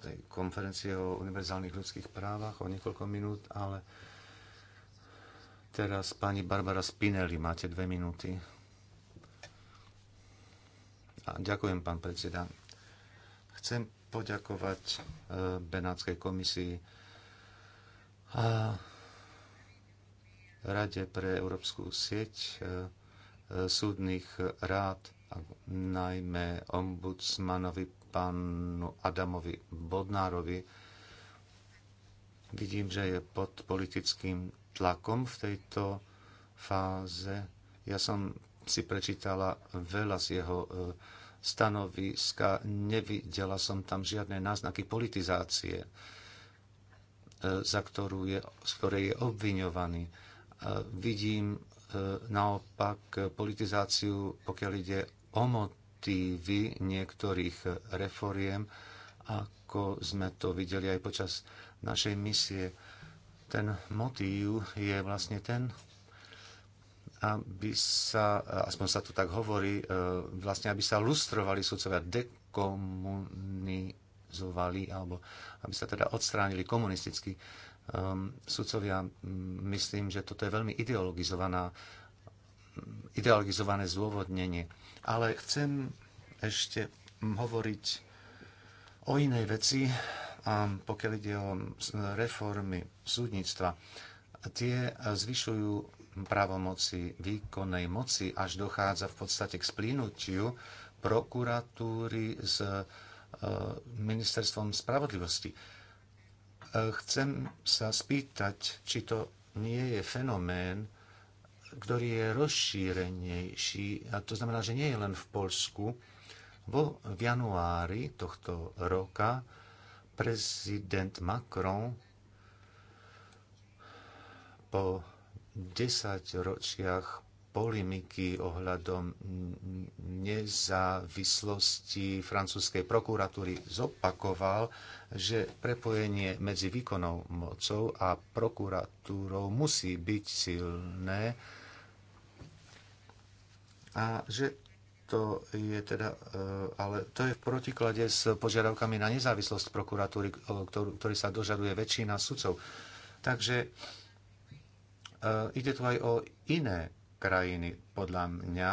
tej konferencie o univerzálnych ľudských právach o niekoľko minút, ale teraz pani Barbara Spinelli, máte dve minúty. A ďakujem, pán predseda. Chcem poďakovať e, Benátskej komisii a Rade pre Európsku sieť e, e, súdnych rád, najmä ombudsmanovi pánu Adamovi Bodnárovi. Vidím, že je pod politickým tlakom v tejto fáze. Ja som si prečítala veľa z jeho e, stanoviska. Nevidela som tam žiadne náznaky politizácie, e, za ktorú je, z ktorej je obviňovaný. E, vidím naopak politizáciu, pokiaľ ide o, perspektívy niektorých reforiem, ako sme to videli aj počas našej misie. Ten motív je vlastne ten, aby sa, aspoň sa tu tak hovorí, e, vlastne aby sa lustrovali sudcovia, dekomunizovali, alebo aby sa teda odstránili komunistickí e, sudcovia. Myslím, že toto je veľmi ideologizovaná, ideologizované zôvodnenie. Ale chcem ešte hovoriť o inej veci, pokiaľ ide o reformy súdnictva. Tie zvyšujú právomoci výkonnej moci, až dochádza v podstate k splínutiu prokuratúry s e, ministerstvom spravodlivosti. E, chcem sa spýtať, či to nie je fenomén, ktorý je rozšírenejší, a to znamená, že nie je len v Polsku. Vo, v januári tohto roka prezident Macron po 10 ročiach polemiky ohľadom nezávislosti francúzskej prokuratúry zopakoval, že prepojenie medzi výkonnou mocou a prokuratúrou musí byť silné a že to je teda, eh, ale to je v protiklade s požiadavkami na nezávislosť prokuratúry, eh, ktorý, ktorý sa dožaduje väčšina sudcov. Takže eh, ide tu aj o iné krajiny. Podľa mňa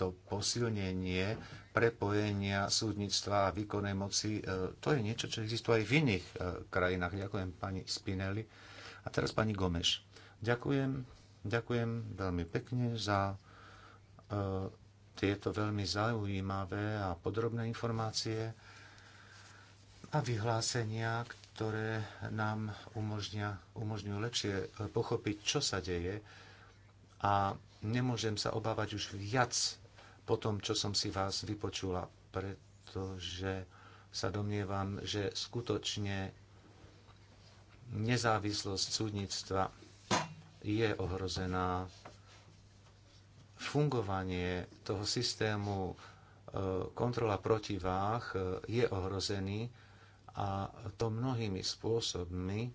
to posilnenie prepojenia súdnictva a výkonnej moci, e, to je niečo, čo existuje aj v iných e, krajinách. Ďakujem pani Spinelli. A teraz pani Gomeš. Ďakujem, ďakujem veľmi pekne za e, tieto veľmi zaujímavé a podrobné informácie a vyhlásenia, ktoré nám umožňujú lepšie pochopiť, čo sa deje a nemôžem sa obávať už viac po tom, čo som si vás vypočula, pretože sa domnievam, že skutočne nezávislosť súdnictva je ohrozená. Fungovanie toho systému e, kontrola protiváh e, je ohrozený a to mnohými spôsobmi, e,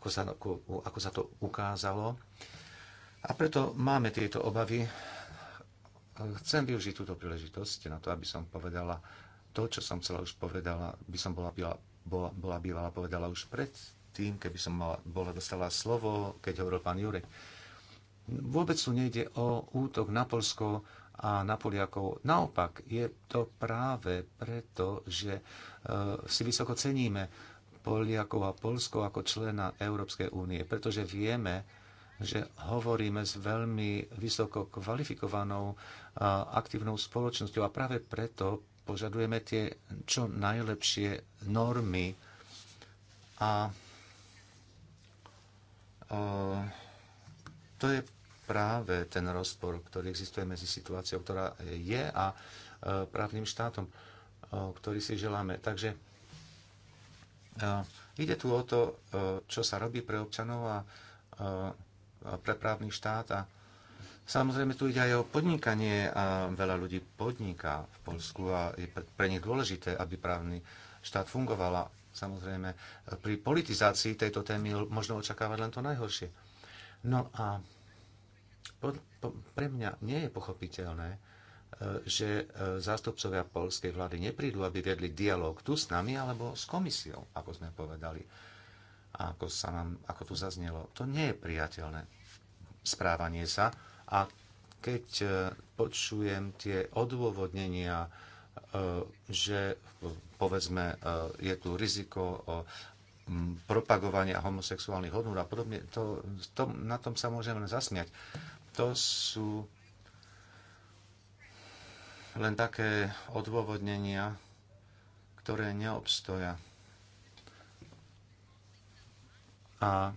ako sa, ako, ako sa to ukázalo. A preto máme tieto obavy. Chcem využiť túto príležitosť na to, aby som povedala to, čo som chcela už povedala, by som bola, bola, bola, bola bývala povedala už pred tým, keby som mala, bola dostala slovo, keď hovoril pán Jurek. Vôbec tu nejde o útok na Polsko a na Poliakov. Naopak, je to práve preto, že e, si vysoko ceníme Poliakov a Polsko ako člena Európskej únie, pretože vieme, že hovoríme s veľmi vysoko kvalifikovanou aktívnou spoločnosťou a práve preto požadujeme tie čo najlepšie normy a, a to je práve ten rozpor, ktorý existuje medzi situáciou, ktorá je a právnym štátom, ktorý si želáme. Takže ide tu o to, čo sa robí pre občanov a pre právny štát a Samozrejme, tu ide aj o podnikanie a veľa ľudí podniká v Polsku a je pre nich dôležité, aby právny štát fungovala. Samozrejme, pri politizácii tejto témy možno očakávať len to najhoršie. No a po, po, pre mňa nie je pochopiteľné, e, že e, zástupcovia polskej vlády neprídu, aby viedli dialog tu s nami alebo s komisiou, ako sme povedali ako, sa nám, ako tu zaznelo. To nie je priateľné správanie sa. A keď e, počujem tie odôvodnenia, e, že e, povedzme je tu riziko propagovania homosexuálnych hodnúr a podobne, to, to, na tom sa môžeme zasmiať. To sú len také odôvodnenia, ktoré neobstoja. A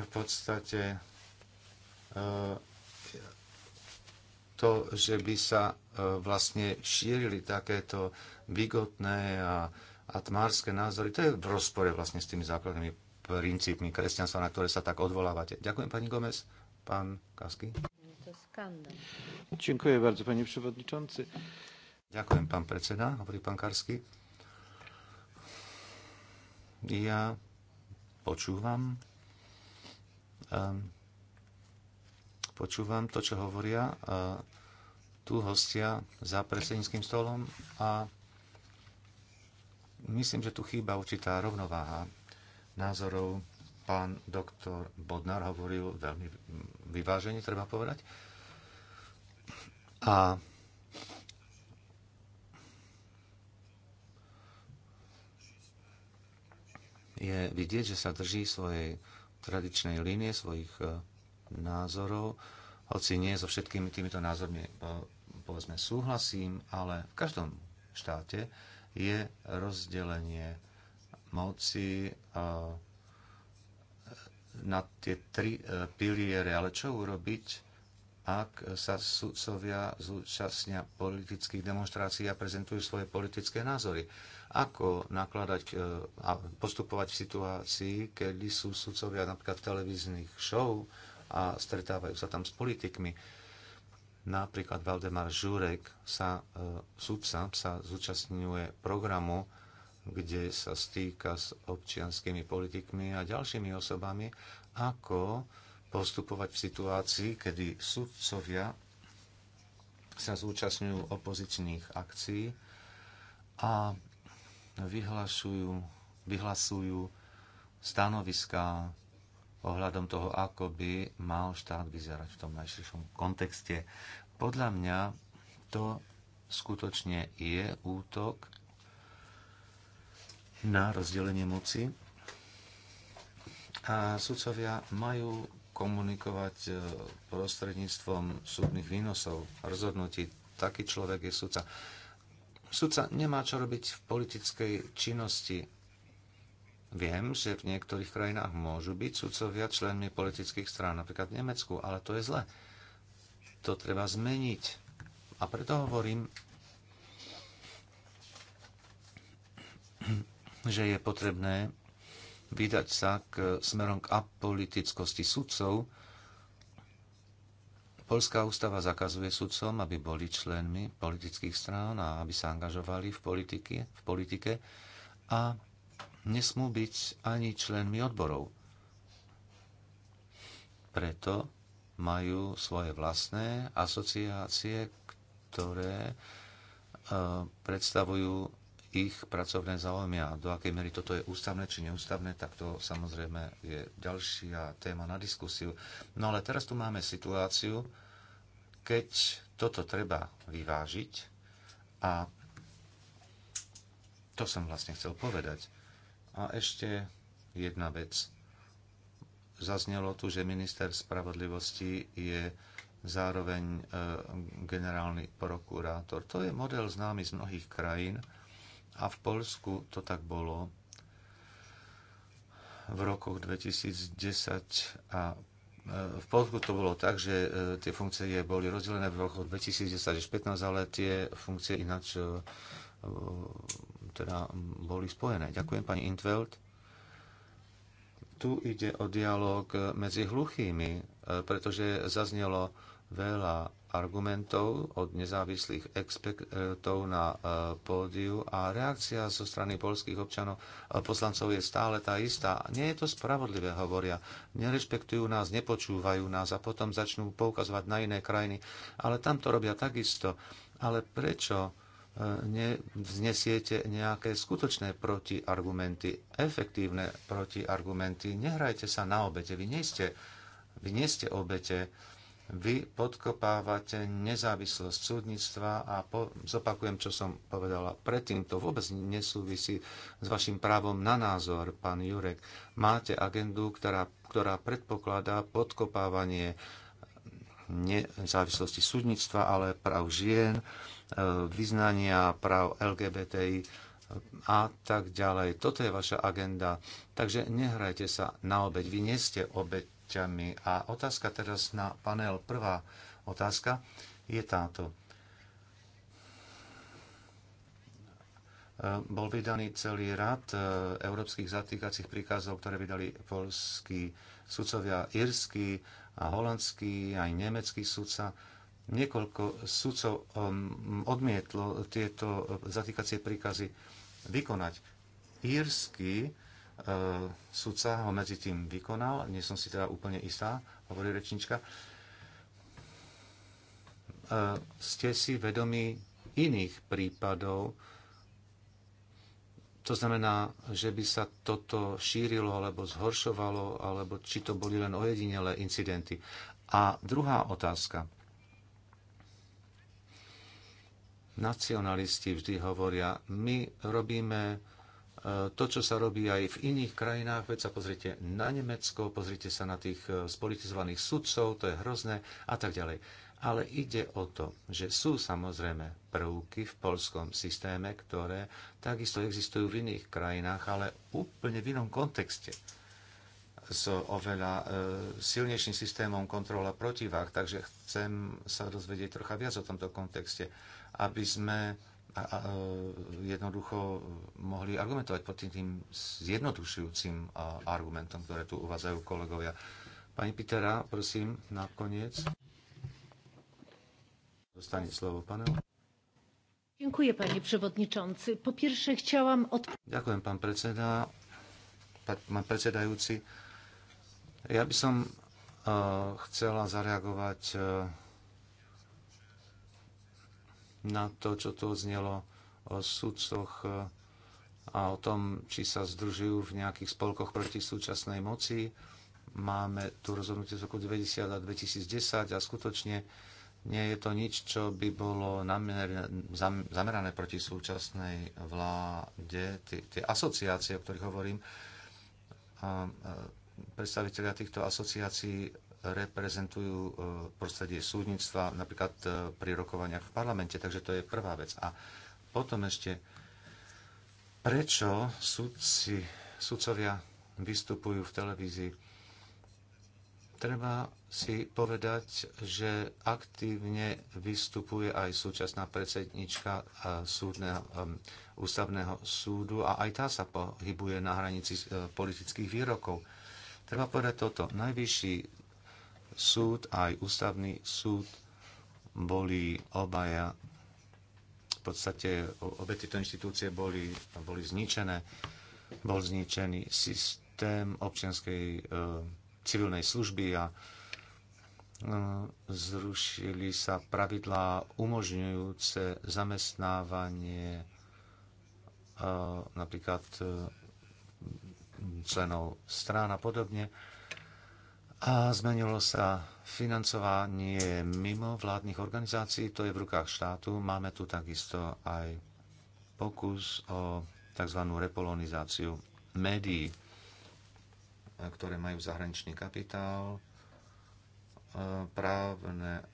v podstate e, to, že by sa e, vlastne šírili takéto bigotné a, a tmárske názory, to je v rozpore vlastne s tými základnými princípmi kresťanstva, na ktoré sa tak odvolávate. Ďakujem, pani Gomez. Pán Kasky. Ďakujem bardzo, przewodniczący. Ďakujem, pán predseda, hovorí pán Karsky. Ja počúvam. Ehm, počúvam to, čo hovoria e, tu hostia za predsedníckým stolom a myslím, že tu chýba určitá rovnováha názorov. Pán doktor Bodnar hovoril veľmi vyvážene, treba povedať. A je vidieť, že sa drží svojej tradičnej línie, svojich e, názorov, hoci nie so všetkými týmito názormi e, povedzme súhlasím, ale v každom štáte je rozdelenie moci e, na tie tri piliere. Ale čo urobiť ak sa sudcovia zúčastnia politických demonstrácií a prezentujú svoje politické názory. Ako nakladať e, a postupovať v situácii, kedy sú sudcovia napríklad v televíznych show a stretávajú sa tam s politikmi. Napríklad Valdemar Žurek, sa, e, sudca, sa zúčastňuje programu, kde sa stýka s občianskými politikmi a ďalšími osobami, ako postupovať v situácii, kedy sudcovia sa zúčastňujú opozičných akcií a vyhlasujú, vyhlasujú stanoviská ohľadom toho, ako by mal štát vyzerať v tom najširšom kontexte. Podľa mňa to skutočne je útok na rozdelenie moci a sudcovia majú komunikovať e, prostredníctvom súdnych výnosov, rozhodnutí. Taký človek je sudca. Sudca nemá čo robiť v politickej činnosti. Viem, že v niektorých krajinách môžu byť sudcovia členmi politických strán, napríklad v Nemecku, ale to je zle. To treba zmeniť. A preto hovorím, že je potrebné vydať sa k smerom k apolitickosti sudcov. Polská ústava zakazuje sudcom, aby boli členmi politických strán a aby sa angažovali v politike, v politike a nesmú byť ani členmi odborov. Preto majú svoje vlastné asociácie, ktoré eh, predstavujú ich pracovné záujmy a do akej miery toto je ústavné či neústavné, tak to samozrejme je ďalšia téma na diskusiu. No ale teraz tu máme situáciu, keď toto treba vyvážiť a to som vlastne chcel povedať. A ešte jedna vec. Zaznelo tu, že minister spravodlivosti je zároveň e, generálny prokurátor. To je model známy z mnohých krajín a v Polsku to tak bolo v rokoch 2010 a e, v Polsku to bolo tak, že e, tie funkcie boli rozdelené v rokoch 2010 až 2015, ale tie funkcie ináč e, teda boli spojené. Ďakujem pani Intveld. Tu ide o dialog medzi hluchými, pretože zaznelo veľa argumentov od nezávislých expertov na e, pódiu a reakcia zo strany polských občanov poslancov je stále tá istá. Nie je to spravodlivé, hovoria. Nerešpektujú nás, nepočúvajú nás a potom začnú poukazovať na iné krajiny. Ale tam to robia takisto. Ale prečo e, nevznesiete nejaké skutočné protiargumenty, efektívne protiargumenty. Nehrajte sa na obete. Vy nie ste, vy nie ste obete vy podkopávate nezávislosť súdnictva a po, zopakujem, čo som povedala predtým. To vôbec nesúvisí s vašim právom na názor, pán Jurek. Máte agendu, ktorá, ktorá predpokladá podkopávanie nezávislosti súdnictva, ale práv žien, e, vyznania práv LGBTI a tak ďalej. Toto je vaša agenda. Takže nehrajte sa na obeď. Vy nie ste obeď udalosťami. A otázka teraz na panel. Prvá otázka je táto. E, bol vydaný celý rad e, európskych zatýkacích príkazov, ktoré vydali polskí sudcovia, írsky a holandský, aj nemecký sudca. Niekoľko sudcov um, odmietlo tieto zatýkacie príkazy vykonať. Írsky E, sudca ho medzi tým vykonal, nie som si teda úplne istá, hovorí rečnička. E, ste si vedomi iných prípadov, to znamená, že by sa toto šírilo alebo zhoršovalo, alebo či to boli len ojedinelé incidenty. A druhá otázka. Nacionalisti vždy hovoria, my robíme E, to, čo sa robí aj v iných krajinách, veď sa pozrite na Nemecko, pozrite sa na tých e, spolitizovaných sudcov, to je hrozné a tak ďalej. Ale ide o to, že sú samozrejme prvky v polskom systéme, ktoré takisto existujú v iných krajinách, ale úplne v inom kontexte s oveľa e, silnejším systémom kontrola protivách, takže chcem sa dozvedieť trocha viac o tomto kontexte, aby sme a, a, e, jednoducho mohli argumentovať pod tým, tým zjednodušujúcim e, argumentom, ktoré tu uvádzajú kolegovia. Pani Pitera, prosím, nakoniec. Dostanie slovo panel. Dziękuję, panie przewodniczący. Po pierwsze chciałam... Od... Ďakujem, pán predseda, pán predsedajúci. Ja by som uh, chcela zareagovať uh, na to, čo tu odznelo o sudcoch e, a o tom, či sa združujú v nejakých spolkoch proti súčasnej moci. Máme tu rozhodnutie z roku 90 a 2010 a skutočne nie je to nič, čo by bolo zamerané proti súčasnej vláde. Tie asociácie, o ktorých hovorím, predstaviteľia týchto asociácií reprezentujú e, prostredie súdnictva, napríklad e, pri rokovaniach v parlamente. Takže to je prvá vec. A potom ešte, prečo súdci, súdcovia vystupujú v televízii? Treba si povedať, že aktívne vystupuje aj súčasná predsednička e, súdneho, ústavného súdu a aj tá sa pohybuje na hranici politických výrokov. Treba povedať toto. Najvyšší súd aj ústavný súd boli obaja v podstate obe tieto inštitúcie boli, boli zničené. Bol zničený systém občianskej e, civilnej služby a e, zrušili sa pravidlá umožňujúce zamestnávanie e, napríklad e, členov strán a podobne. E, a zmenilo sa financovanie mimo vládnych organizácií, to je v rukách štátu. Máme tu takisto aj pokus o tzv. repolonizáciu médií, ktoré majú zahraničný kapitál, e, právne e,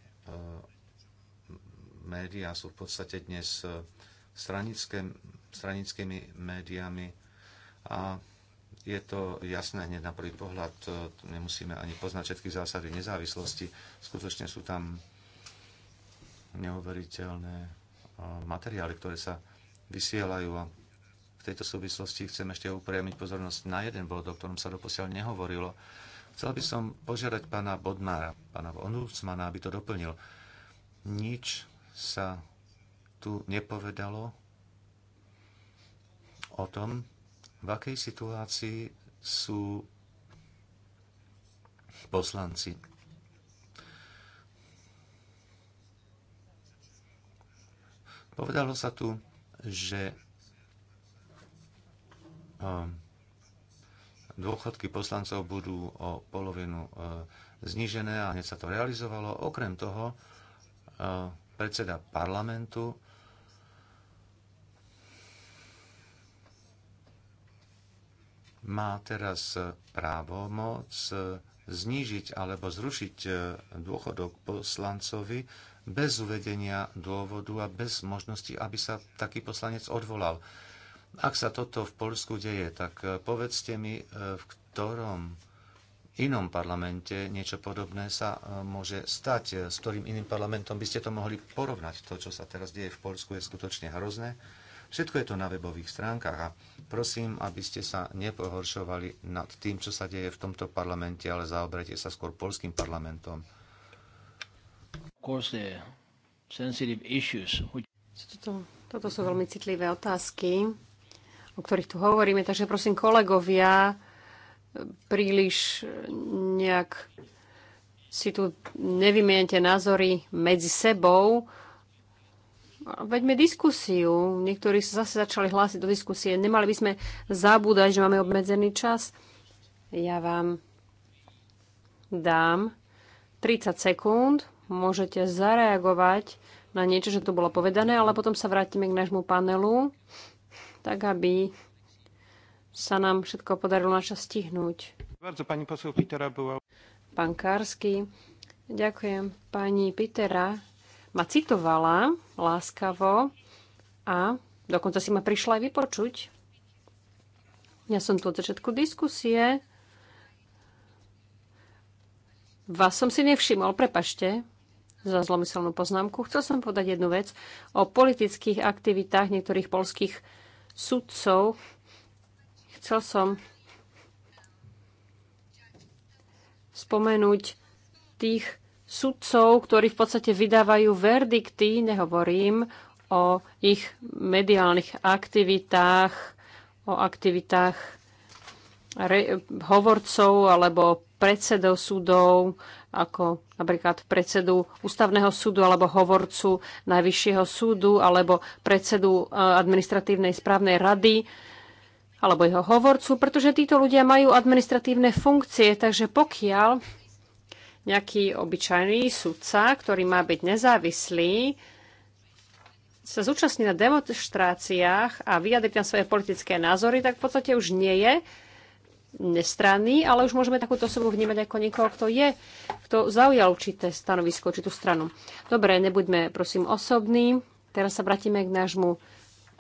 médiá sú v podstate dnes e, stranické, stranickými médiami a je to jasné hneď na prvý pohľad, nemusíme ani poznať všetky zásady nezávislosti. Skutočne sú tam neuveriteľné materiály, ktoré sa vysielajú a v tejto súvislosti chcem ešte upriamiť pozornosť na jeden bod, o ktorom sa doposiaľ nehovorilo. Chcel by som požiadať pána Bodnára, pána Onusmana, aby to doplnil. Nič sa tu nepovedalo o tom, v akej situácii sú poslanci. Povedalo sa tu, že um, dôchodky poslancov budú o polovinu uh, znižené a hneď sa to realizovalo. Okrem toho, uh, predseda parlamentu má teraz právo moc znížiť alebo zrušiť e, dôchodok poslancovi bez uvedenia dôvodu a bez možnosti, aby sa taký poslanec odvolal. Ak sa toto v Polsku deje, tak e, povedzte mi, e, v ktorom inom parlamente niečo podobné sa môže stať. S ktorým iným parlamentom by ste to mohli porovnať? To, čo sa teraz deje v Polsku, je skutočne hrozné. Všetko je to na webových stránkach a prosím, aby ste sa nepohoršovali nad tým, čo sa deje v tomto parlamente, ale zaoberajte sa skôr polským parlamentom. Toto, toto sú veľmi citlivé otázky, o ktorých tu hovoríme, takže prosím kolegovia, príliš nejak si tu nevymienite názory medzi sebou, veďme diskusiu. Niektorí sa zase začali hlásiť do diskusie. Nemali by sme zabúdať, že máme obmedzený čas. Ja vám dám 30 sekúnd. Môžete zareagovať na niečo, čo tu bolo povedané, ale potom sa vrátime k nášmu panelu, tak aby sa nám všetko podarilo načas stihnúť. Pán Karsky, ďakujem. Pani Pitera ma citovala láskavo a dokonca si ma prišla aj vypočuť. Ja som tu od začiatku diskusie. Vás som si nevšimol, prepašte za zlomyselnú poznámku. Chcel som povedať jednu vec o politických aktivitách niektorých polských sudcov. Chcel som spomenúť tých sudcov, ktorí v podstate vydávajú verdikty, nehovorím o ich mediálnych aktivitách, o aktivitách re- hovorcov alebo predsedov súdov, ako napríklad predsedu ústavného súdu alebo hovorcu najvyššieho súdu alebo predsedu e, administratívnej správnej rady alebo jeho hovorcu, pretože títo ľudia majú administratívne funkcie, takže pokiaľ nejaký obyčajný sudca, ktorý má byť nezávislý, sa zúčastní na demonstráciách a vyjadriť na svoje politické názory, tak v podstate už nie je nestranný, ale už môžeme takúto osobu vnímať ako niekoho, kto je, kto zaujal určité stanovisko, určitú stranu. Dobre, nebuďme prosím osobní. Teraz sa vrátime k nášmu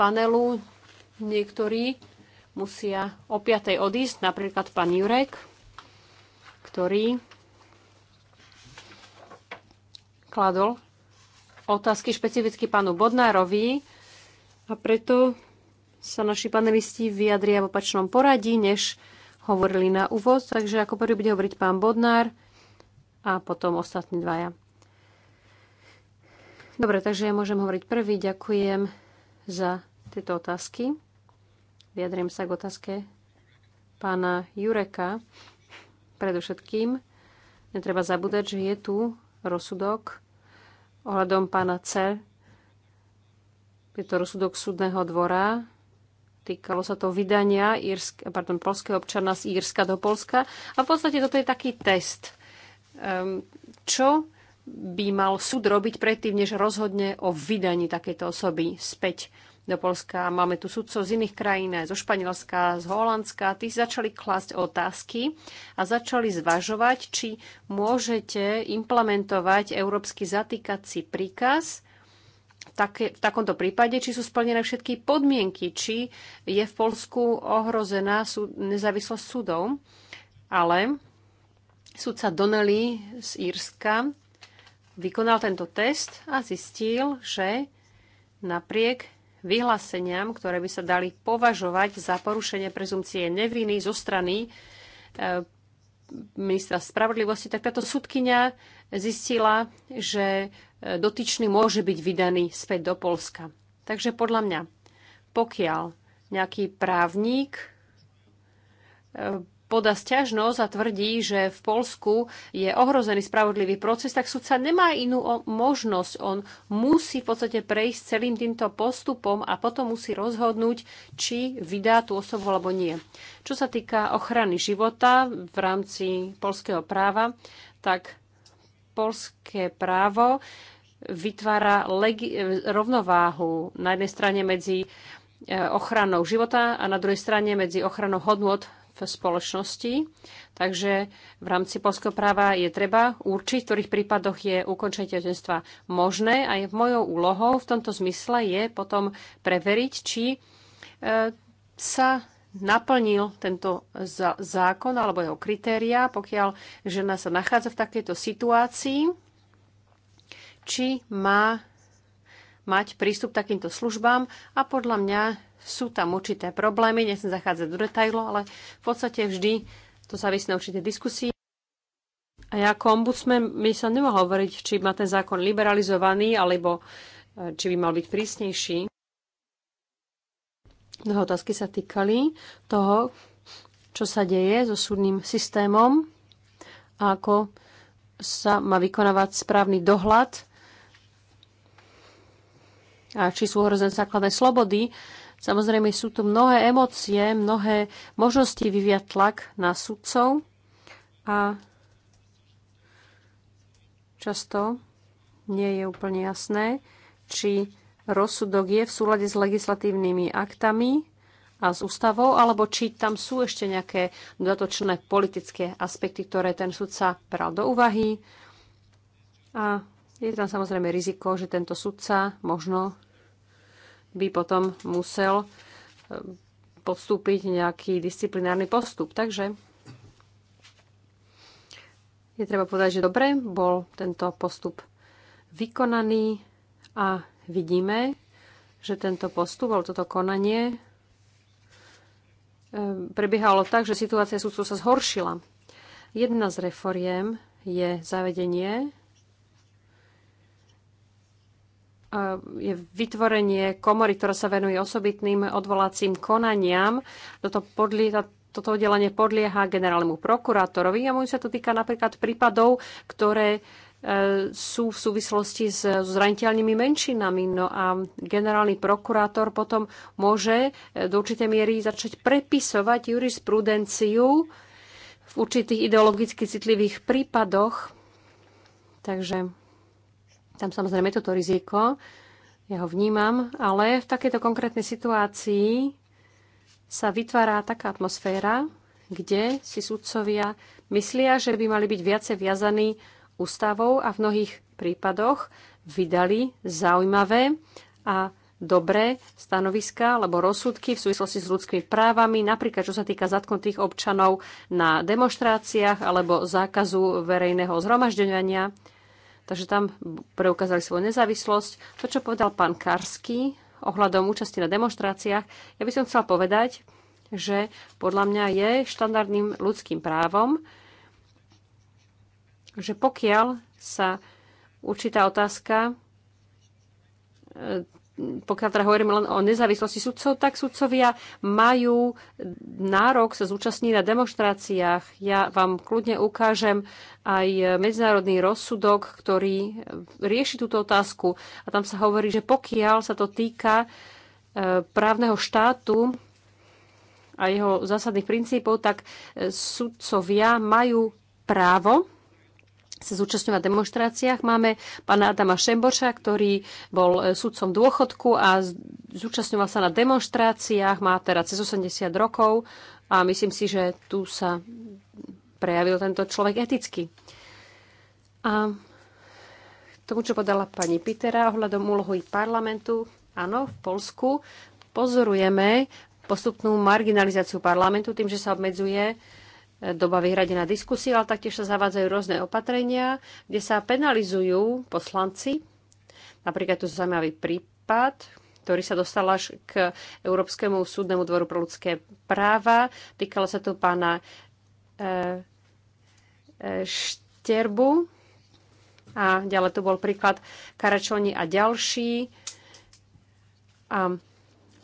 panelu. Niektorí musia o 5. odísť, napríklad pán Jurek, ktorý kladol otázky špecificky pánu Bodnárovi a preto sa naši panelisti vyjadria v opačnom poradí, než hovorili na úvod. Takže ako prvý bude hovoriť pán Bodnár a potom ostatní dvaja. Dobre, takže ja môžem hovoriť prvý. Ďakujem za tieto otázky. Vyjadriem sa k otázke pána Jureka. Predovšetkým netreba zabúdať, že je tu rozsudok ohľadom pána C. Je to rozsudok súdneho dvora. Týkalo sa to vydania írsk, pardon, polského občana z Írska do Polska. A v podstate toto je taký test. Ehm, čo by mal súd robiť predtým, než rozhodne o vydaní takejto osoby späť do Polska. Máme tu sudcov z iných krajín, aj zo Španielska, z Holandska. Tí začali klásť otázky a začali zvažovať, či môžete implementovať európsky zatýkací príkaz Také, v takomto prípade, či sú splnené všetky podmienky, či je v Polsku ohrozená súd, nezávislosť súdov. Ale súdca Donnelly z Írska vykonal tento test a zistil, že napriek vyhláseniam, ktoré by sa dali považovať za porušenie prezumcie neviny zo strany e, ministra spravodlivosti, tak táto sudkynia zistila, že e, dotyčný môže byť vydaný späť do Polska. Takže podľa mňa, pokiaľ nejaký právnik e, podá sťažnosť a tvrdí, že v Polsku je ohrozený spravodlivý proces, tak sudca nemá inú možnosť. On musí v podstate prejsť celým týmto postupom a potom musí rozhodnúť, či vydá tú osobu alebo nie. Čo sa týka ochrany života v rámci polského práva, tak polské právo vytvára rovnováhu na jednej strane medzi eh, ochranou života a na druhej strane medzi ochranou hodnot v spoločnosti. Takže v rámci polského práva je treba určiť, v ktorých prípadoch je ukončenie tehotenstva možné a je mojou úlohou v tomto zmysle je potom preveriť, či e, sa naplnil tento zákon alebo jeho kritéria, pokiaľ žena sa nachádza v takejto situácii, či má mať prístup k takýmto službám a podľa mňa sú tam určité problémy, nechcem zachádzať do detajlov, ale v podstate vždy to závisí na určité diskusii. A ja ako ombudsman by som nemohla hovoriť, či má ten zákon liberalizovaný, alebo e, či by mal byť prísnejší. Mnohé otázky sa týkali toho, čo sa deje so súdnym systémom a ako sa má vykonávať správny dohľad a či sú ohrozené základné slobody Samozrejme sú tu mnohé emócie, mnohé možnosti vyviať tlak na sudcov a často nie je úplne jasné, či rozsudok je v súlade s legislatívnymi aktami a s ústavou, alebo či tam sú ešte nejaké dodatočné politické aspekty, ktoré ten sudca bral do úvahy. A je tam samozrejme riziko, že tento sudca možno by potom musel e, podstúpiť nejaký disciplinárny postup. Takže je treba povedať, že dobre, bol tento postup vykonaný a vidíme, že tento postup, alebo toto konanie e, prebiehalo tak, že situácia súdcov sa zhoršila. Jedna z reforiem je zavedenie je vytvorenie komory, ktorá sa venuje osobitným odvolacím konaniam. Toto, podlie, toto oddelenie podlieha generálnemu prokurátorovi a môj sa to týka napríklad prípadov, ktoré e, sú v súvislosti s zraniteľnými menšinami. No a generálny prokurátor potom môže e, do určitej miery začať prepisovať jurisprudenciu v určitých ideologicky citlivých prípadoch. Takže tam samozrejme toto riziko, ja ho vnímam, ale v takejto konkrétnej situácii sa vytvára taká atmosféra, kde si sudcovia myslia, že by mali byť viacej viazaní ústavou a v mnohých prípadoch vydali zaujímavé a dobré stanoviska alebo rozsudky v súvislosti s ľudskými právami, napríklad čo sa týka zatknutých občanov na demonstráciách alebo zákazu verejného zhromažďovania. Takže tam preukázali svoju nezávislosť. To, čo povedal pán Karsky ohľadom účasti na demonstráciách, ja by som chcela povedať, že podľa mňa je štandardným ľudským právom, že pokiaľ sa určitá otázka e, pokiaľ teda hovoríme len o nezávislosti sudcov, tak sudcovia majú nárok sa zúčastniť na demonstráciách. Ja vám kľudne ukážem aj medzinárodný rozsudok, ktorý rieši túto otázku. A tam sa hovorí, že pokiaľ sa to týka e, právneho štátu a jeho zásadných princípov, tak e, sudcovia majú právo sa zúčastňovať v demonstráciách. Máme pána Adama Šemboša, ktorý bol e, sudcom dôchodku a zúčastňoval sa na demonstráciách, má teraz cez 80 rokov a myslím si, že tu sa prejavil tento človek eticky. A tomu, čo podala pani Pitera ohľadom úlohy parlamentu, áno, v Polsku pozorujeme postupnú marginalizáciu parlamentu tým, že sa obmedzuje doba vyhradená diskusia, ale taktiež sa zavádzajú rôzne opatrenia, kde sa penalizujú poslanci. Napríklad tu zaujímavý prípad, ktorý sa dostal až k Európskemu súdnemu dvoru pro ľudské práva. Týkalo sa to pána e, e, Šterbu. A ďalej tu bol príklad Karačoni a ďalší. A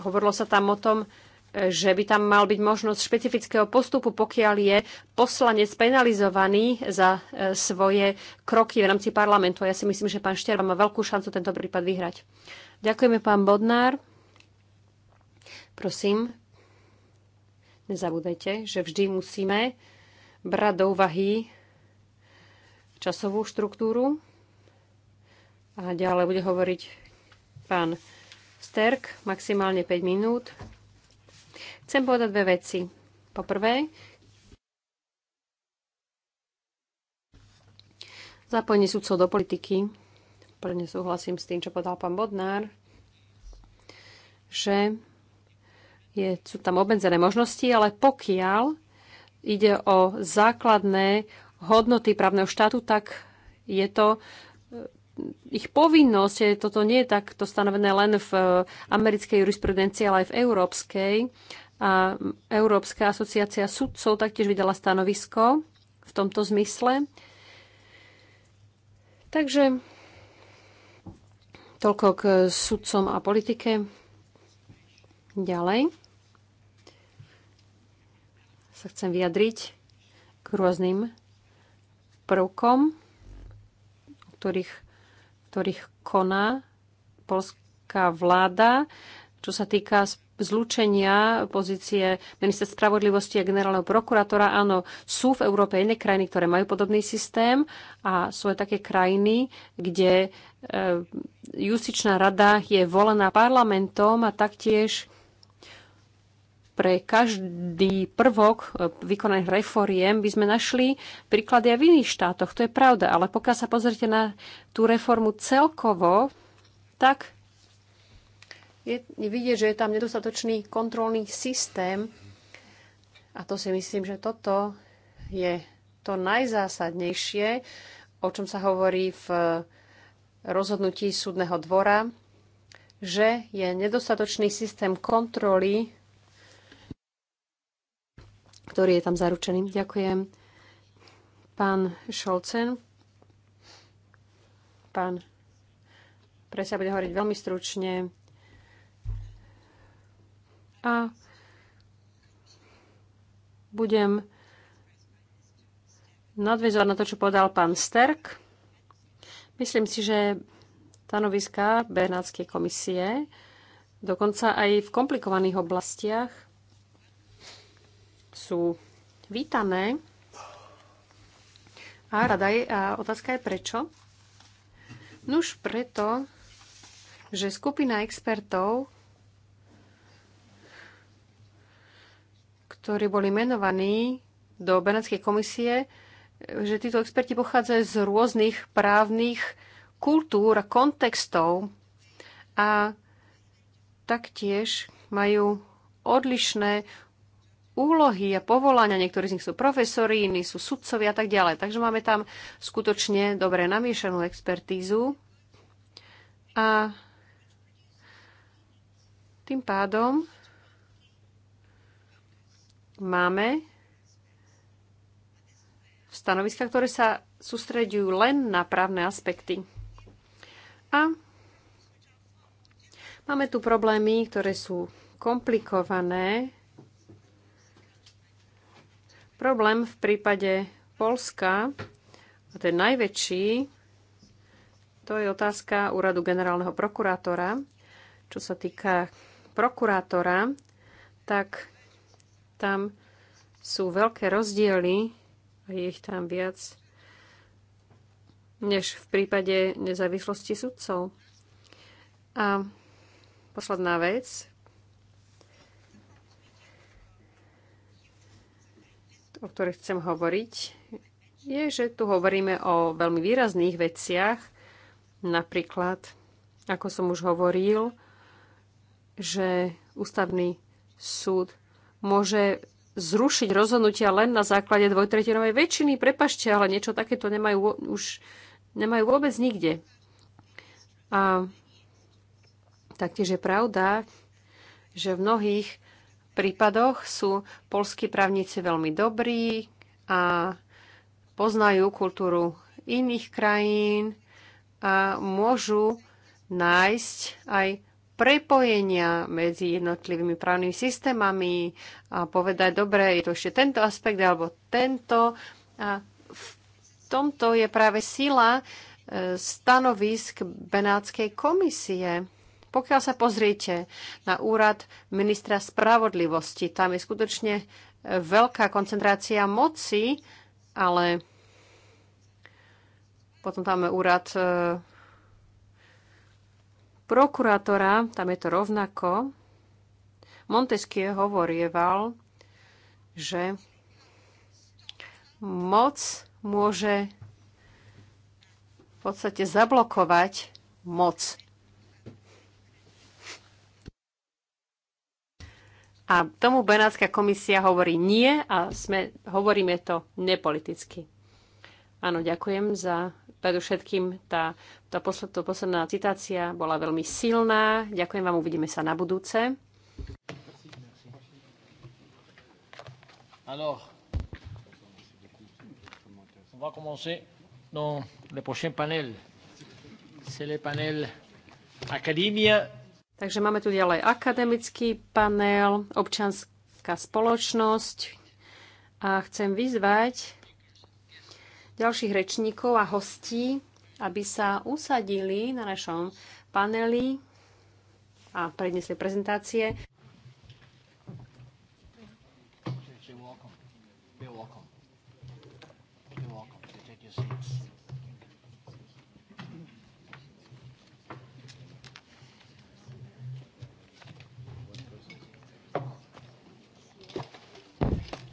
hovorilo sa tam o tom, že by tam mal byť možnosť špecifického postupu, pokiaľ je poslanec penalizovaný za e, svoje kroky v rámci parlamentu. Ja si myslím, že pán Šterba má veľkú šancu tento prípad vyhrať. Ďakujeme, pán Bodnár. Prosím, nezabúdajte, že vždy musíme brať do úvahy časovú štruktúru. A ďalej bude hovoriť pán Sterk, maximálne 5 minút. Chcem povedať dve veci. Po prvé, zapojenie sudcov do politiky. Plne súhlasím s tým, čo povedal pán Bodnár, že je, sú tam obmedzené možnosti, ale pokiaľ ide o základné hodnoty právneho štátu, tak je to e, ich povinnosť, toto nie je takto stanovené len v e, americkej jurisprudencii, ale aj v európskej. A Európska asociácia sudcov taktiež vydala stanovisko v tomto zmysle. Takže toľko k sudcom a politike. Ďalej sa chcem vyjadriť k rôznym prvkom, ktorých, ktorých koná polská vláda, čo sa týka zlúčenia pozície minister spravodlivosti a generálneho prokurátora. Áno, sú v Európe iné krajiny, ktoré majú podobný systém a sú aj také krajiny, kde e, justičná rada je volená parlamentom a taktiež pre každý prvok e, vykonaných reforiem by sme našli príklady aj v iných štátoch. To je pravda, ale pokiaľ sa pozrite na tú reformu celkovo, tak je vidieť, že je tam nedostatočný kontrolný systém a to si myslím, že toto je to najzásadnejšie, o čom sa hovorí v rozhodnutí súdneho dvora, že je nedostatočný systém kontroly, ktorý je tam zaručený. Ďakujem. Pán Šolcen, pán sa bude hovoriť veľmi stručne a budem nadvezovať na to, čo povedal pán Sterk. Myslím si, že stanoviska Bernátskej komisie, dokonca aj v komplikovaných oblastiach, sú vítané. A rada je, a otázka je prečo? Nuž preto, že skupina expertov ktorí boli menovaní do Benátskej komisie, že títo experti pochádzajú z rôznych právnych kultúr a kontextov a taktiež majú odlišné úlohy a povolania. Niektorí z nich sú profesori, iní sú sudcovi a tak ďalej. Takže máme tam skutočne dobre namiešanú expertízu. A tým pádom máme stanoviska, ktoré sa sústreďujú len na právne aspekty. A máme tu problémy, ktoré sú komplikované. Problém v prípade Polska, a ten najväčší, to je otázka úradu generálneho prokurátora. Čo sa týka prokurátora, tak tam sú veľké rozdiely a je ich tam viac než v prípade nezávislosti sudcov. A posledná vec. o ktorých chcem hovoriť, je, že tu hovoríme o veľmi výrazných veciach. Napríklad, ako som už hovoril, že ústavný súd môže zrušiť rozhodnutia len na základe dvojtretinovej väčšiny. Prepašte, ale niečo takéto nemajú už nemajú vôbec nikde. A taktiež je pravda, že v mnohých prípadoch sú polskí právnici veľmi dobrí a poznajú kultúru iných krajín a môžu nájsť aj prepojenia medzi jednotlivými právnymi systémami a povedať, dobre, je to ešte tento aspekt alebo tento. A v tomto je práve sila e, stanovisk Benátskej komisie. Pokiaľ sa pozriete na úrad ministra spravodlivosti, tam je skutočne e, veľká koncentrácia moci, ale potom tam je úrad e, prokurátora, tam je to rovnako. Montesquieu hovorieval, že moc môže v podstate zablokovať moc. A tomu Benátska komisia hovorí nie a sme, hovoríme to nepoliticky. Áno, ďakujem za predovšetkým tá, tá posled, to posledná citácia bola veľmi silná. Ďakujem vám, uvidíme sa na budúce. Alors, on va commencer dans le prochain panel. C'est le panel Academia. Takže máme tu ďalej akademický panel, občanská spoločnosť a chcem vyzvať ďalších rečníkov a hostí, aby sa usadili na našom paneli a predniesli prezentácie.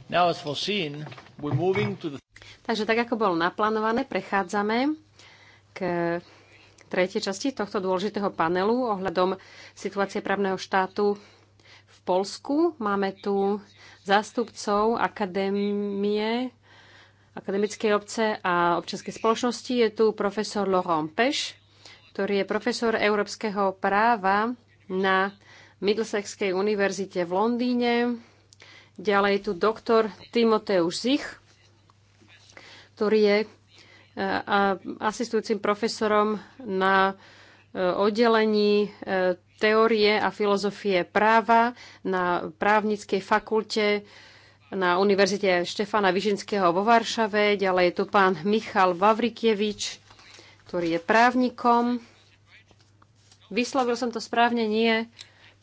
Now, as foreseen, we're moving to the Takže tak, ako bolo naplánované, prechádzame k tretej časti tohto dôležitého panelu ohľadom situácie právneho štátu v Polsku. Máme tu zástupcov akadémie, akademickej obce a občianskej spoločnosti. Je tu profesor Laurent Peš, ktorý je profesor európskeho práva na Middlesexskej univerzite v Londýne. Ďalej je tu doktor Timoteus Zich, ktorý je e, asistujúcim profesorom na e, oddelení e, teórie a filozofie práva na právnickej fakulte na Univerzite Štefana Vyžinského vo Varšave. Ďalej je tu pán Michal Vavrikievič, ktorý je právnikom. Vyslovil som to správne? Nie.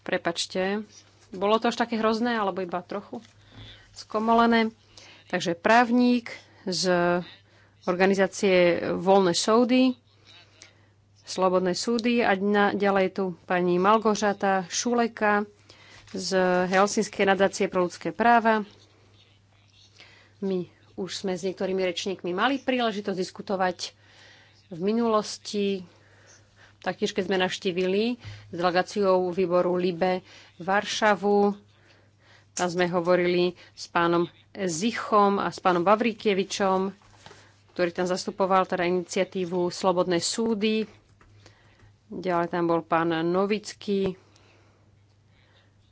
Prepačte. Bolo to až také hrozné, alebo iba trochu skomolené. Takže právnik, z organizácie Voľné súdy, Slobodné súdy a dňa, ďalej tu pani Malgožata Šuleka z Helsinskej nadácie pro ľudské práva. My už sme s niektorými rečníkmi mali príležitosť diskutovať v minulosti, taktiež keď sme navštívili s delegáciou výboru LIBE Varšavu, tam sme hovorili s pánom Zichom a s pánom Bavrikievičom, ktorý tam zastupoval teda iniciatívu Slobodné súdy. Ďalej tam bol pán Novický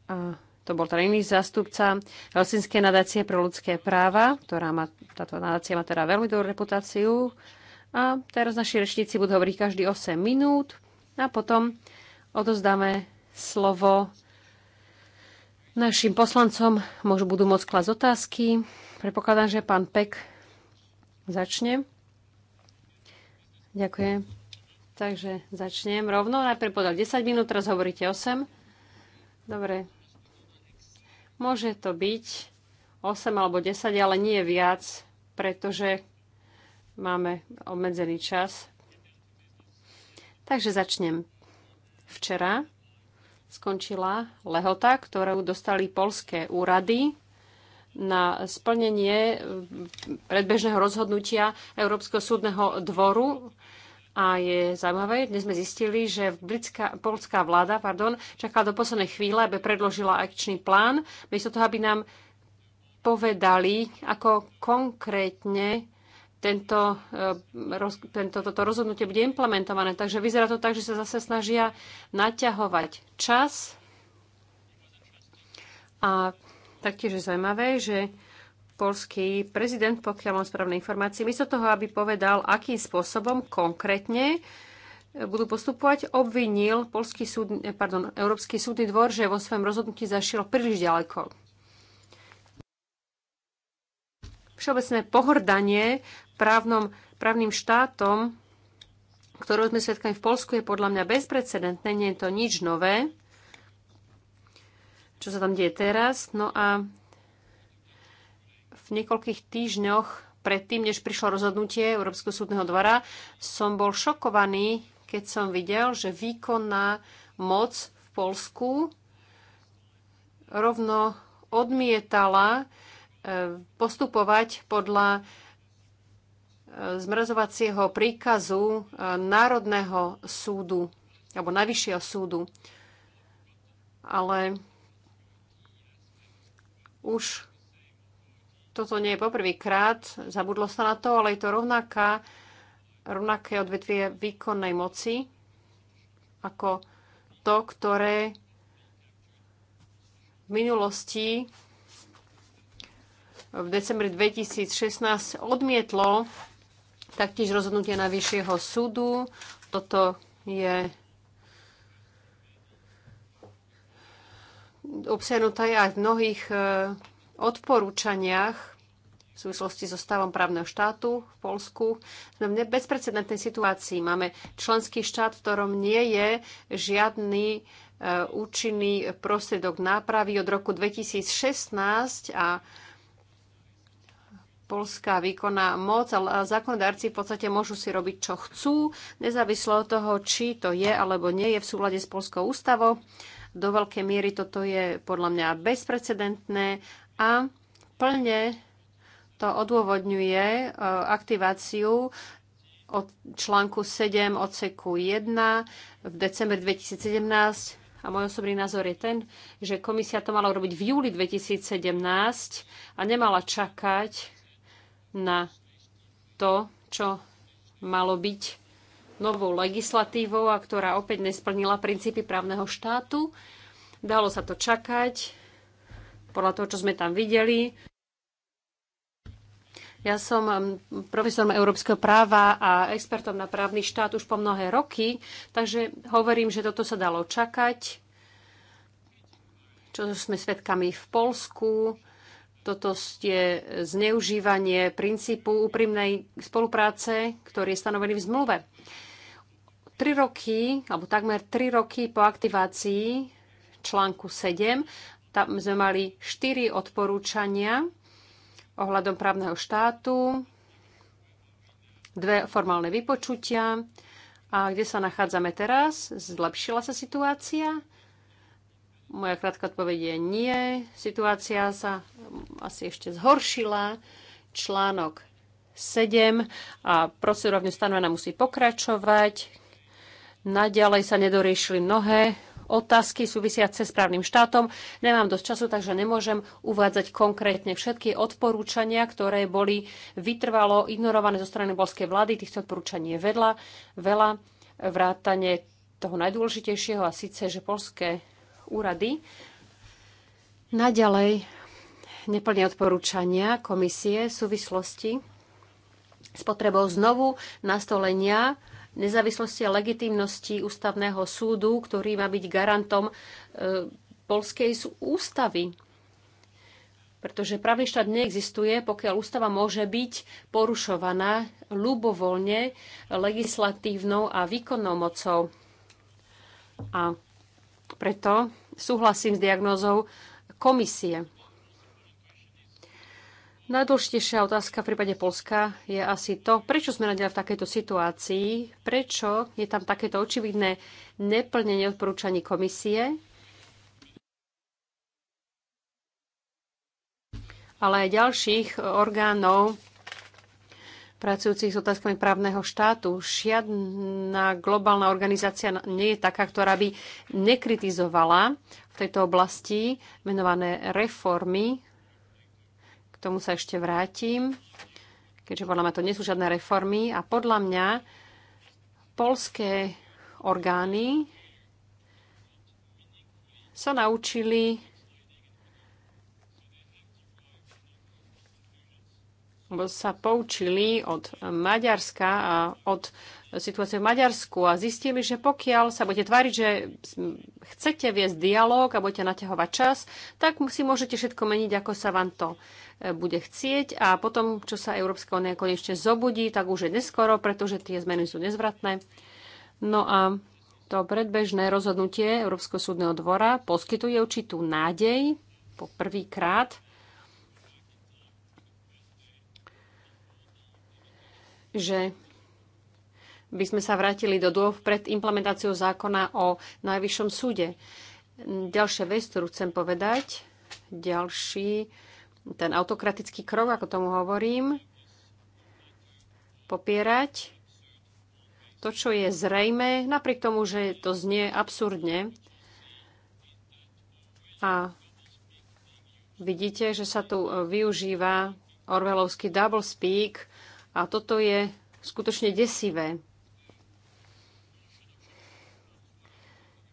a to bol teda iný zástupca Helsinskej nadácie pre ľudské práva, ktorá má, táto nadácia má teda veľmi dobrú reputáciu. A teraz naši rečníci budú hovoriť každý 8 minút a potom odozdáme slovo Našim poslancom môžu budú môcť klásť otázky. Prepokladám, že pán Pek začne. Ďakujem. Takže začnem rovno. Najprv podal 10 minút, teraz hovoríte 8. Dobre. Môže to byť 8 alebo 10, ale nie viac, pretože máme obmedzený čas. Takže začnem. Včera skončila lehota, ktorú dostali polské úrady na splnenie eh, predbežného rozhodnutia Európskeho súdneho dvoru. A je zaujímavé, dnes sme zistili, že britská, polská vláda pardon, čakala do poslednej chvíle, aby predložila akčný plán, miesto toho, aby nám povedali, ako konkrétne tento, eh, roz, tento, toto rozhodnutie bude implementované. Takže vyzerá to tak, že sa zase snažia naťahovať čas. A taktiež je zaujímavé, že polský prezident, pokiaľ mám správne informácie, miesto toho, aby povedal, akým spôsobom konkrétne eh, budú postupovať, obvinil Polský súd, eh, pardon, Európsky súdny dvor, že vo svojom rozhodnutí zašiel príliš ďaleko. všeobecné pohrdanie právnom, právnym štátom, ktorú sme svetkami v Polsku, je podľa mňa bezprecedentné, nie je to nič nové, čo sa tam deje teraz. No a v niekoľkých týždňoch predtým, než prišlo rozhodnutie Európskeho súdneho dvora, som bol šokovaný, keď som videl, že výkonná moc v Polsku rovno odmietala postupovať podľa e, zmrazovacieho príkazu e, Národného súdu alebo Najvyššieho súdu. Ale už toto nie je poprvýkrát, zabudlo sa na to, ale je to rovnaká, rovnaké odvetvie výkonnej moci ako to, ktoré v minulosti v decembri 2016 odmietlo taktiež rozhodnutie Najvyššieho súdu. Toto je obsiahnuté aj v mnohých e, odporúčaniach v súvislosti so stavom právneho štátu v Polsku. Sme no, v bezprecedentnej situácii. Máme členský štát, v ktorom nie je žiadny e, účinný prostriedok nápravy od roku 2016 a polská výkonná moc a zákonodárci v podstate môžu si robiť, čo chcú, nezávislo od toho, či to je alebo nie je v súlade s polskou ústavou. Do veľkej miery toto je podľa mňa bezprecedentné a plne to odôvodňuje e, aktiváciu od článku 7 odseku 1 v decembri 2017 a môj osobný názor je ten, že komisia to mala urobiť v júli 2017 a nemala čakať na to, čo malo byť novou legislatívou a ktorá opäť nesplnila princípy právneho štátu. Dalo sa to čakať podľa toho, čo sme tam videli. Ja som um, profesorom európskeho práva a expertom na právny štát už po mnohé roky, takže hovorím, že toto sa dalo čakať, čo sme svedkami v Polsku, toto je zneužívanie princípu úprimnej spolupráce, ktorý je stanovený v zmluve. Tri roky, alebo takmer tri roky po aktivácii článku 7, tam sme mali štyri odporúčania ohľadom právneho štátu, dve formálne vypočutia. A kde sa nachádzame teraz? Zlepšila sa situácia? Moja krátka odpoveď je nie. Situácia sa asi ešte zhoršila. Článok 7 a procedúra v stanovená musí pokračovať. Naďalej sa nedoriešili mnohé otázky súvisiace s právnym štátom. Nemám dosť času, takže nemôžem uvádzať konkrétne všetky odporúčania, ktoré boli vytrvalo ignorované zo strany bolskej vlády. Týchto odporúčaní je vedla veľa vrátane toho najdôležitejšieho a síce, že polské úrady naďalej neplne odporúčania komisie v súvislosti s potrebou znovu nastolenia nezávislosti a legitimnosti ústavného súdu, ktorý má byť garantom e, polskej ústavy. Pretože právny štát neexistuje, pokiaľ ústava môže byť porušovaná ľubovoľne legislatívnou a výkonnou mocou. A preto súhlasím s diagnózou komisie. Najdôležitejšia otázka v prípade Polska je asi to, prečo sme nadiaľ v takejto situácii, prečo je tam takéto očividné neplnenie odporúčaní komisie, ale aj ďalších orgánov pracujúcich s otázkami právneho štátu. Žiadna globálna organizácia nie je taká, ktorá by nekritizovala v tejto oblasti menované reformy. K tomu sa ešte vrátim, keďže podľa mňa to nie sú žiadne reformy. A podľa mňa polské orgány sa naučili sa poučili od Maďarska a od situácie v Maďarsku a zistili, že pokiaľ sa budete tváriť, že chcete viesť dialog a budete naťahovať čas, tak si môžete všetko meniť, ako sa vám to e, bude chcieť a potom, čo sa Európska únia konečne zobudí, tak už je neskoro, pretože tie zmeny sú nezvratné. No a to predbežné rozhodnutie Európskeho súdneho dvora poskytuje určitú nádej po prvýkrát, krát že by sme sa vrátili do dôv pred implementáciou zákona o Najvyššom súde. Ďalšia vec, ktorú chcem povedať, ďalší, ten autokratický krok, ako tomu hovorím, popierať to, čo je zrejme, napriek tomu, že to znie absurdne. A vidíte, že sa tu využíva orvelovský double speak, a toto je skutočne desivé.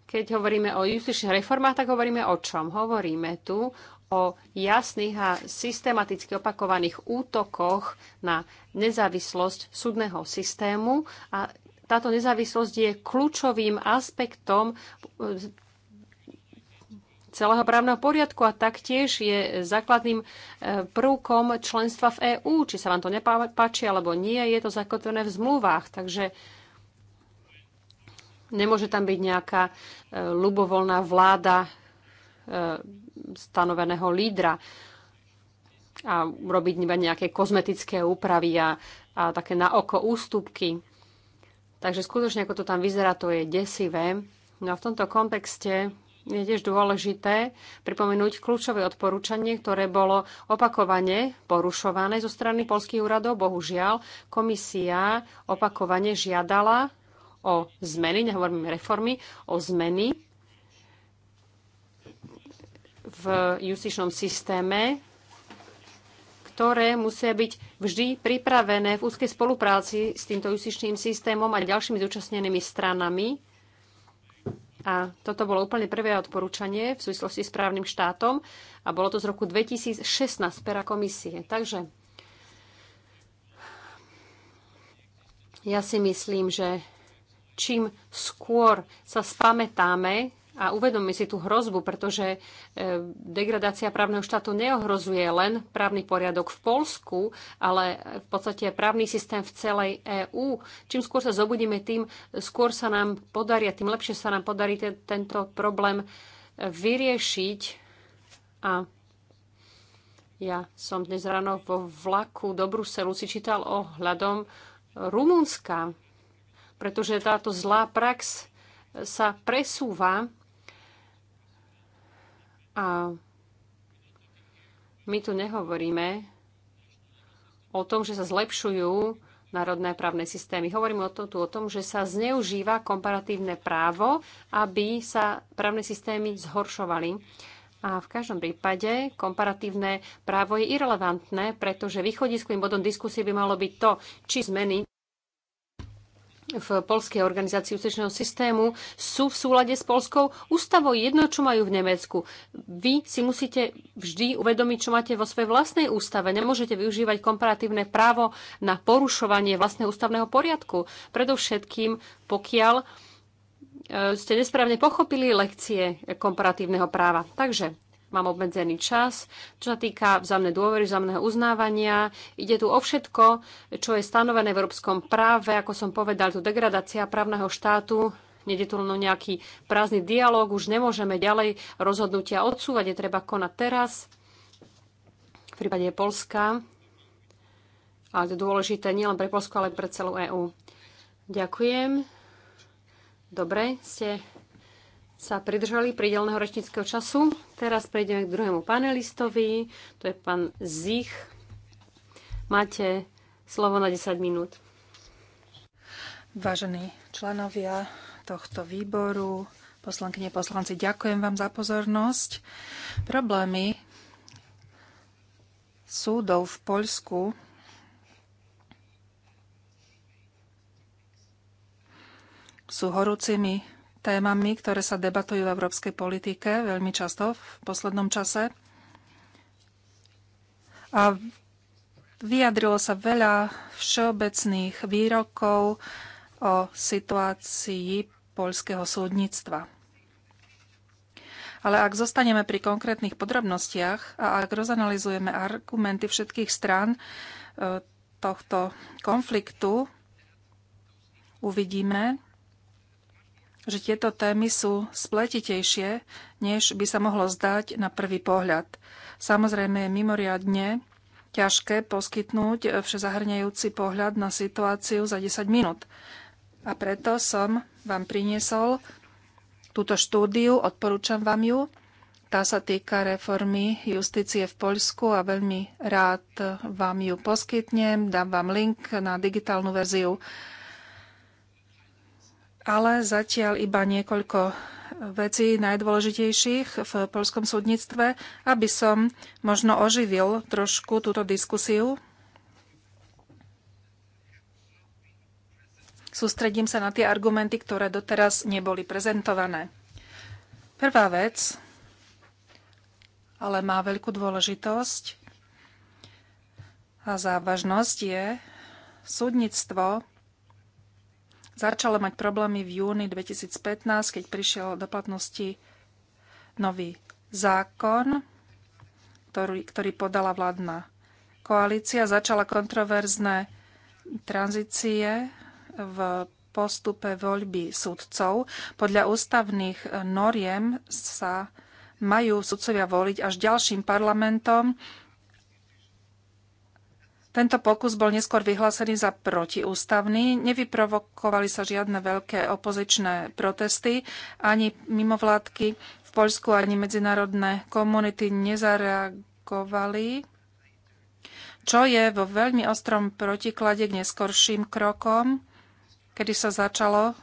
Keď hovoríme o justičných reformách, tak hovoríme o čom? Hovoríme tu o jasných a systematicky opakovaných útokoch na nezávislosť súdneho systému a táto nezávislosť je kľúčovým aspektom celého právneho poriadku a taktiež je základným e, prvkom členstva v EÚ. Či sa vám to nepáči alebo nie, je to zakotvené v zmluvách. Takže nemôže tam byť nejaká e, ľubovoľná vláda e, stanoveného lídra a robiť iba nejaké kozmetické úpravy a, a také na oko ústupky. Takže skutočne, ako to tam vyzerá, to je desivé. No a v tomto kontexte je tiež dôležité pripomenúť kľúčové odporúčanie, ktoré bolo opakovane porušované zo strany polských úradov. Bohužiaľ, komisia opakovane žiadala o zmeny, nehovorím reformy, o zmeny v justičnom systéme, ktoré musia byť vždy pripravené v úzkej spolupráci s týmto justičným systémom a ďalšími zúčastnenými stranami a toto bolo úplne prvé odporúčanie v súvislosti s právnym štátom a bolo to z roku 2016 pera komisie. Takže ja si myslím, že čím skôr sa spamätáme a uvedomme si tú hrozbu, pretože e, degradácia právneho štátu neohrozuje len právny poriadok v Polsku, ale v podstate právny systém v celej EÚ. Čím skôr sa zobudíme, tým skôr sa nám podarí a tým lepšie sa nám podarí ten, tento problém e, vyriešiť. A ja som dnes ráno vo vlaku do Bruselu si čítal o hľadom Rumunska, pretože táto zlá prax sa presúva a my tu nehovoríme o tom, že sa zlepšujú národné právne systémy. Hovoríme o tom, tu o tom, že sa zneužíva komparatívne právo, aby sa právne systémy zhoršovali. A v každom prípade komparatívne právo je irrelevantné, pretože východiskovým bodom diskusie by malo byť to, či zmeny v Polskej organizácii ústečného systému sú v súlade s Polskou ústavou jedno, čo majú v Nemecku. Vy si musíte vždy uvedomiť, čo máte vo svojej vlastnej ústave. Nemôžete využívať komparatívne právo na porušovanie vlastného ústavného poriadku. Predovšetkým, pokiaľ e, ste nesprávne pochopili lekcie komparatívneho práva. Takže mám obmedzený čas. Čo sa týka vzájomnej dôvery, vzájomného uznávania, ide tu o všetko, čo je stanovené v európskom práve. Ako som povedal, tu degradácia právneho štátu, nede tu len nejaký prázdny dialog, už nemôžeme ďalej rozhodnutia odsúvať, je treba konať teraz. V prípade Polska, ale to je dôležité nielen pre Polsku, ale pre celú EÚ. Ďakujem. Dobre, ste sa pridržali pridelného rečníckého času. Teraz prejdeme k druhému panelistovi, to je pán Zich. Máte slovo na 10 minút. Vážení členovia tohto výboru, poslankyne, poslanci, ďakujem vám za pozornosť. Problémy súdov v Poľsku sú horúcimi témami, ktoré sa debatujú v európskej politike veľmi často v poslednom čase. A vyjadrilo sa veľa všeobecných výrokov o situácii poľského súdnictva. Ale ak zostaneme pri konkrétnych podrobnostiach a ak rozanalizujeme argumenty všetkých strán eh, tohto konfliktu, uvidíme, že tieto témy sú spletitejšie, než by sa mohlo zdať na prvý pohľad. Samozrejme je mimoriadne ťažké poskytnúť všezahrňajúci pohľad na situáciu za 10 minút. A preto som vám priniesol túto štúdiu, odporúčam vám ju. Tá sa týka reformy justície v Poľsku a veľmi rád vám ju poskytnem. Dám vám link na digitálnu verziu ale zatiaľ iba niekoľko e, vecí najdôležitejších v polskom súdnictve, aby som možno oživil trošku túto diskusiu. Sústredím sa na tie argumenty, ktoré doteraz neboli prezentované. Prvá vec, ale má veľkú dôležitosť a závažnosť je súdnictvo začala mať problémy v júni 2015, keď prišiel do platnosti nový zákon, ktorý, ktorý podala vládna koalícia. Začala kontroverzné tranzície v postupe voľby sudcov. Podľa ústavných noriem sa majú sudcovia voliť až ďalším parlamentom tento pokus bol neskôr vyhlásený za protiústavný. Nevyprovokovali sa žiadne veľké opozičné protesty, ani mimovládky v Poľsku, ani medzinárodné komunity nezareagovali, čo je vo veľmi ostrom protiklade k neskorším krokom, kedy sa začalo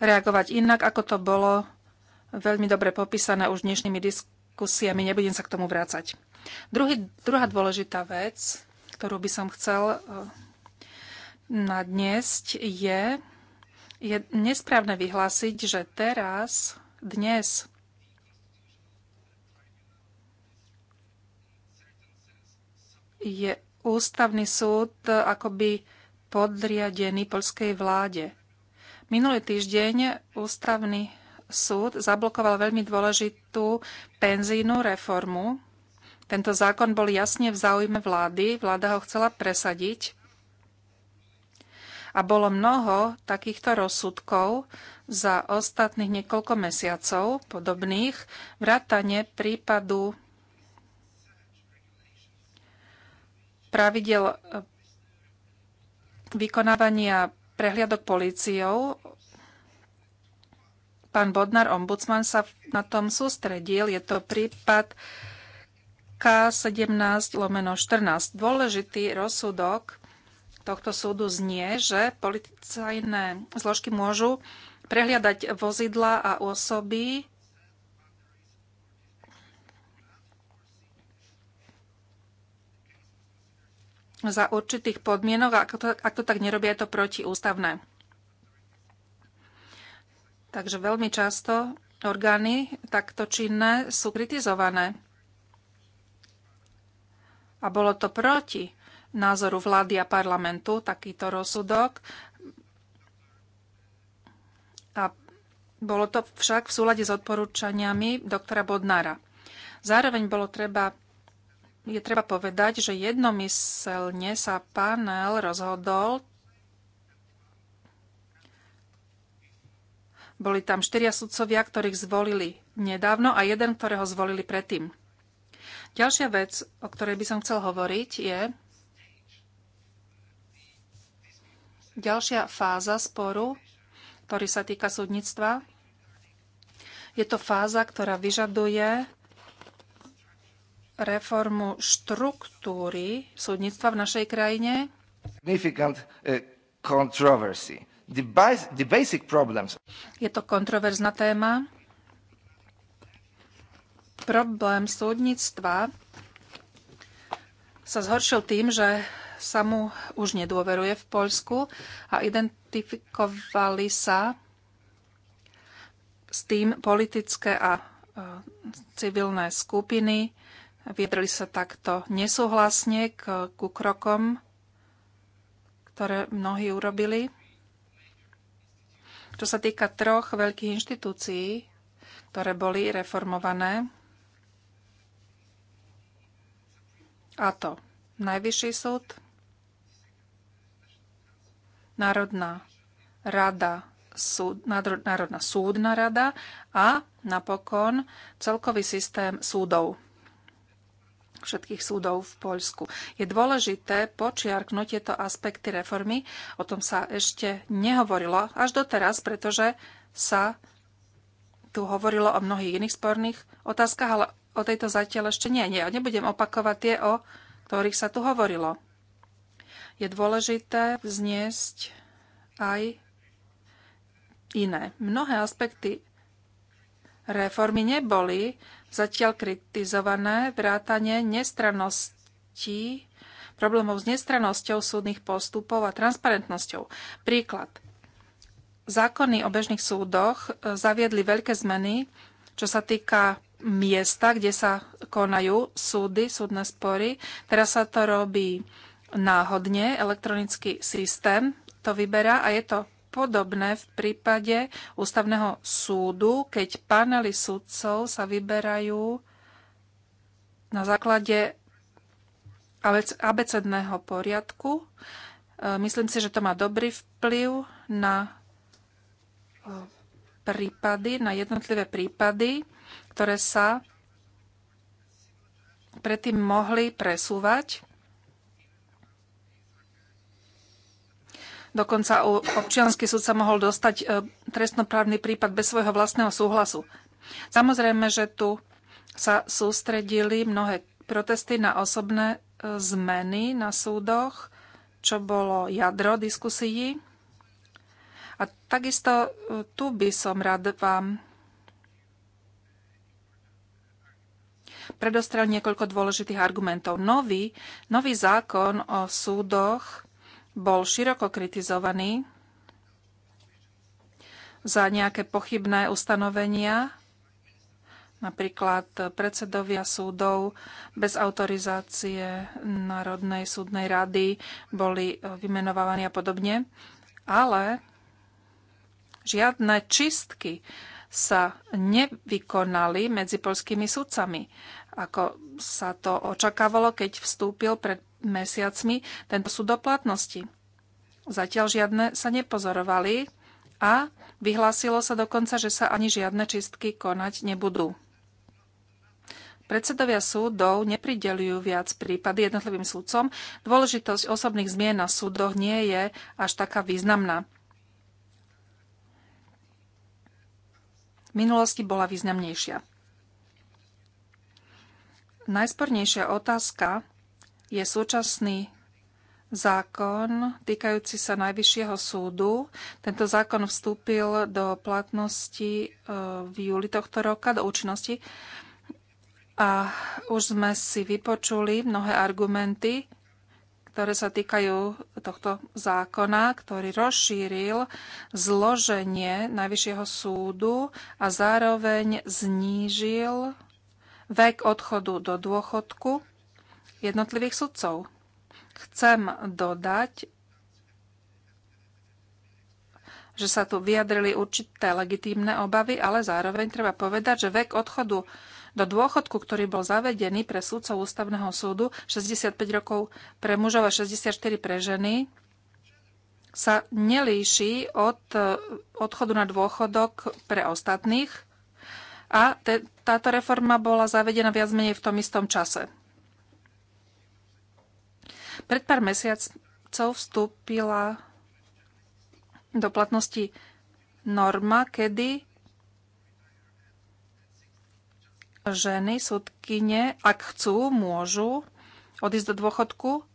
reagovať inak, ako to bolo veľmi dobre popísané už dnešnými diskusiami diskusiami, nebudem sa k tomu vrácať. Druhý, druhá dôležitá vec, ktorú by som chcel eh, nadniesť, je, je nesprávne vyhlásiť, že teraz, dnes, je ústavný súd eh, akoby podriadený poľskej vláde. Minulý týždeň ústavný súd zablokoval veľmi dôležitú penzínu reformu. Tento zákon bol jasne v záujme vlády, vláda ho chcela presadiť. A bolo mnoho takýchto rozsudkov za ostatných niekoľko mesiacov podobných, vrátane prípadu pravidel vykonávania prehliadok políciou Pán Bodnar, ombudsman, sa na tom sústredil. Je to prípad K17 lomeno 14. Dôležitý rozsudok tohto súdu znie, že policajné zložky môžu prehliadať vozidla a osoby za určitých podmienok a ak to, ak to tak nerobia, je to protiústavné. Takže veľmi často orgány takto činné sú kritizované. A bolo to proti názoru vlády a parlamentu takýto rozsudok. A bolo to však v súlade s odporúčaniami doktora Bodnára. Zároveň bolo treba, je treba povedať, že jednomyselne sa panel rozhodol Boli tam štyria sudcovia, ktorých zvolili nedávno a jeden, ktorého zvolili predtým. Ďalšia vec, o ktorej by som chcel hovoriť, je ďalšia fáza sporu, ktorý sa týka súdnictva. Je to fáza, ktorá vyžaduje reformu štruktúry súdnictva v našej krajine. Significant eh, controversy the, the basic problems. Je to kontroverzná téma. Problém súdnictva sa zhoršil tým, že sa mu už nedôveruje v Poľsku a identifikovali sa s tým politické a e, civilné skupiny. Viedrili sa takto nesúhlasne k, ku krokom, ktoré mnohí urobili. Čo sa týka troch veľkých inštitúcií, ktoré boli reformované, a to Najvyšší súd, Národná rada, súd, Národná súdna rada a napokon celkový systém súdov všetkých súdov v Poľsku. Je dôležité počiarknúť tieto aspekty reformy. O tom sa ešte nehovorilo až doteraz, pretože sa tu hovorilo o mnohých iných sporných otázkach, ale o tejto zatiaľ ešte nie. nie. Nebudem opakovať tie, o ktorých sa tu hovorilo. Je dôležité vzniesť aj iné. Mnohé aspekty reformy neboli zatiaľ kritizované vrátane nestrannosti, problémov s nestrannosťou súdnych postupov a transparentnosťou. Príklad. Zákony o bežných súdoch e, zaviedli veľké zmeny, čo sa týka miesta, kde sa konajú súdy, súdne spory. Teraz sa to robí náhodne, elektronický systém to vyberá a je to podobné v prípade ústavného súdu, keď panely súdcov sa vyberajú na základe abecedného poriadku. E, myslím si, že to má dobrý vplyv na e, prípady, na jednotlivé prípady, ktoré sa predtým mohli presúvať Dokonca občianský súd sa mohol dostať e, trestnoprávny prípad bez svojho vlastného súhlasu. Samozrejme, že tu sa sústredili mnohé protesty na osobné e, zmeny na súdoch, čo bolo jadro diskusií. A takisto e, tu by som rád vám predostrel niekoľko dôležitých argumentov. Nový, nový zákon o súdoch bol široko kritizovaný za nejaké pochybné ustanovenia, napríklad predsedovia súdov bez autorizácie Národnej súdnej rady boli vymenovávaní a podobne. Ale žiadne čistky sa nevykonali medzi polskými sudcami, ako sa to očakávalo, keď vstúpil pred mesiacmi tento sú do platnosti. Zatiaľ žiadne sa nepozorovali a vyhlásilo sa dokonca, že sa ani žiadne čistky konať nebudú. Predsedovia súdov nepridelujú viac prípady jednotlivým súdcom. Dôležitosť osobných zmien na súdoch nie je až taká významná. V minulosti bola významnejšia. Najspornejšia otázka je súčasný zákon týkajúci sa Najvyššieho súdu. Tento zákon vstúpil do platnosti e, v júli tohto roka, do účinnosti. A už sme si vypočuli mnohé argumenty, ktoré sa týkajú tohto zákona, ktorý rozšíril zloženie Najvyššieho súdu a zároveň znížil vek odchodu do dôchodku jednotlivých sudcov. Chcem dodať, že sa tu vyjadrili určité legitímne obavy, ale zároveň treba povedať, že vek odchodu do dôchodku, ktorý bol zavedený pre súdcov ústavného súdu, 65 rokov pre mužov a 64 pre ženy, sa nelíši od e, odchodu na dôchodok pre ostatných a te, táto reforma bola zavedená viac menej v tom istom čase. Pred pár mesiacov vstúpila do platnosti norma, kedy ženy, súdkyne, ak chcú, môžu odísť do dôchodku,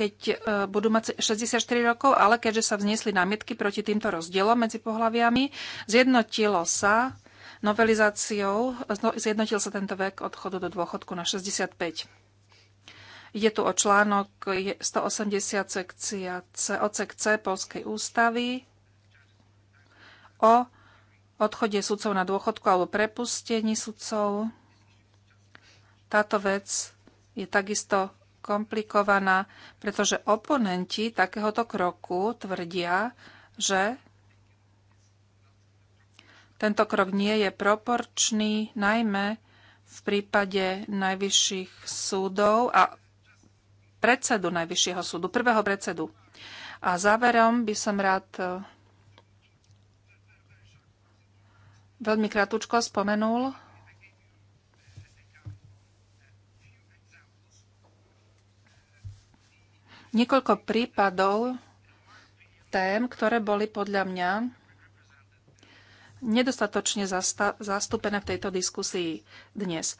keď e, budú mať 64 rokov, ale keďže sa vznesli námietky proti týmto rozdielom medzi pohľaviami, zjednotilo sa novelizáciou, zjednotil sa tento vek odchodu do dôchodku na 65. Ide tu o článok 180 sekcia C, odsek C Polskej ústavy o odchode sudcov na dôchodku alebo prepustení sudcov. Táto vec je takisto komplikovaná, pretože oponenti takéhoto kroku tvrdia, že tento krok nie je proporčný, najmä v prípade najvyšších súdov a predsedu Najvyššieho súdu, prvého predsedu. A záverom by som rád e, veľmi krátko spomenul niekoľko prípadov tém, ktoré boli podľa mňa nedostatočne zastúpené v tejto diskusii dnes.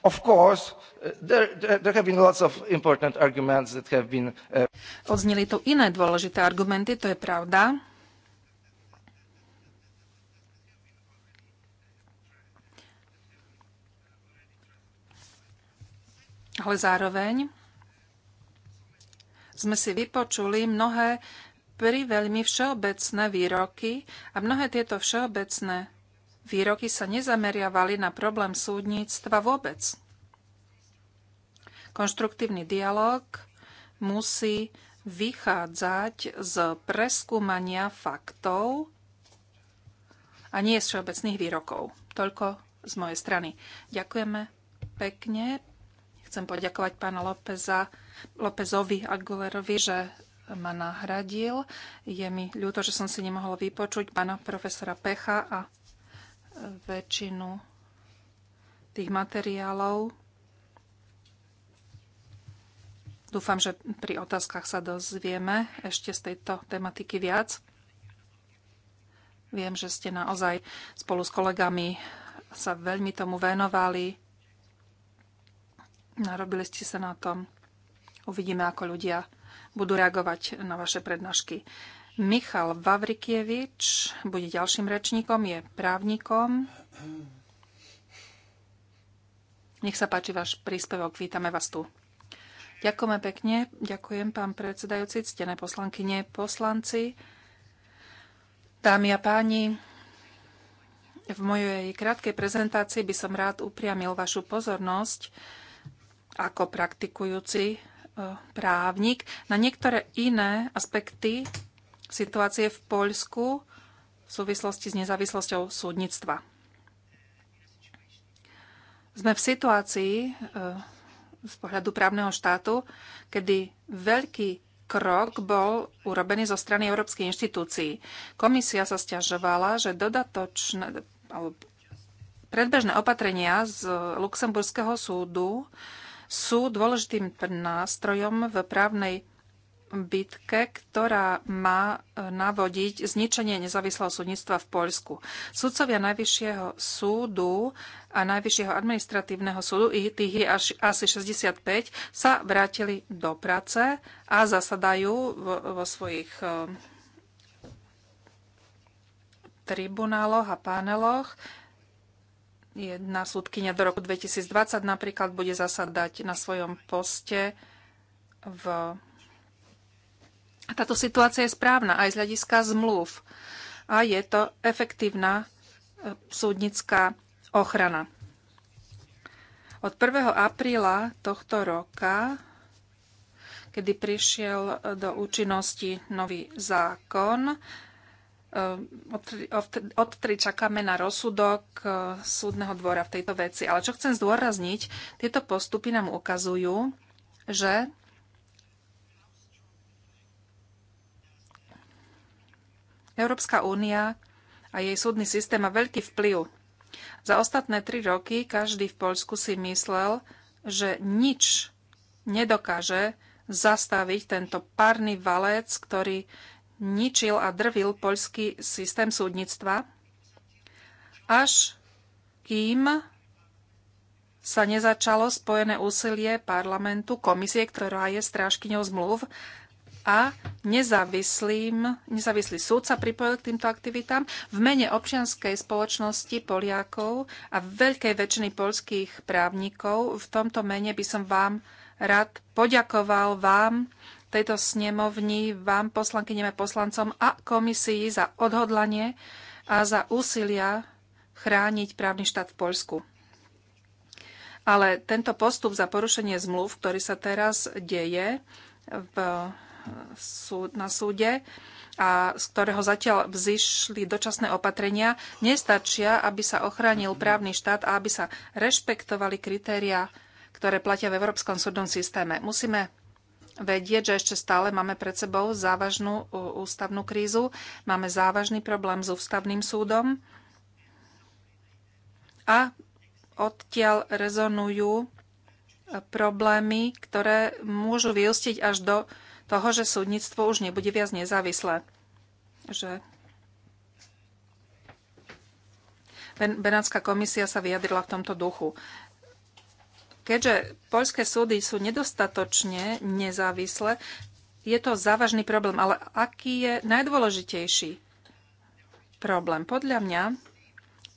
Of course, uh, there, there have been lots of important arguments that have been... Uh... tu iné dôležité argumenty, to je pravda. Ale zároveň sme si vypočuli mnohé pri veľmi všeobecné výroky a mnohé tieto všeobecné výroky sa nezameriavali na problém súdníctva vôbec. Konštruktívny dialog musí vychádzať z preskúmania faktov a nie z všeobecných výrokov. Toľko z mojej strany. Ďakujeme pekne. Chcem poďakovať pána Lópeza, Lópezovi Aguilerovi, že ma nahradil. Je mi ľúto, že som si nemohol vypočuť pána profesora Pecha a e, väčšinu tých materiálov. Dúfam, že pri otázkach sa dozvieme ešte z tejto tematiky viac. Viem, že ste naozaj spolu s kolegami sa veľmi tomu venovali. Narobili ste sa na tom. Uvidíme, ako ľudia budú reagovať na vaše prednášky. Michal Vavrikievič bude ďalším rečníkom, je právnikom. Nech sa páči váš príspevok, vítame vás tu. Ďakujeme pekne, ďakujem pán predsedajúci, ctené poslankyne, poslanci, dámy a páni. V mojej krátkej prezentácii by som rád upriamil vašu pozornosť ako praktikujúci E, právnik. Na niektoré iné aspekty situácie v Poľsku v súvislosti s nezávislosťou súdnictva. Sme v situácii e, z pohľadu právneho štátu, kedy veľký krok bol urobený zo strany Európskej inštitúcií. Komisia sa stiažovala, že dodatočné alebo predbežné opatrenia z Luxemburského súdu sú dôležitým nástrojom v právnej bitke, ktorá má e, navodiť zničenie nezávislého súdnictva v Poľsku. Súdcovia Najvyššieho súdu a Najvyššieho administratívneho súdu, i tých je až, asi 65, sa vrátili do práce a zasadajú vo, vo svojich e, tribunáloch a paneloch jedna súdkynia do roku 2020 napríklad bude zasadať na svojom poste v... A táto situácia je správna aj z hľadiska zmluv. A je to efektívna e, súdnická ochrana. Od 1. apríla tohto roka, kedy prišiel do účinnosti nový zákon, Ehm, od, tri čakáme na rozsudok e, súdneho dvora v tejto veci. Ale čo chcem zdôrazniť, tieto postupy nám ukazujú, že Európska únia a jej súdny systém má veľký vplyv. Za ostatné tri roky každý v Poľsku si myslel, že nič nedokáže zastaviť tento párny valec, ktorý ničil a drvil poľský systém súdnictva, až kým sa nezačalo spojené úsilie parlamentu, komisie, ktorá je strážkyňou zmluv a nezávislým, nezávislý súd sa pripojil k týmto aktivitám v mene občianskej spoločnosti Poliakov a veľkej väčšiny polských právnikov. V tomto mene by som vám rád poďakoval vám tejto snemovni, vám, poslankyňam a poslancom a komisii za odhodlanie a za úsilia chrániť právny štát v Poľsku. Ale tento postup za porušenie zmluv, ktorý sa teraz deje v, na súde a z ktorého zatiaľ vzýšli dočasné opatrenia, nestačia, aby sa ochránil právny štát a aby sa rešpektovali kritéria, ktoré platia v Európskom súdnom systéme. Musíme vedieť, že ešte stále máme pred sebou závažnú ústavnú krízu, máme závažný problém s ústavným súdom a odtiaľ rezonujú problémy, ktoré môžu vyústiť až do toho, že súdnictvo už nebude viac nezávislé. Že Benátska komisia sa vyjadrila v tomto duchu. Keďže poľské súdy sú nedostatočne nezávislé, je to závažný problém. Ale aký je najdôležitejší problém? Podľa mňa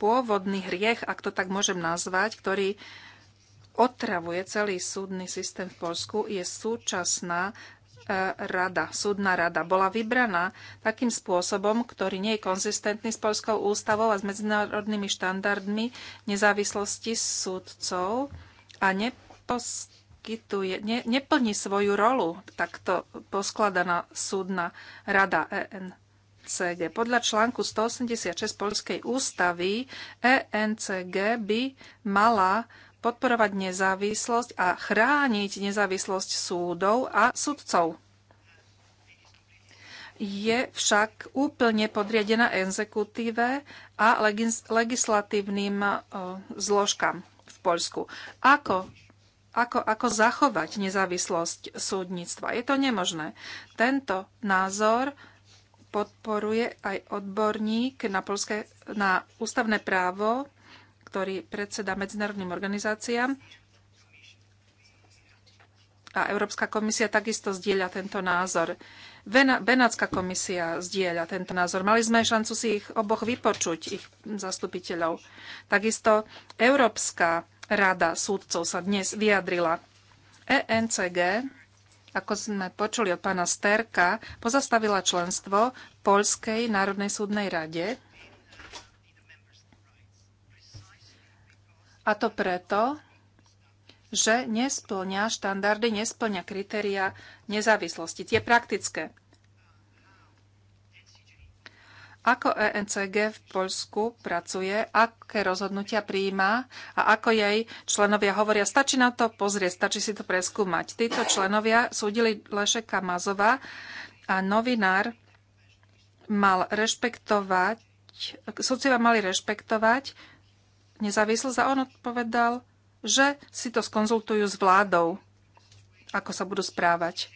pôvodný hriech, ak to tak môžem nazvať, ktorý otravuje celý súdny systém v Polsku, je súčasná e, rada, súdna rada bola vybraná takým spôsobom, ktorý nie je konzistentný s Polskou ústavou a s medzinárodnými štandardmi nezávislosti súdcov a neposkytuje, ne, neplní svoju rolu takto poskladaná súdna rada ENCG. Podľa článku 186 Polskej ústavy ENCG by mala podporovať nezávislosť a chrániť nezávislosť súdov a sudcov. Je však úplne podriadená exekutíve a legislatívnym zložkám. Polsku. Ako, ako, ako zachovať nezávislosť súdnictva? Je to nemožné. Tento názor podporuje aj odborník na, polské, na ústavné právo, ktorý predseda medzinárodným organizáciám. A Európska komisia takisto zdieľa tento názor. Benátska komisia zdieľa tento názor. Mali sme šancu si ich oboch vypočuť, ich zastupiteľov. Takisto Európska rada súdcov sa dnes vyjadrila. ENCG, ako sme počuli od pána Sterka, pozastavila členstvo Polskej národnej súdnej rade. A to preto, že nesplňa štandardy, nesplňa kritéria nezávislosti, tie praktické. Ako ENCG v Poľsku pracuje, aké rozhodnutia prijíma a ako jej členovia hovoria, stačí na to pozrieť, stačí si to preskúmať. Títo členovia súdili Lešeka Mazova a novinár mal rešpektovať, sudcovia mali rešpektovať nezávislosť a on odpovedal, že si to skonzultujú s vládou, ako sa budú správať.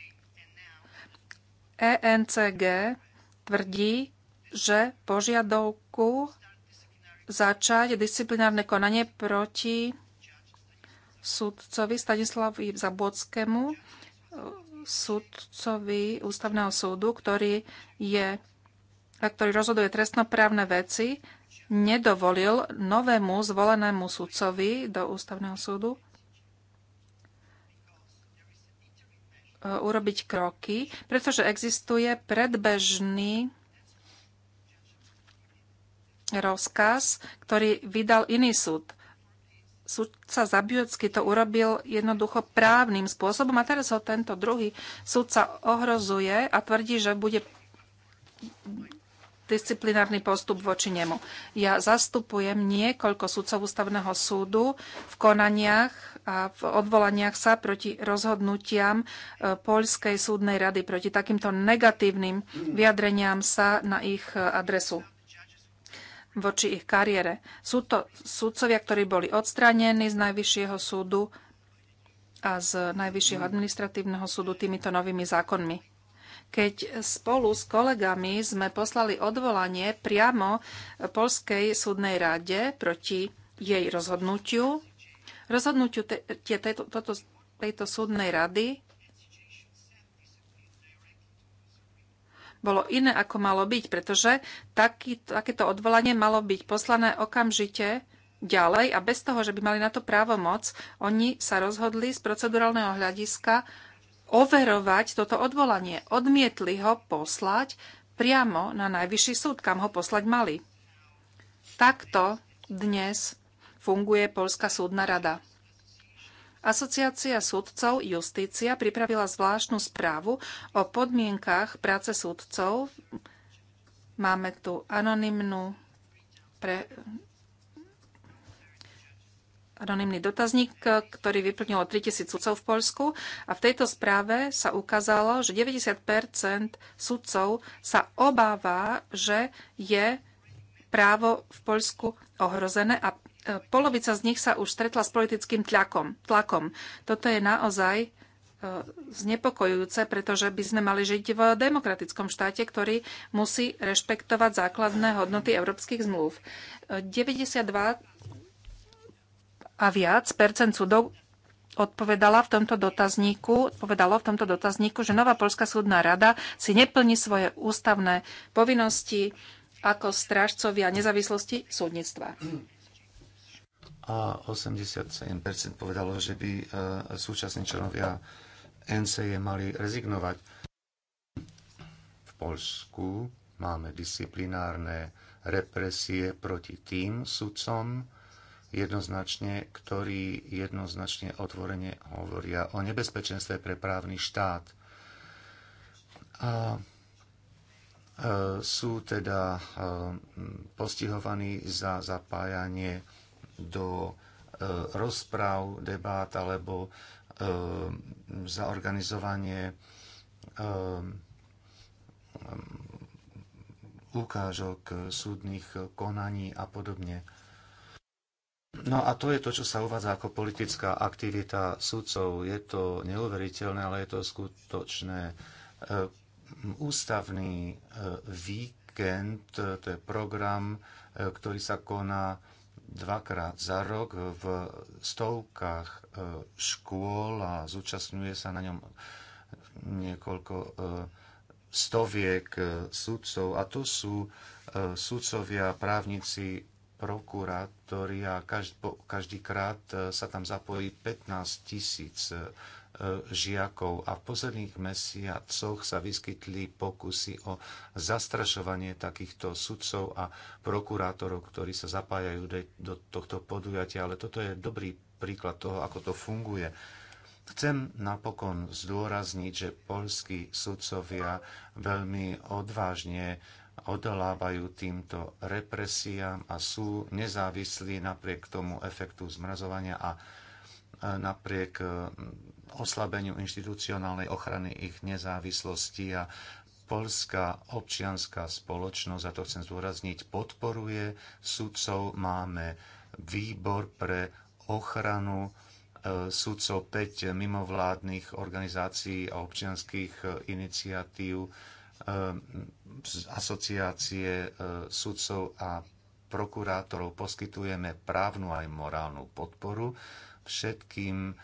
ENCG tvrdí, že požiadovku začať disciplinárne konanie proti sudcovi Stanislavovi Zabockému, e, sudcovi Ústavného súdu, ktorý, je, ktorý rozhoduje trestnoprávne veci, nedovolil novému zvolenému sudcovi do Ústavného súdu e, urobiť kroky, pretože existuje predbežný rozkaz, ktorý vydal iný súd. Súdca Zabiucky to urobil jednoducho právnym spôsobom a teraz ho tento druhý súdca ohrozuje a tvrdí, že bude disciplinárny postup voči nemu. Ja zastupujem niekoľko súdcov ústavného súdu v konaniach a v odvolaniach sa proti rozhodnutiam e, Poľskej súdnej rady, proti takýmto negatívnym vyjadreniam sa na ich e, adresu voči ich kariére. Sú to sudcovia, ktorí boli odstránení z Najvyššieho súdu a z Najvyššieho administratívneho súdu týmito novými zákonmi. Keď spolu s kolegami sme poslali odvolanie priamo Polskej súdnej rade proti jej rozhodnutiu, rozhodnutiu te, te, tejto súdnej rady bolo iné, ako malo byť, pretože taký, takéto odvolanie malo byť poslané okamžite ďalej a bez toho, že by mali na to právo moc, oni sa rozhodli z procedurálneho hľadiska overovať toto odvolanie. Odmietli ho poslať priamo na najvyšší súd, kam ho poslať mali. Takto dnes funguje Polská súdna rada. Asociácia súdcov Justícia pripravila zvláštnu správu o podmienkách práce súdcov. Máme tu anonimnú pre, anonimný dotazník, ktorý vyplnilo 3000 sudcov v Poľsku a v tejto správe sa ukázalo, že 90 sudcov sa obáva, že je právo v Poľsku ohrozené a E, polovica z nich sa už stretla s politickým tlakom. tlakom. Toto je naozaj e, znepokojujúce, pretože by sme mali žiť v demokratickom štáte, ktorý musí rešpektovať základné hodnoty európskych zmluv. 92 e, a viac percent súdov odpovedala v tomto dotazníku, odpovedalo v tomto dotazníku, že Nová Polská súdna rada si neplní svoje ústavné povinnosti ako strážcovia nezávislosti súdnictva a 87% povedalo, že by e, súčasní členovia NCE mali rezignovať. V Polsku máme disciplinárne represie proti tým sudcom, jednoznačne, ktorí jednoznačne otvorene hovoria o nebezpečenstve pre právny štát. A e, sú teda e, postihovaní za zapájanie do e, rozpráv, debát alebo e, za organizovanie e, ukážok súdnych konaní a podobne. No a to je to, čo sa uvádza ako politická aktivita sudcov. Je to neuveriteľné, ale je to skutočné. Ústavný víkend, to je program, ktorý sa koná dvakrát za rok v stovkách e, škôl a zúčastňuje sa na ňom niekoľko e, stoviek e, sudcov. A to sú sudcovia, právnici, prokurátori a každý, každýkrát krát sa tam zapojí 15 tisíc E, žiakov a v posledných mesiacoch sa vyskytli pokusy o zastrašovanie takýchto sudcov a prokurátorov, ktorí sa zapájajú do tohto podujatia, ale toto je dobrý príklad toho, ako to funguje. Chcem napokon zdôrazniť, že polskí sudcovia veľmi odvážne odolávajú týmto represiám a sú nezávislí napriek tomu efektu zmrazovania a e, napriek e, oslabeniu inštitucionálnej ochrany ich nezávislosti a Polská občianská spoločnosť, a to chcem zdôrazniť, podporuje sudcov. Máme výbor pre ochranu e, sudcov 5 mimovládnych organizácií a občianských e, iniciatív, e, z asociácie sudcov a prokurátorov. Poskytujeme právnu aj morálnu podporu všetkým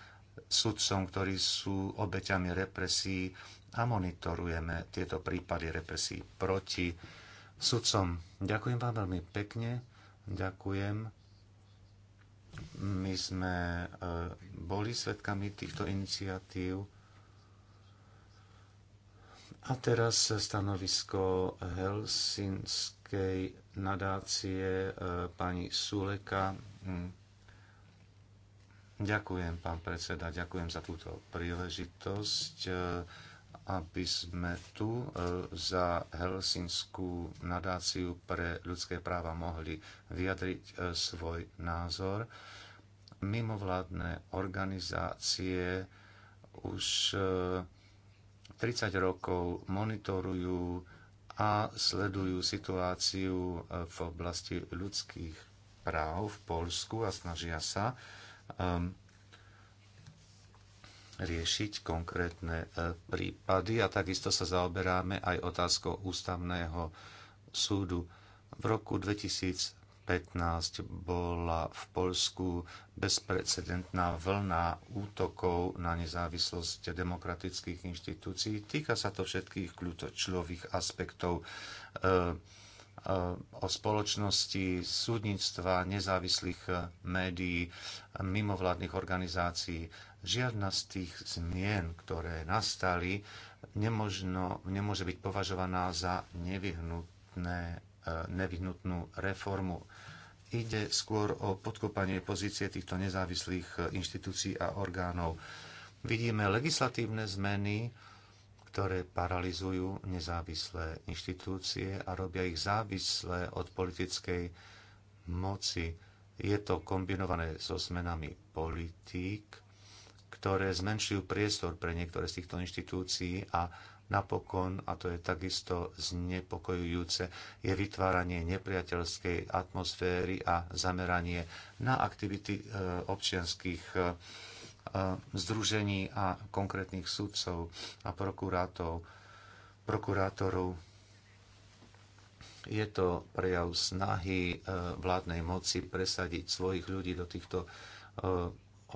sudcom, ktorí sú obeťami represí a monitorujeme tieto prípady represí proti sudcom. Ďakujem vám veľmi pekne. Ďakujem. My sme e, boli svetkami týchto iniciatív. A teraz stanovisko Helsinskej nadácie e, pani Suleka hm. Ďakujem, pán predseda, ďakujem za túto príležitosť, e, aby sme tu e, za Helsinskú nadáciu pre ľudské práva mohli vyjadriť e, svoj názor. Mimovládne organizácie už 30 rokov monitorujú a sledujú situáciu v oblasti ľudských práv v Polsku a snažia sa Ehm, riešiť konkrétne e, prípady a takisto sa zaoberáme aj otázkou ústavného súdu. V roku 2015 bola v Polsku bezprecedentná vlna útokov na nezávislosť demokratických inštitúcií. Týka sa to všetkých kľúčových aspektov Uh, Eh, o spoločnosti súdnictva, nezávislých eh, médií, mimovládnych organizácií. Žiadna z tých zmien, ktoré nastali, nemožno, nemôže byť považovaná za nevyhnutné, eh, nevyhnutnú reformu. Ide skôr o podkopanie pozície týchto nezávislých inštitúcií a orgánov. Vidíme legislatívne zmeny, ktoré paralizujú nezávislé inštitúcie a robia ich závislé od politickej moci. Je to kombinované so zmenami politík, ktoré zmenšujú priestor pre niektoré z týchto inštitúcií a napokon, a to je takisto znepokojujúce, je vytváranie nepriateľskej atmosféry a zameranie na aktivity e, občianských e, združení a konkrétnych sudcov a prokurátorov. prokurátorov. Je to prejav snahy e, vládnej moci presadiť svojich ľudí do týchto e,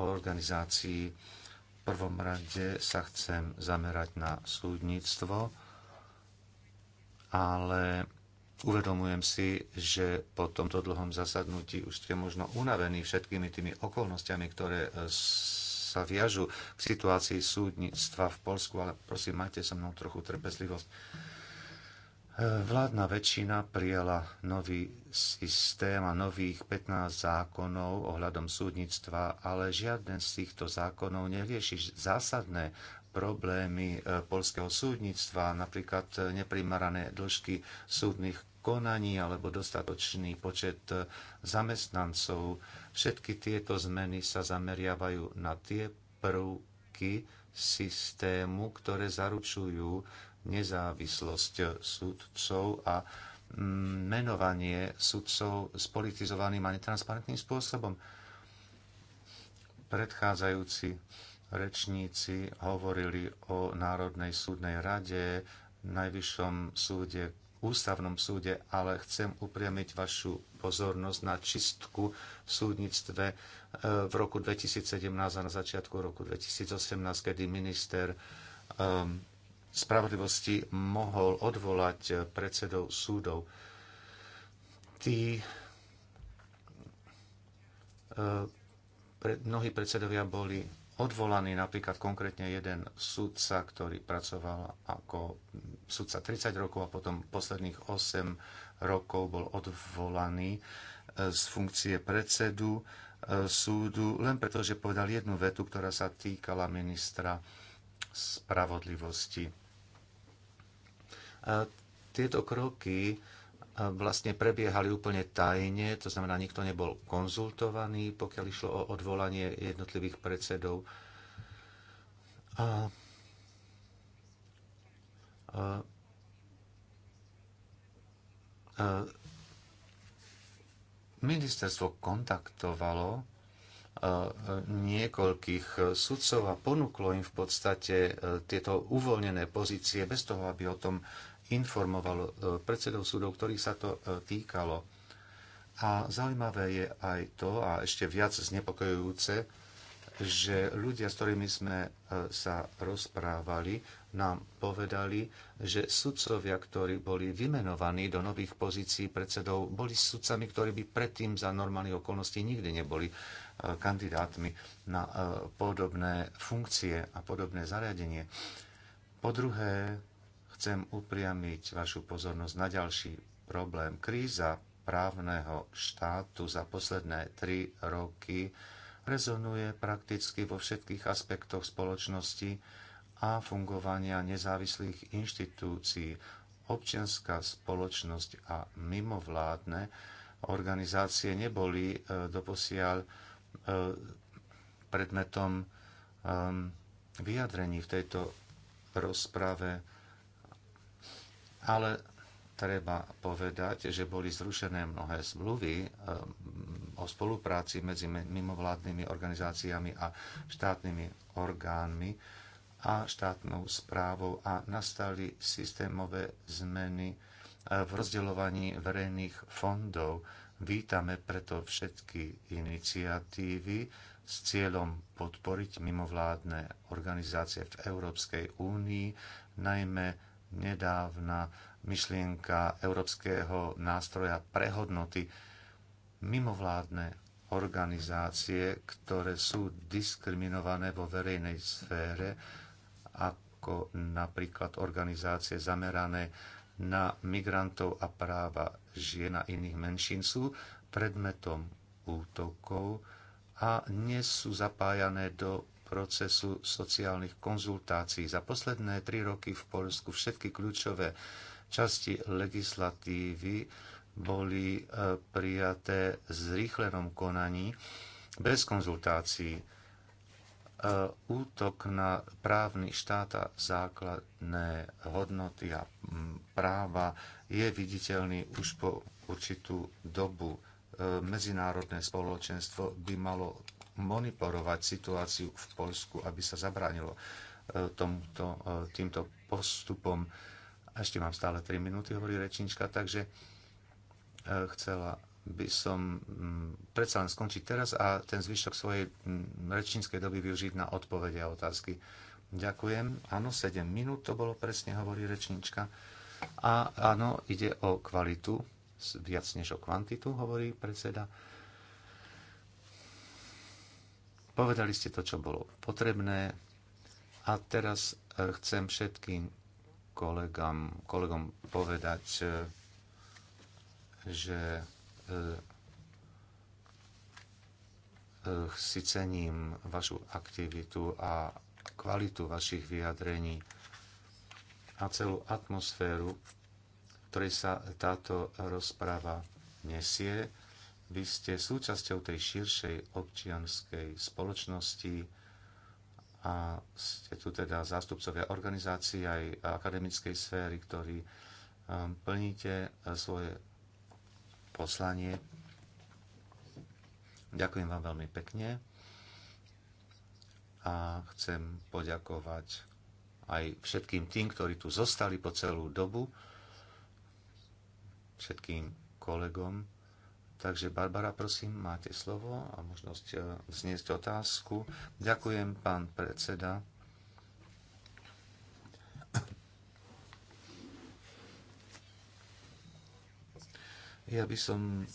organizácií. V prvom rade sa chcem zamerať na súdnictvo, ale Uvedomujem si, že po tomto dlhom zasadnutí už ste možno unavení všetkými tými okolnostiami, ktoré sa viažu k situácii súdnictva v Polsku, ale prosím, majte so mnou trochu trpezlivosť. E, vládna väčšina prijala nový systém a nových 15 zákonov ohľadom súdnictva, ale žiaden z týchto zákonov nerieši zásadné problémy e, polského súdnictva, napríklad e, neprimerané dĺžky súdnych konaní alebo dostatočný počet e, zamestnancov. Všetky tieto zmeny sa zameriavajú na tie prvky systému, ktoré zaručujú nezávislosť sudcov a mm, menovanie sudcov politizovaným a netransparentným spôsobom. Predchádzajúci rečníci hovorili o Národnej súdnej rade, Najvyššom súde ústavnom súde, ale chcem upriamiť vašu pozornosť na čistku v súdnictve e, v roku 2017 a na začiatku roku 2018, kedy minister ehm, spravodlivosti mohol odvolať predsedov súdov. Tí e, mnohí predsedovia boli odvolaný napríklad konkrétne jeden sudca, ktorý pracoval ako sudca 30 rokov a potom posledných 8 rokov bol odvolaný e, z funkcie predsedu e, súdu, len preto, že povedal jednu vetu, ktorá sa týkala ministra spravodlivosti. E, tieto kroky vlastne prebiehali úplne tajne, to znamená, nikto nebol konzultovaný, pokiaľ išlo o odvolanie jednotlivých predsedov. A, a, a, ministerstvo kontaktovalo niekoľkých sudcov a ponúklo im v podstate e, tieto uvoľnené pozície bez toho, aby o tom informoval e, predsedov súdov, ktorých sa to e, týkalo. A zaujímavé je aj to, a ešte viac znepokojujúce, že ľudia, s ktorými sme e, sa rozprávali, nám povedali, že sudcovia, ktorí boli vymenovaní do nových pozícií predsedov, boli sudcami, ktorí by predtým za normálnych okolností nikdy neboli kandidátmi na podobné funkcie a podobné zariadenie. Po druhé, chcem upriamiť vašu pozornosť na ďalší problém. Kríza právneho štátu za posledné tri roky rezonuje prakticky vo všetkých aspektoch spoločnosti a fungovania nezávislých inštitúcií. Občianská spoločnosť a mimovládne organizácie neboli e, doposiaľ e, predmetom e, vyjadrení v tejto rozprave ale treba povedať, že boli zrušené mnohé zmluvy eh, o spolupráci medzi mimovládnymi organizáciami a štátnymi orgánmi a štátnou správou a nastali systémové zmeny eh, v rozdeľovaní verejných fondov. Vítame preto všetky iniciatívy s cieľom podporiť mimovládne organizácie v Európskej únii, najmä nedávna myšlienka Európskeho nástroja prehodnoty mimovládne organizácie, ktoré sú diskriminované vo verejnej sfére, ako napríklad organizácie zamerané na migrantov a práva žien a iných menšín, sú predmetom útokov a nie sú zapájané do procesu sociálnych konzultácií. Za posledné tri roky v Polsku všetky kľúčové časti legislatívy boli e, prijaté v zrýchlenom konaní bez konzultácií. E, útok na právny štát a základné hodnoty a práva je viditeľný už po určitú dobu e, medzinárodné spoločenstvo by malo monitorovať situáciu v Polsku, aby sa zabránilo e, tomuto, e, týmto postupom. Ešte mám stále 3 minúty, hovorí rečnička, takže e, chcela by som mm, predsa len skončiť teraz a ten zvyšok svojej mm, rečníckej doby využiť na odpovede a otázky. Ďakujem. Áno, 7 minút to bolo presne, hovorí rečnička. A áno, ide o kvalitu, viac než o kvantitu, hovorí predseda. Povedali ste to, čo bolo potrebné a teraz e, chcem všetkým kolegám, kolegom povedať, e, že e, si cením vašu aktivitu a kvalitu vašich vyjadrení a celú atmosféru, ktorej sa táto rozpráva nesie. Vy ste súčasťou tej širšej občianskej spoločnosti a ste tu teda zástupcovia organizácií aj akademickej sféry, ktorí um, plníte uh, svoje poslanie. Ďakujem vám veľmi pekne a chcem poďakovať aj všetkým tým, ktorí tu zostali po celú dobu, všetkým kolegom, Takže Barbara, prosím, máte slovo a možnosť e, vzniesť otázku. Ďakujem, pán predseda. Ja by som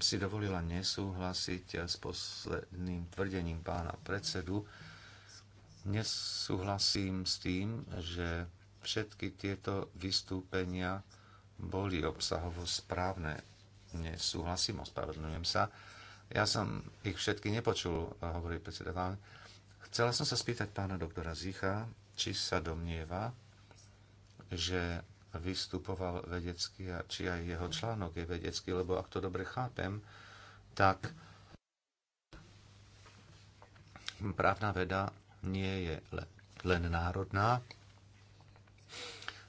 si dovolila nesúhlasiť s posledným tvrdením pána predsedu. Nesúhlasím s tým, že všetky tieto vystúpenia boli obsahovo správne nesúhlasím, ospravedlňujem sa. Ja som ich všetky nepočul, hovorí predseda Ván. Chcela som sa spýtať pána doktora Zicha, či sa domnieva, že vystupoval vedecky a či aj jeho článok je vedecký, lebo ak to dobre chápem, tak právna veda nie je len národná.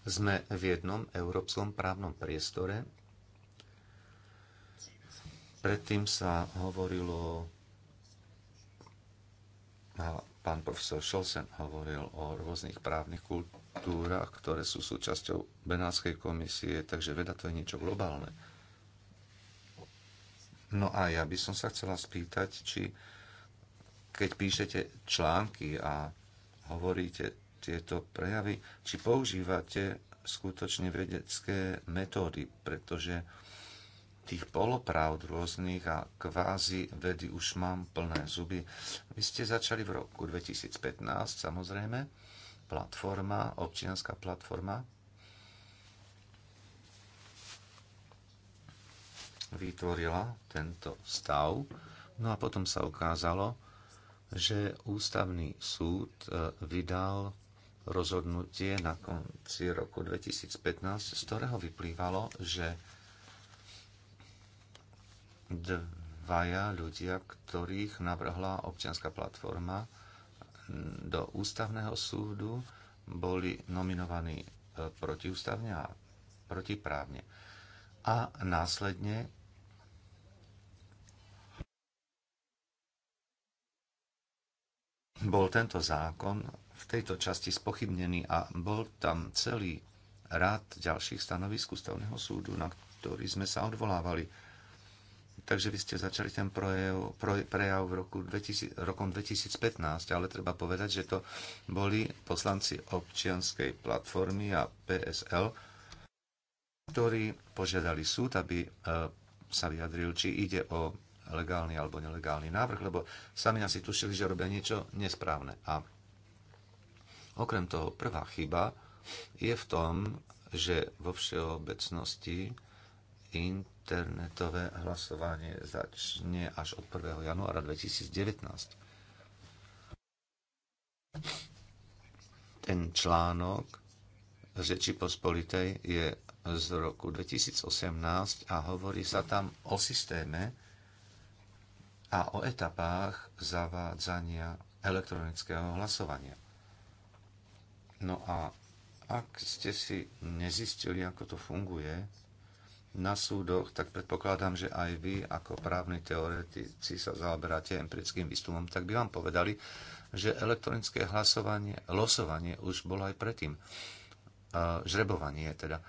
Sme v jednom európskom právnom priestore Predtým sa hovorilo, A pán profesor Scholzen hovoril o rôznych právnych kultúrach, ktoré sú súčasťou Benátskej komisie, takže veda to je niečo globálne. No a ja by som sa chcela spýtať, či keď píšete články a hovoríte tieto prejavy, či používate skutočne vedecké metódy, pretože tých polopravd rôznych a kvázi vedy už mám plné zuby. Vy ste začali v roku 2015, samozrejme, platforma, občianská platforma. Vytvorila tento stav. No a potom sa ukázalo, že ústavný súd e, vydal rozhodnutie na konci roku 2015, z ktorého vyplývalo, že dvaja ľudia, ktorých navrhla občianská platforma mm, do ústavného súdu, boli nominovaní e, protiústavne a protiprávne. A následne bol tento zákon v tejto časti spochybnený a bol tam celý rád ďalších stanovisk ústavného súdu, na ktorý sme sa odvolávali. Takže vy ste začali ten prejav, prejav v roku 2000, rokom 2015, ale treba povedať, že to boli poslanci občianskej platformy a PSL, ktorí požiadali súd, aby e, sa vyjadril, či ide o legálny alebo nelegálny návrh, lebo sami asi tušili, že robia niečo nesprávne. A okrem toho, prvá chyba je v tom, že vo všeobecnosti Internetové hlasovanie začne až od 1. januára 2019. Ten článok Řeči Pospolitej je z roku 2018 a hovorí sa tam o systéme a o etapách zavádzania elektronického hlasovania. No a ak ste si nezistili, ako to funguje, na súdoch, tak predpokladám, že aj vy ako právni teoretici sa zaoberáte empirickým výstupom, tak by vám povedali, že elektronické hlasovanie, losovanie už bolo aj predtým. E, žrebovanie teda. E,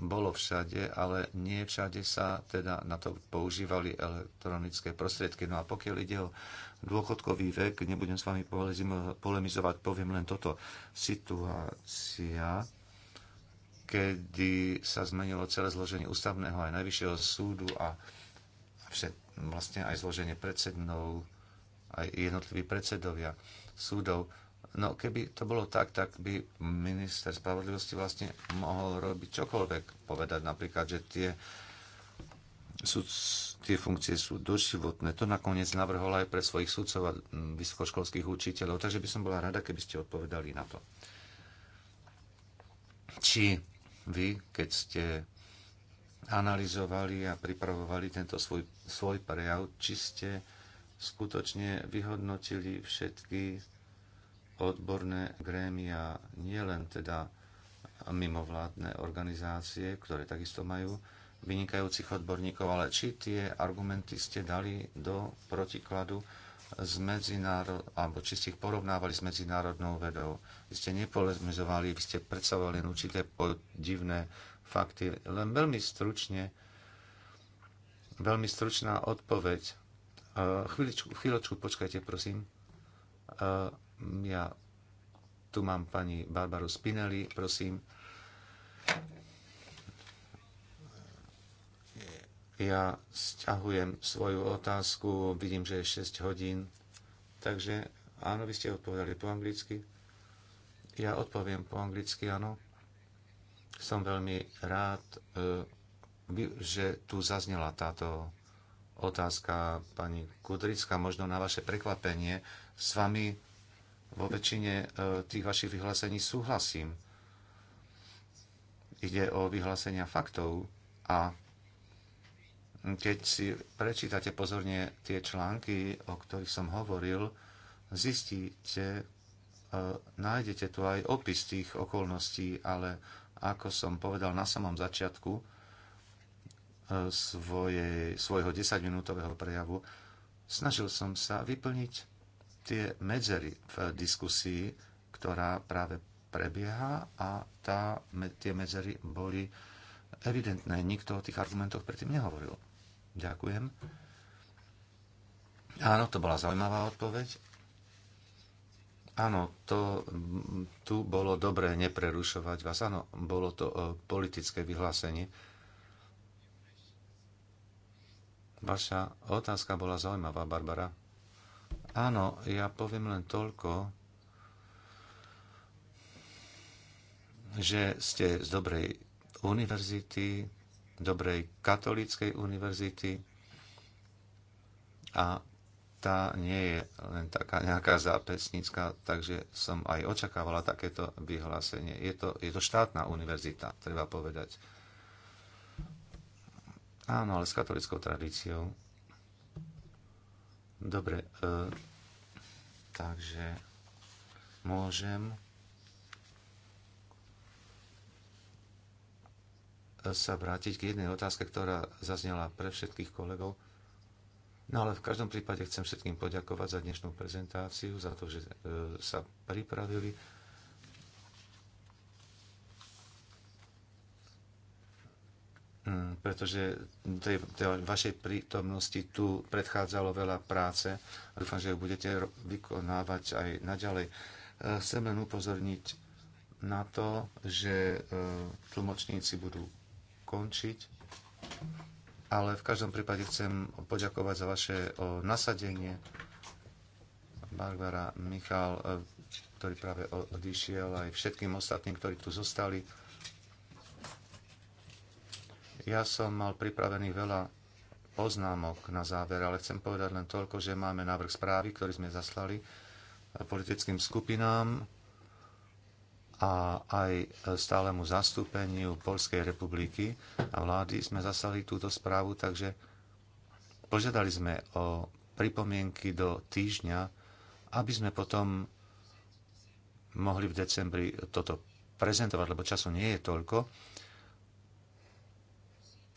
bolo všade, ale nie všade sa teda na to používali elektronické prostriedky. No a pokiaľ ide o dôchodkový vek, nebudem s vami polemizovať, poviem len toto. Situácia kedy sa zmenilo celé zloženie ústavného aj najvyššieho súdu a všet, vlastne aj zloženie predsednou, aj jednotliví predsedovia súdov. No keby to bolo tak, tak by minister spravodlivosti vlastne mohol robiť čokoľvek. Povedať napríklad, že tie, sú, tie funkcie sú doživotné. To nakoniec navrhol aj pre svojich sudcov a vysokoškolských učiteľov. Takže by som bola rada, keby ste odpovedali na to. Či vy, keď ste analyzovali a pripravovali tento svoj, svoj prejav, či ste skutočne vyhodnotili všetky odborné grémia, nielen teda mimovládne organizácie, ktoré takisto majú vynikajúcich odborníkov, ale či tie argumenty ste dali do protikladu z medzinárod, alebo či ste ich porovnávali s medzinárodnou vedou. Vy ste nepolemizovali, vy ste predstavovali len určité podivné fakty. Len veľmi stručne, veľmi stručná odpoveď. Chvíľočku, chvíľočku počkajte, prosím. Ja tu mám pani Barbaru Spinelli, prosím. Ja stiahujem svoju otázku, vidím, že je 6 hodín. Takže áno, vy ste odpovedali po anglicky. Ja odpoviem po anglicky, áno. Som veľmi rád, e, že tu zaznela táto otázka pani Kudrická, možno na vaše prekvapenie. S vami vo väčšine e, tých vašich vyhlásení súhlasím. Ide o vyhlásenia faktov a keď si prečítate pozorne tie články, o ktorých som hovoril, zistíte, e, nájdete tu aj opis tých okolností, ale ako som povedal na samom začiatku e, svojej, svojho 10-minútového prejavu, snažil som sa vyplniť tie medzery v diskusii, ktorá práve prebieha a tá, tie medzery boli evidentné. Nikto o tých argumentoch predtým nehovoril. Ďakujem. Áno, to bola zaujímavá odpoveď. Áno, to, tu bolo dobré neprerušovať vás. Áno, bolo to e, politické vyhlásenie. Vaša otázka bola zaujímavá, Barbara. Áno, ja poviem len toľko, že ste z dobrej univerzity, dobrej katolíckej univerzity a tá nie je len taká nejaká zápesnícka, takže som aj očakávala takéto vyhlásenie. Je to, je to štátna univerzita, treba povedať. Áno, ale s katolickou tradíciou. Dobre, e, takže môžem sa vrátiť k jednej otázke, ktorá zaznela pre všetkých kolegov. No ale v každom prípade chcem všetkým poďakovať za dnešnú prezentáciu, za to, že e, sa pripravili. Mm, pretože tej, tej vašej prítomnosti tu predchádzalo veľa práce a dúfam, že ju budete vykonávať aj naďalej. E, chcem len upozorniť na to, že e, tlmočníci budú končiť. Ale v každom prípade chcem poďakovať za vaše nasadenie. Barbara, Michal, e, ktorý práve odišiel, aj všetkým ostatným, ktorí tu zostali. Ja som mal pripravený veľa poznámok na záver, ale chcem povedať len toľko, že máme návrh správy, ktorý sme zaslali e, politickým skupinám a aj stálemu zastúpeniu Polskej republiky a vlády sme zaslali túto správu, takže požiadali sme o pripomienky do týždňa, aby sme potom mohli v decembri toto prezentovať, lebo času nie je toľko.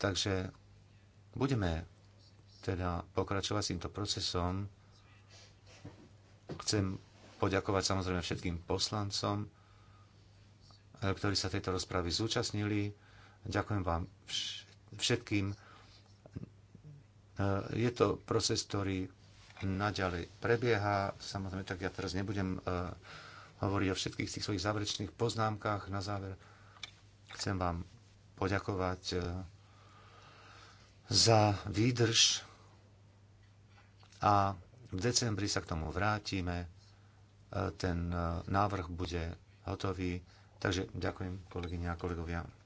Takže budeme teda pokračovať s týmto procesom. Chcem poďakovať samozrejme všetkým poslancom, Eh, ktorí sa tejto rozpravy zúčastnili. Ďakujem vám všetkým. Eh, je to proces, ktorý naďalej prebieha. Samozrejme, tak ja teraz nebudem eh, hovoriť o všetkých tých svojich záverečných poznámkach. Na záver chcem vám poďakovať za výdrž a v decembri sa k tomu vrátime. Ten návrh bude hotový Takže ďakujem kolegyne a kolegovia.